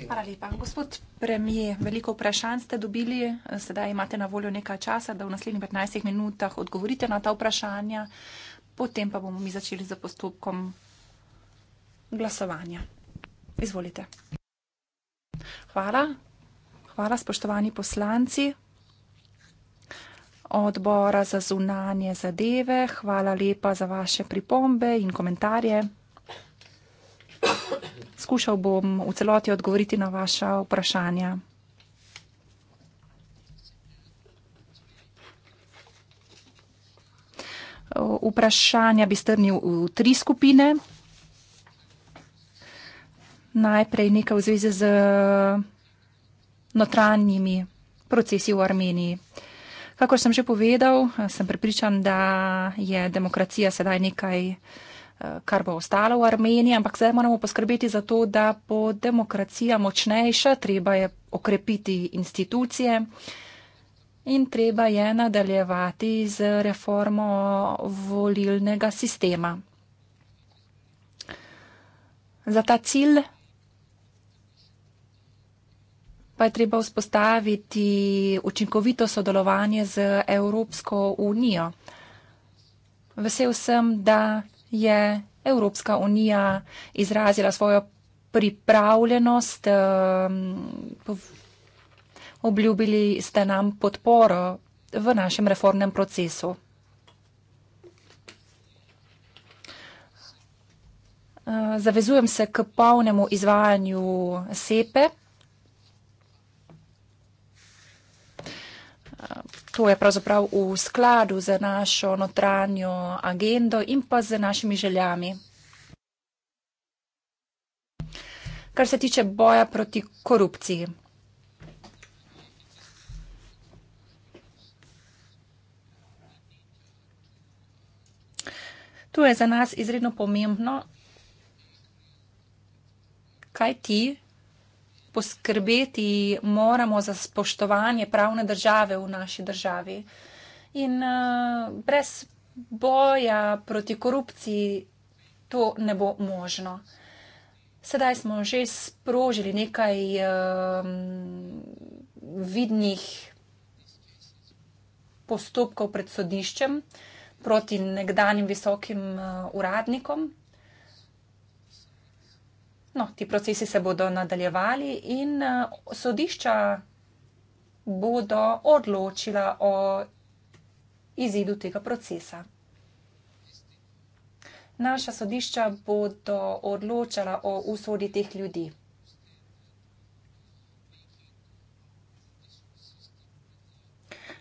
Hvala lepa. Gospod premijer, veliko vprašanj ste dobili. Sedaj imate na voljo nekaj časa, da v naslednjih 15 minutah odgovorite na ta vprašanja. Potem pa bomo mi začeli z za postopkom glasovanja. Izvolite. Hvala. Hvala, spoštovani poslanci odbora za zunanje zadeve. Hvala lepa za vaše pripombe in komentarje. Skušal bom v celoti odgovoriti na vaša vprašanja. Vprašanja bi strnil v tri skupine. Najprej nekaj v zvezi z notranjimi procesi v Armeniji. Kakor sem že povedal, sem prepričan, da je demokracija sedaj nekaj, eh, kar bo ostalo v Armeniji, ampak zdaj moramo poskrbeti za to, da bo demokracija močnejša, treba je okrepiti institucije in treba je nadaljevati z reformo volilnega sistema. Za ta cilj pa je treba vzpostaviti učinkovito sodelovanje z Evropsko unijo. Vesel sem, da je Evropska unija izrazila svojo pripravljenost, ehm, obljubili ste nam podporo v našem reformnem procesu. Ehm, zavezujem se k polnemu izvajanju SEPE. To je pravzaprav v skladu z našo notranjo agendo in pa z našimi željami. Kar se tiče boja proti korupciji. To je za nas izredno pomembno, kaj ti poskrbeti moramo za spoštovanje pravne države v naši državi. In uh, brez boja proti korupciji to ne bo možno. Sedaj smo že sprožili nekaj uh, vidnih postopkov pred sodiščem proti nekdanjim visokim uh, uradnikom verjetno ti procesi se bodo nadaljevali in eh, sodišča bodo odločila o izidu tega procesa. Naša sodišča bodo odločala o usodi teh ljudi.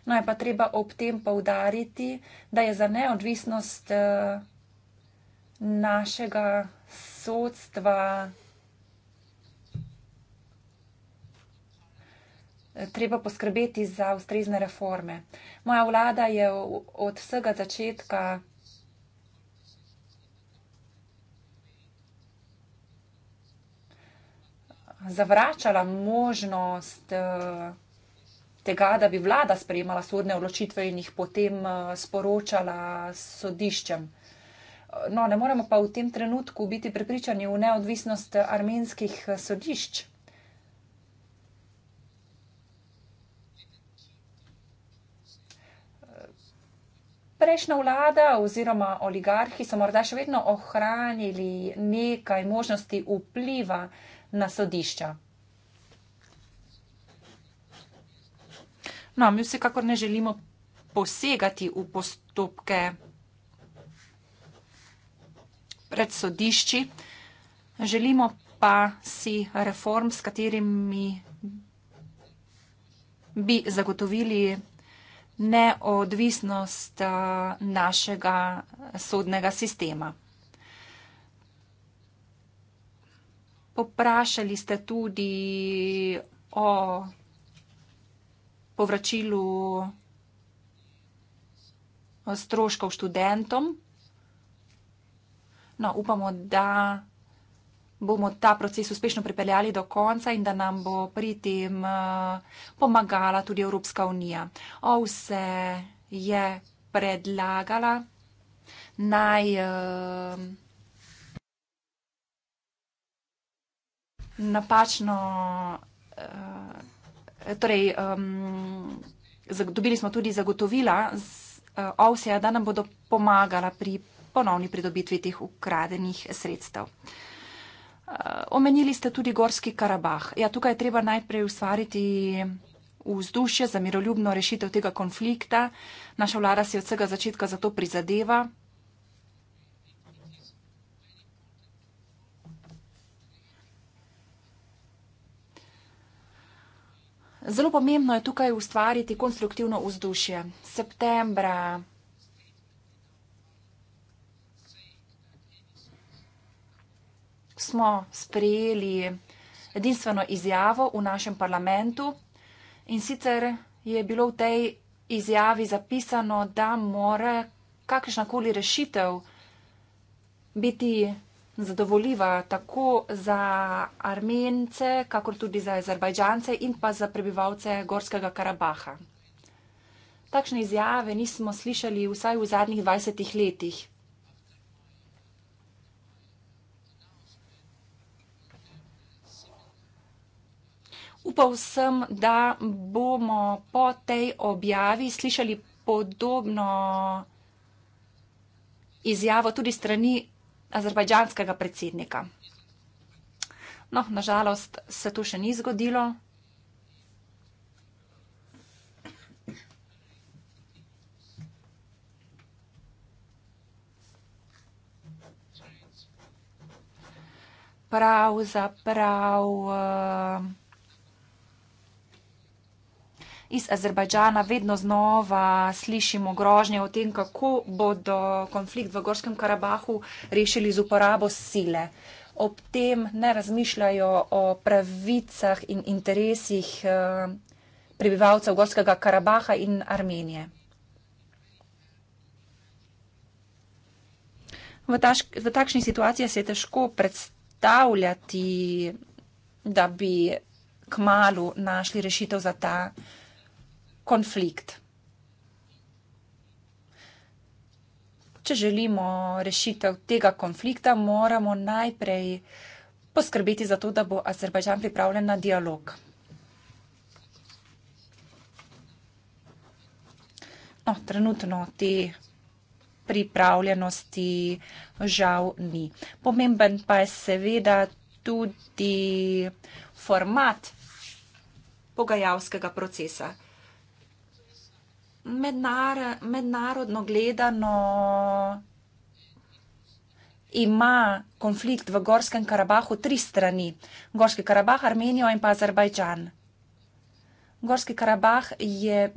No, je pa treba ob tem poudariti, da je za neodvisnost eh, našega sodstva. treba poskrbeti za ustrezne reforme. Moja vlada je od vsega začetka zavračala možnost eh, tega, da bi vlada sprejemala sodne odločitve in jih potem eh, sporočala sodiščem. No, ne moremo pa v tem trenutku biti prepričani v neodvisnost armenskih eh, sodišč. prejšnja vlada oziroma oligarhi so morda še vedno ohranili nekaj možnosti vpliva na sodišča? No, mi vsekakor ne želimo posegati v postopke pred sodišči. Želimo pa si reform, s katerimi bi zagotovili neodvisnost eh, našega sodnega sistema. Poprašali ste tudi o povračilu stroškov študentom. No, upamo, da bomo ta proces uspešno pripeljali do konca in da nam bo pri tem eh, pomagala tudi Evropska unija. OVSE je predlagala naj. Eh, napačno, eh, torej, dobili smo tudi zagotovila OVSE-ja, da nam bodo pomagala pri ponovni pridobitvi teh ukradenih sredstev omenili ste tudi Gorski Karabah. Ja, tukaj je treba najprej ustvariti vzdušje za miroljubno rešitev tega konflikta. Naša vlada si od vsega začetka za to prizadeva. Zelo pomembno je tukaj ustvariti konstruktivno vzdušje. Septembra smo sprejeli edinstveno izjavo v našem parlamentu in sicer je bilo v tej izjavi zapisano, da mora kakršnakoli rešitev biti zadovoljiva tako za Armence, kakor tudi za Azerbajdžance in pa za prebivalce Gorskega Karabaha. Takšne izjave nismo slišali vsaj v zadnjih 20 letih. upal sem, da bomo po tej objavi slišali podobno izjavo tudi strani azerbajdžanskega predsednika. No, nažalost se to še ni zgodilo. Pravzaprav. Prav, uh, eh, iz Azerbajdžana vedno znova slišimo grožnje o tem, kako bodo konflikt v Gorskem Karabahu rešili z uporabo sile. Ob tem ne razmišljajo o pravicah in interesih eh, prebivalcev Gorskega Karabaha in Armenije. V, tašk, v takšni situaciji se je težko predstavljati, da bi k malu našli rešitev za ta konflikt konflikt. Če želimo rešitev tega konflikta, moramo najprej poskrbeti za to, da bo Azerbajdžan pripravljen na dialog. No, trenutno te pripravljenosti žal ni. Pomemben pa je seveda tudi format pogajalskega procesa mednar, mednarodno gledano ima konflikt v Gorskem Karabahu tri strani: Gorski Karabah, Armenijo in pa Azerbajdžan. Gorski Karabah je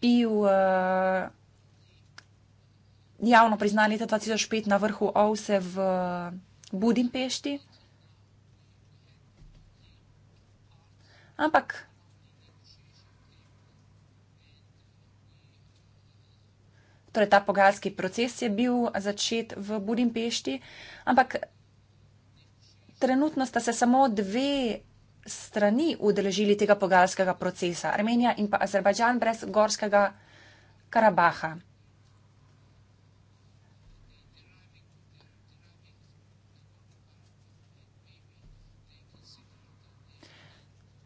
bil uh, javno priznan leta 2005 na vrhu OVSE v Budimpešti. Ampak torej ta pogajalski proces je bil začet v Budimpešti, ampak trenutno sta se samo dve strani udeležili tega pogajalskega procesa, Armenija in pa Azerbajdžan brez Gorskega Karabaha.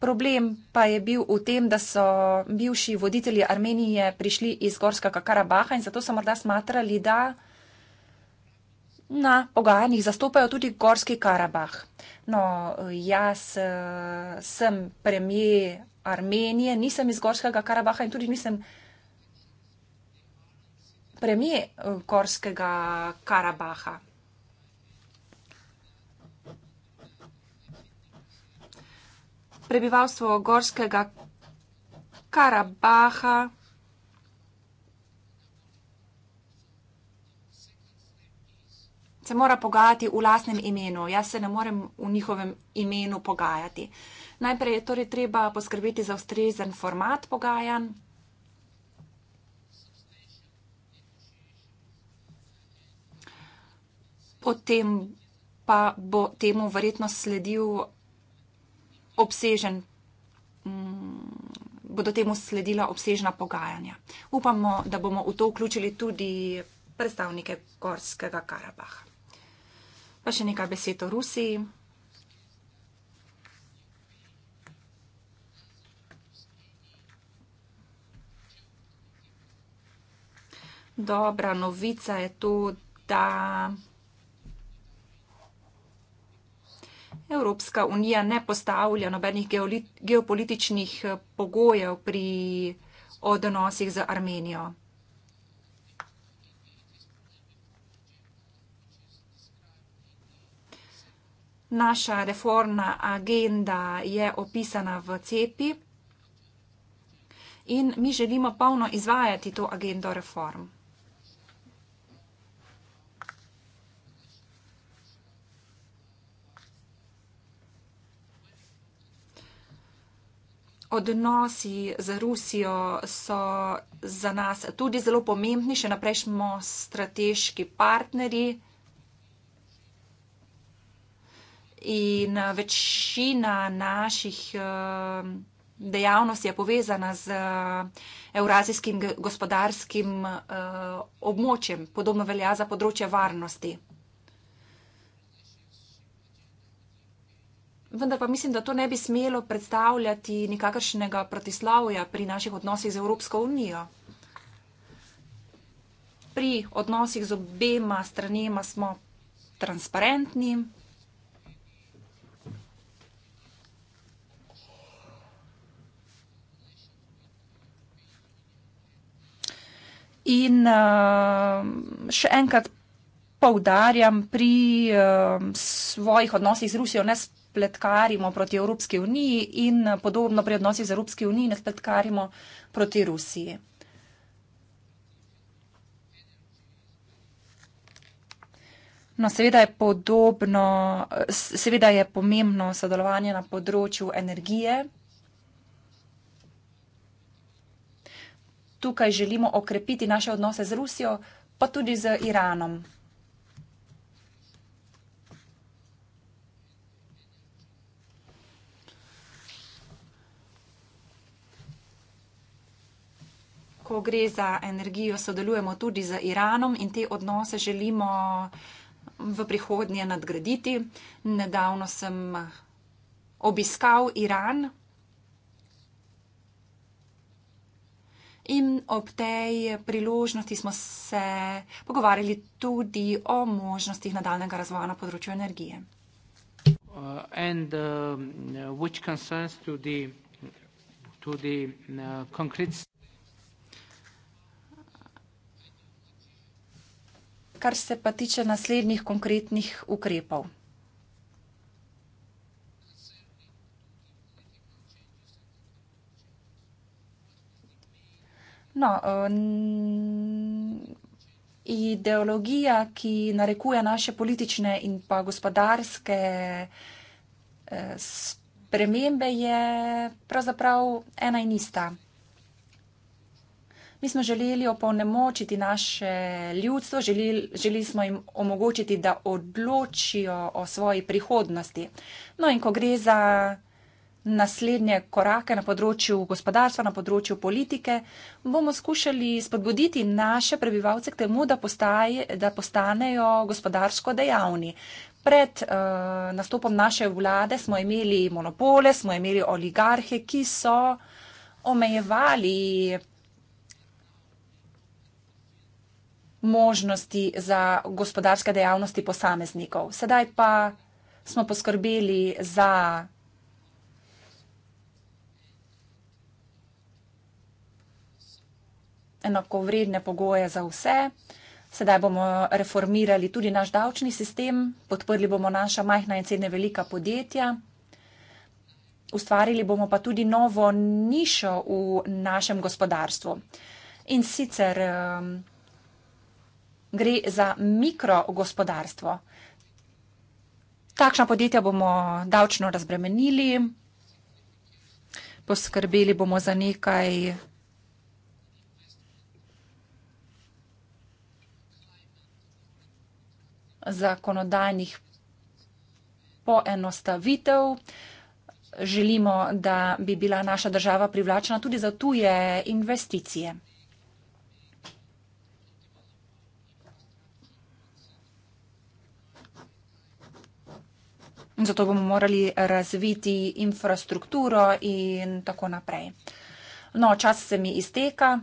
Problem pa je bil v tem, da so bivši voditelji Armenije prišli iz Gorskega Karabaha in zato so morda smatrali, da na pogajanjih zastopajo tudi Gorski Karabah. No, jaz eh, sem premije Armenije, nisem iz Gorskega Karabaha in tudi nisem premije eh, Gorskega Karabaha. prebivalstvo Gorskega Karabaha. Se mora pogajati v lastnem imenu. Jaz se ne morem v njihovem imenu pogajati. Najprej je torej treba poskrbeti za ustrezen format pogajanj. Potem pa bo temu verjetno sledil obsežen, m, mm, bodo temu sledila obsežna pogajanja. Upamo, da bomo v to vključili tudi predstavnike Gorskega Karabaha. Pa še nekaj besed o Rusiji. Dobra novica je to, da Evropska unija ne postavlja nobenih geopolitičnih eh, pogojev pri odnosih z Armenijo. Naša reformna agenda je opisana v cepi in mi želimo polno izvajati to agendo reform. odnosi z Rusijo so za nas tudi zelo pomembni, še naprej smo strateški partnerji. In večina naših eh, dejavnosti je povezana z Eurazijskim eh, gospodarskim eh, območjem. Podobno velja za področje varnosti. Vendar pa mislim, da to ne bi smelo predstavljati nikakršnega protislavja pri naših odnosih z Evropsko unijo. Pri odnosih z obema stranema smo transparentni. In uh, še enkrat poudarjam, pri uh, svojih odnosih z Rusijo ne spoštujem spletkarimo proti Evropski uniji in podobno pri odnosih z Evropski uniji ne spletkarimo proti Rusiji. No, seveda, je podobno, seveda je pomembno sodelovanje na področju energije. Tukaj želimo okrepiti naše odnose z Rusijo, pa tudi z Iranom. ko gre za energijo, sodelujemo tudi z Iranom in te odnose želimo v prihodnje nadgraditi. Nedavno sem obiskal Iran in ob tej priložnosti smo se pogovarjali tudi o možnostih nadaljnega razvoja na področju energije. Uh, and, uh, kar se pa tiče naslednjih konkretnih ukrepov. No, ideologija, ki narekuje naše politične in pa gospodarske eh, spremembe, je pravzaprav ena in ista. Mi smo želeli opolnemočiti naše ljudstvo, želeli, želeli smo jim omogočiti, da odločijo o svoji prihodnosti. No in ko gre za naslednje korake na področju gospodarstva, na področju politike, bomo skušali spodbuditi naše prebivalce k temu, da, postaje, da postanejo gospodarsko dejavni. Pred uh, nastopom naše vlade smo imeli monopole, smo imeli oligarhe, ki so omejevali možnosti za gospodarske dejavnosti posameznikov. Sedaj pa smo poskrbeli za enakovredne pogoje za vse. Sedaj bomo reformirali tudi naš davčni sistem, podprli bomo naša majhna in cene velika podjetja. Ustvarili bomo pa tudi novo nišo v našem gospodarstvu. In sicer ehm, gre za mikrogospodarstvo. Takšna podjetja bomo davčno razbremenili, poskrbeli bomo za nekaj zakonodajnih poenostavitev. Želimo, da bi bila naša država privlačena tudi za tuje investicije. zato bomo morali razviti infrastrukturo in tako naprej. No, čas se mi izteka.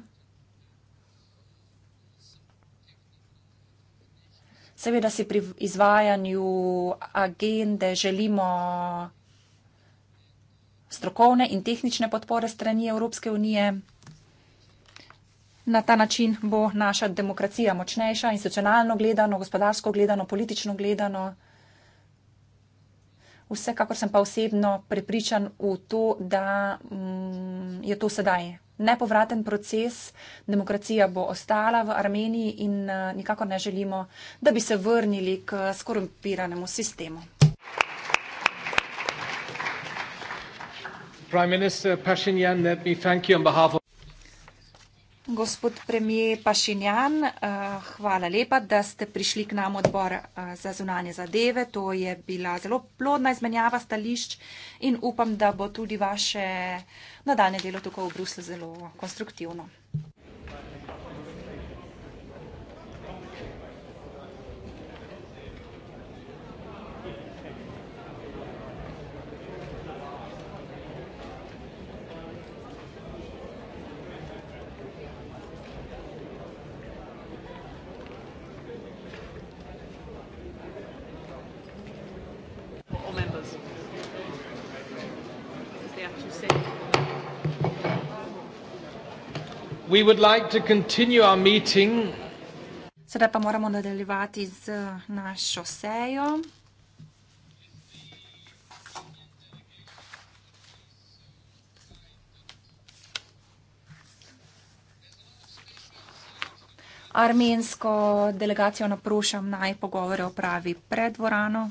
Seveda si pri izvajanju agende želimo strokovne in tehnične podpore strani Evropske unije. Na ta način bo naša demokracija močnejša, institucionalno gledano, gospodarsko gledano, politično gledano. Vsekakor sem pa osebno prepričan v to, da mm, je to sedaj nepovraten proces, demokracija bo ostala v Armeniji in eh, nikako ne želimo, da bi se vrnili k skorumpiranemu sistemu. Prime minister Pashinyan, let me thank you on behalf Gospod premijer Pašinjan, eh, hvala lepa, da ste prišli k nam odbor eh, za zunanje zadeve. To je bila zelo plodna izmenjava stališč in upam, da bo tudi vaše nadaljne delo tukaj v Bruslu zelo konstruktivno. Sedaj pa moramo nadaljevati z eh, našo sejo. Armensko delegacijo naprošam naj pogovore opravi pred dvorano.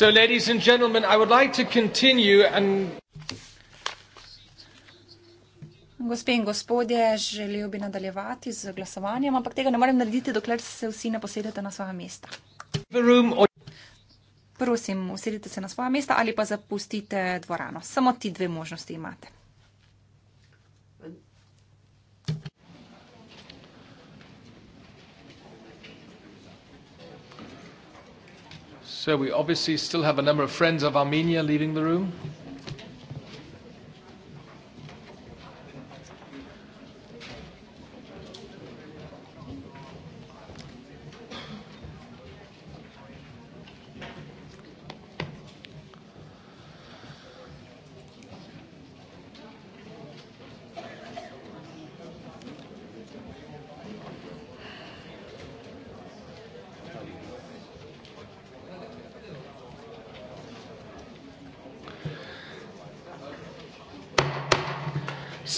So, ladies and gentlemen, I would like to continue and. Gospe in gospodje, želel bi nadaljevati z glasovanjem, ampak tega ne morem narediti, dokler se vsi ne posedete na svoje mesta. Prosim, usedite se na svoje mesta ali pa zapustite dvorano. Samo ti dve možnosti imate. So we obviously still have a number of friends of Armenia leaving the room.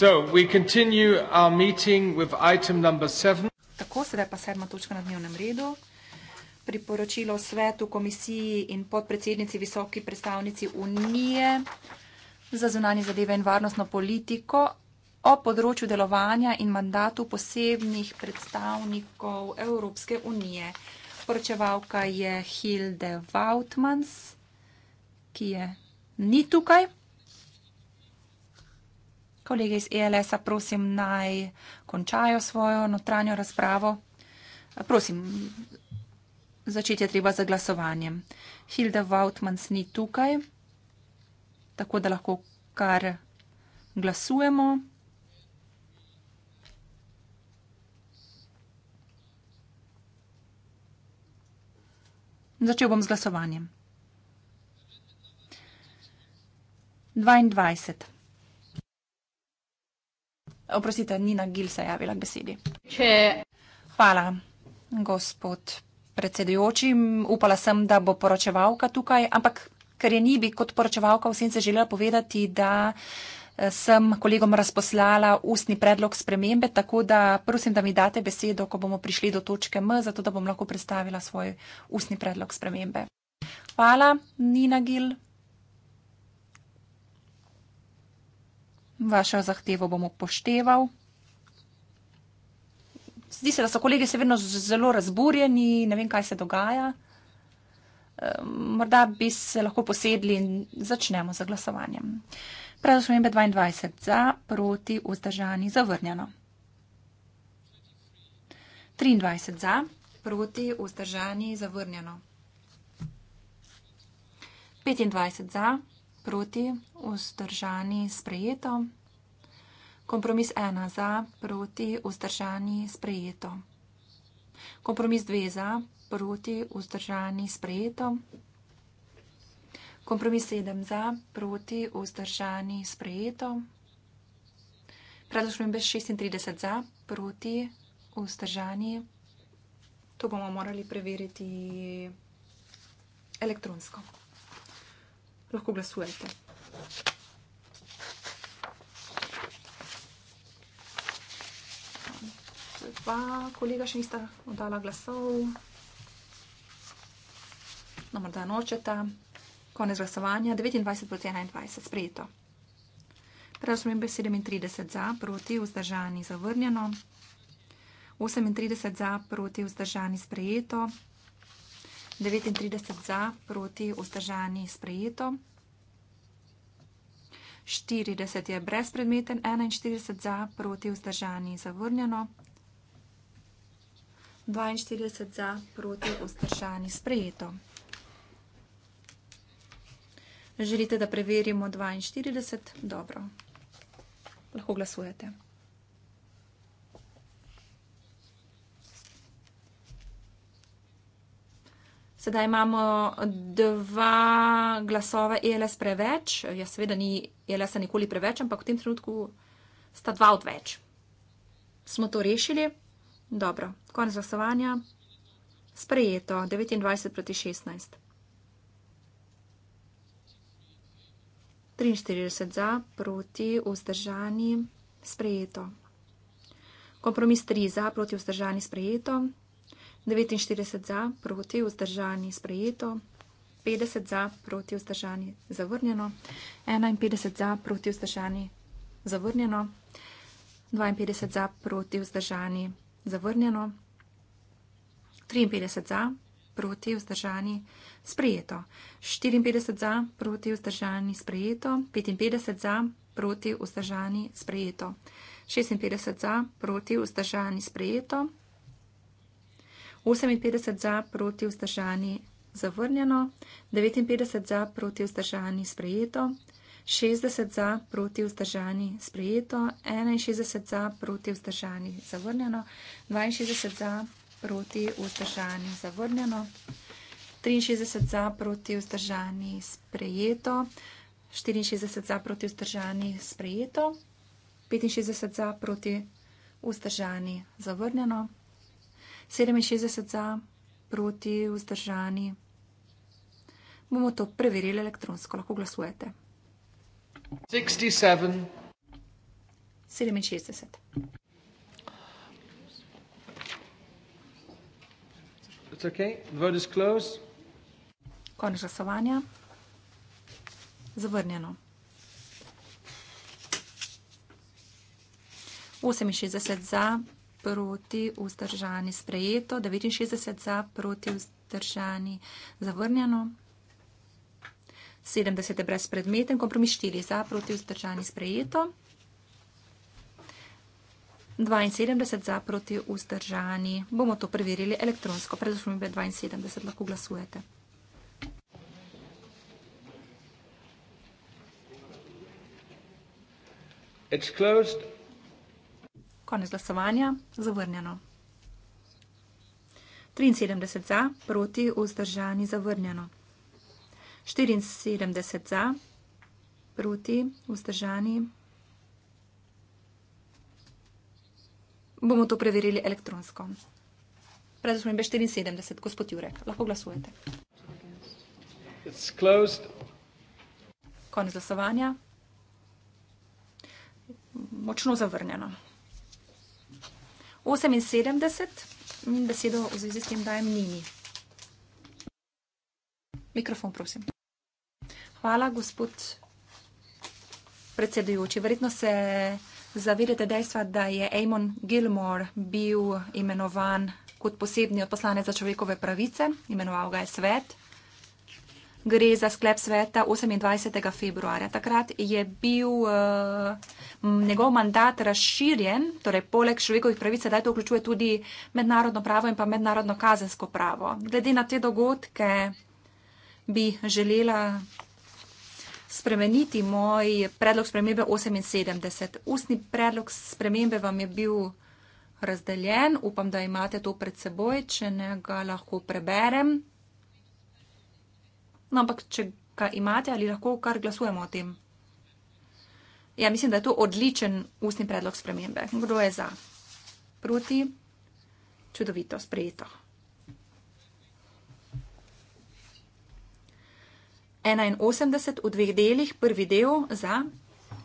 So we continue our meeting with item number seven. Tako, sedaj pa sedma točka na dnevnem redu. Priporočilo svetu, komisiji in podpredsednici visoki predstavnici Unije za zunanje zadeve in varnostno politiko o področju delovanja in mandatu posebnih predstavnikov Evropske unije. Poročevalka je Hilde Vautmans, ki je ni tukaj kolege iz ELS-a prosim naj končajo svojo notranjo razpravo. Prosim, začeti je treba za glasovanjem. Hilda Vautmans ni tukaj, tako da lahko kar glasujemo. Začel bom z glasovanjem. 22. Oprostite, Nina Gil se je javila k besedi. Če... Hvala, gospod predsedujoči. Upala sem, da bo poročevalka tukaj, ampak ker je ni, bi kot poročevalka vsem se želela povedati, da eh, sem kolegom razposlala ustni predlog spremembe, tako da prosim, da mi date besedo, ko bomo prišli do točke M, zato da bom lahko predstavila svoj ustni predlog spremembe. Hvala, Nina Gil. Vašo zahtevo bom upošteval. Zdi se, da so kolegi se vedno zelo razburjeni, ne vem, kaj se dogaja. Eh, morda bi se lahko posedli in začnemo z glasovanjem. Predlog spremembe 22 za, proti, vzdržani, zavrnjeno. 23 za, proti, vzdržani, zavrnjeno. 25 za, proti, vzdržani, sprejeto. Kompromis ena za, proti, vzdržani, sprejeto. Kompromis dve za, proti, vzdržani, sprejeto. Kompromis sedem za, proti, vzdržani, sprejeto. Predlog šumbe 36 za, proti, vzdržani. To bomo morali preveriti elektronsko lahko glasujete. Dva kolega še nista oddala glasov. No, morda nočeta. Konec glasovanja. 29 proti 21. Sprejeto. Prav smo imeli 37 za, proti, vzdržani, zavrnjeno. 38 za, proti, vzdržani, sprejeto. 39 za, proti, vzdržani, sprejeto. 40 je brezpredmeten, 41 za, proti, vzdržani, zavrnjeno. 42 za, proti, vzdržani, sprejeto. Želite, da preverimo 42? Dobro. Lahko glasujete. Sedaj imamo dva glasova ELS preveč. Ja, seveda ni ELS-a nikoli preveč, ampak v tem trenutku sta dva odveč. Smo to rešili? Dobro, konec glasovanja. Sprejeto, 29 proti 16. 43 za, proti, vzdržani, sprejeto. Kompromis 3 za, proti, vzdržani, sprejeto. 49 za, proti vzdržani sprejeto, 50 za, proti vzdržani zavrnjeno, 51 za, proti vzdržani zavrnjeno, 52 za, proti vzdržani zavrnjeno, 53 za, proti vzdržani sprejeto, 54 za, proti vzdržani sprejeto, 55 za, proti vzdržani sprejeto, 56 za, proti vzdržani sprejeto, 58 za, proti vzdržani zavrnjeno, 59 za, proti vzdržani sprejeto, 60 za, proti vzdržani sprejeto, 61 za, proti vzdržani zavrnjeno, 62 za, proti vzdržani zavrnjeno, 63 za, proti vzdržani sprejeto, 64 za, proti vzdržani sprejeto, 65 za, proti vzdržani zavrnjeno. 67 za, proti, vzdržani. Bomo to preverili elektronsko, lahko glasujete. 67. 67. Okay. Konec glasovanja. Zavrnjeno. 68 za, proti, vzdržani, sprejeto, 69 za, proti, vzdržani, zavrnjeno, 70 je brezpredmeten, kompromis 4 za, proti, vzdržani, sprejeto, 72 za, proti, vzdržani. Bomo to preverili elektronsko, predvsem je 72, lahko glasujete. It's closed. Konec glasovanja, zavrnjeno. 73 za, proti, vzdržani, zavrnjeno. 74 za, proti, vzdržani. Bomo to preverili elektronsko. Predvsem je 74, gospod Jurek, lahko glasujete. Konec glasovanja. Močno zavrnjeno. 78 in besedo v zvezi s tem dajem Nini. Mikrofon, prosim. Hvala, gospod predsedujoči. Verjetno se zavedete dejstva, da je Eamon Gilmore bil imenovan kot posebni odposlanec za človekove pravice, imenoval ga je svet gre za sklep sveta 28. februarja. Takrat je bil uh, njegov mandat razširjen, torej poleg človekovih pravice, da je to vključuje tudi mednarodno pravo in pa mednarodno kazensko pravo. Glede na te dogodke bi želela spremeniti moj predlog spremembe 78. Ustni predlog spremembe vam je bil razdeljen, upam, da imate to pred seboj, če ne ga lahko preberem. No, ampak če ga imate, ali lahko kar glasujemo o tem? Ja, mislim, da je to odličen ustni predlog spremembe. Kdo je za? Proti? Čudovito, sprejeto. 81 v dveh delih, prvi del za,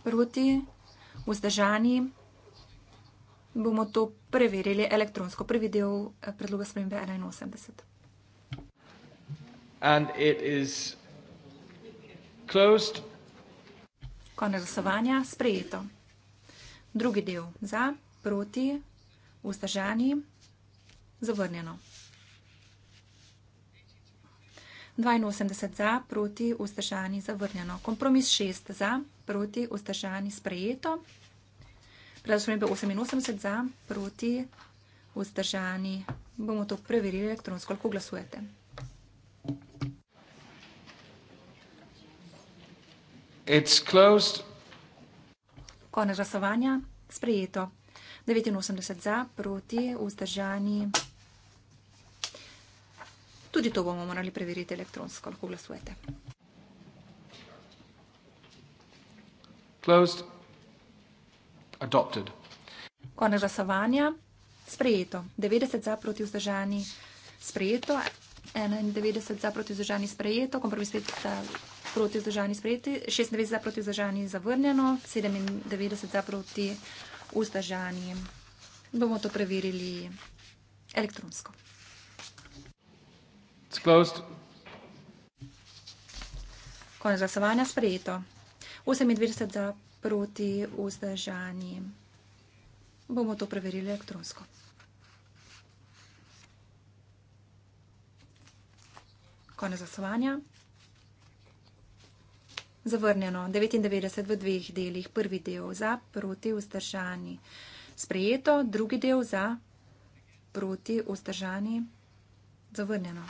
proti, vzdržani. Bomo to preverili elektronsko, prvi del eh, predloga spremembe 81. And it is closed. Konec glasovanja sprejeto. Drugi del za, proti, vzdržani, zavrnjeno. 82 za, proti, vzdržani, zavrnjeno. Kompromis 6 za, proti, vzdržani, sprejeto. Predlog spremembe 88 za, proti, vzdržani. Bomo to preverili elektronsko, koliko glasujete. Konec glasovanja. Sprejeto. 89 za, proti, vzdržani. Tudi to bomo morali preveriti elektronsko, lahko glasujete. Closed. Adopted. Konec glasovanja. Sprejeto. 90 za, proti, vzdržani. Sprejeto. 91 za proti vzdržani sprejeto, kompromis 5 za proti vzdržani sprejeti, 96 za proti vzdržani zavrnjeno, 97 za proti vzdržani. Bomo to preverili elektronsko. Konec glasovanja sprejeto. 28 za proti vzdržani. Bomo to preverili elektronsko. Konec glasovanja. Zavrnjeno 99 v dveh delih. Prvi del za, proti, vzdržani. Sprejeto, drugi del za, proti, vzdržani. Zavrnjeno.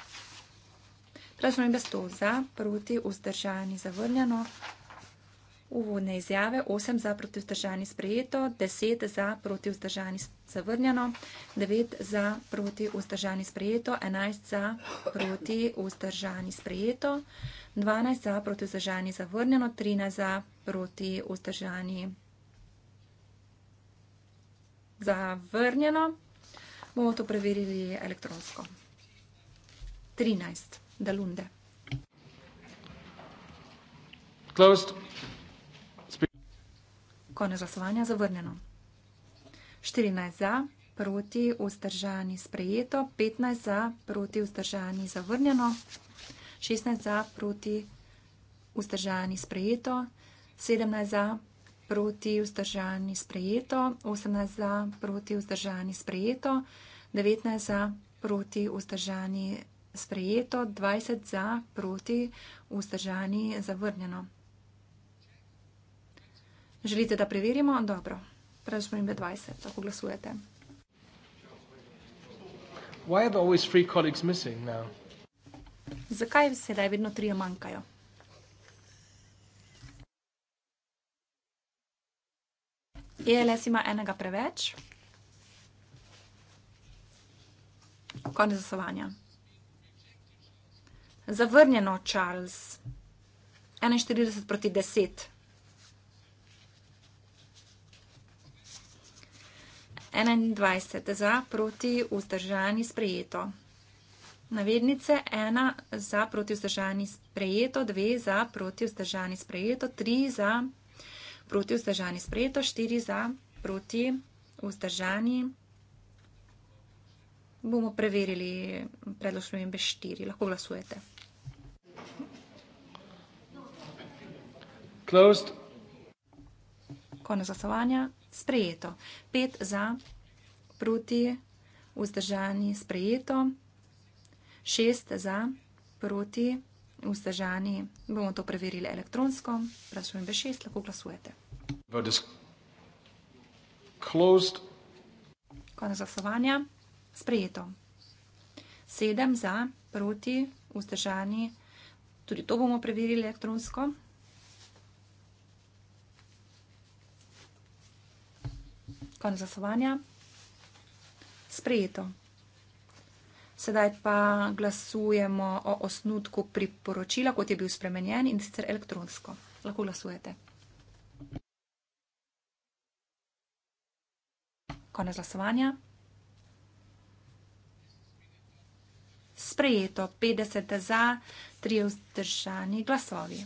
Prašno in besto za, proti, vzdržani. Zavrnjeno. Uvodne izjave 8 za proti vzdržani sprejeto, 10 za proti vzdržani zavrnjeno, 9 za proti vzdržani sprejeto, 11 za proti vzdržani sprejeto, 12 za proti vzdržani zavrnjeno, 13 za proti vzdržani zavrnjeno. Bomo to preverili elektronsko. 13. Dalunde. Closed. Konec glasovanja zavrnjeno. 14 za, proti, vzdržani, sprejeto. 15 za, proti, vzdržani, zavrnjeno. 16 za, proti, vzdržani, sprejeto. 17 za, proti, vzdržani, sprejeto. 18 za, proti, vzdržani, sprejeto. 19 za, proti, vzdržani, sprejeto. 20 za, proti, vzdržani, zavrnjeno. Želite, da preverimo? Dobro. Prespremembe 20, tako glasujete. Zakaj sedaj vedno trije manjkajo? ELS ima enega preveč. Konec zasovanja. Zavrnjeno, Charles. 41 proti 10. 21 za, proti vzdržani sprejeto. Navednice 1 za proti vzdržani sprejeto, 2 za proti vzdržani sprejeto, 3 za proti vzdržani sprejeto, 4 za proti vzdržani. Bomo preverili predložbe MB4, lahko glasujete. Closed. Konec glasovanja sprejeto. Pet za, proti, vzdržani, sprejeto. Šest za, proti, vzdržani. Bomo to preverili elektronsko. Prašujem B6, lahko glasujete. Konec glasovanja, sprejeto. Sedem za, proti, vzdržani. Tudi to bomo preverili elektronsko. Konec glasovanja. Sprejeto. Sedaj pa glasujemo o osnutku priporočila, kot je bil spremenjen in sicer elektronsko. Lahko glasujete. Konec glasovanja. Sprejeto 50 za, 3 vzdržani glasovi.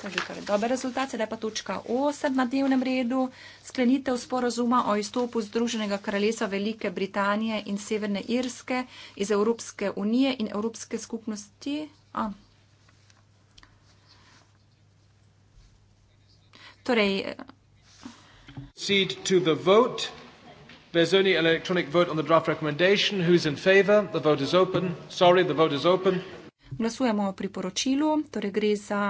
To je že kar torej dober rezultat. Sedaj pa točka 8 na dnevnem redu. Sklenitev sporozuma o izstopu Združenega kraljestva Velike Britanije in Severne Irske iz Evropske unije in Evropske skupnosti. A. Torej. Seed eh, to the vote. There's only an electronic vote on the draft recommendation. Who's in favor? The vote is open. Sorry, the vote is open. Glasujemo o priporočilu, torej gre za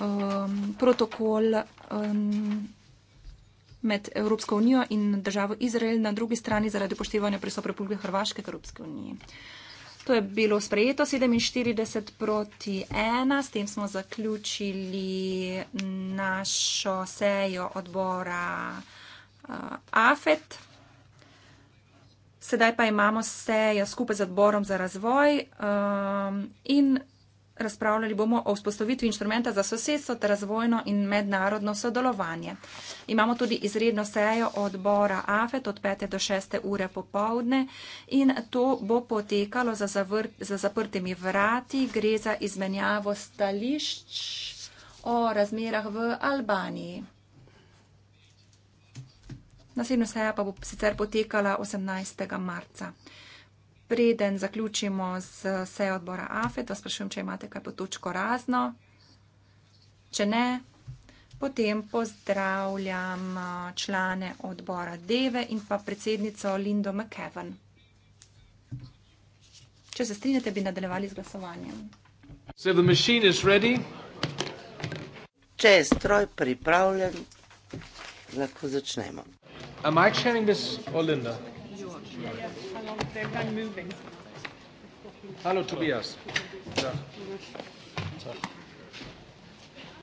um, protokol um, med Evropsko unijo in državo Izrael, na drugi strani zaradi upoštevanja pristopa Republike Hrvaške k Evropske uniji. To je bilo sprejeto 47 proti 1, s tem smo zaključili našo sejo odbora uh, AFET. Sedaj pa imamo sejo skupaj z odborom za razvoj um, in Razpravljali bomo o vzpostavitvi inštrumenta za sosedstvo ter razvojno in mednarodno sodelovanje. Imamo tudi izredno sejo odbora AFET od 5. do 6. ure popovdne in to bo potekalo za, zavr, za zaprtimi vrati. Gre za izmenjavo stališč o razmerah v Albaniji. Naslednja seja pa bo sicer potekala 18. marca preden zaključimo z sejo odbora AFET, vas sprašujem, če imate kaj po točko razno. Če ne, potem pozdravljam člane odbora Deve in pa predsednico Lindo McKevan. Če se strinjate, bi nadaljevali z glasovanjem. Če je stroj pripravljen, lahko začnemo. Am I chanting this or Linda? George. Yes they've done moving. Hello, Tobias. Hello. Yeah. Yeah.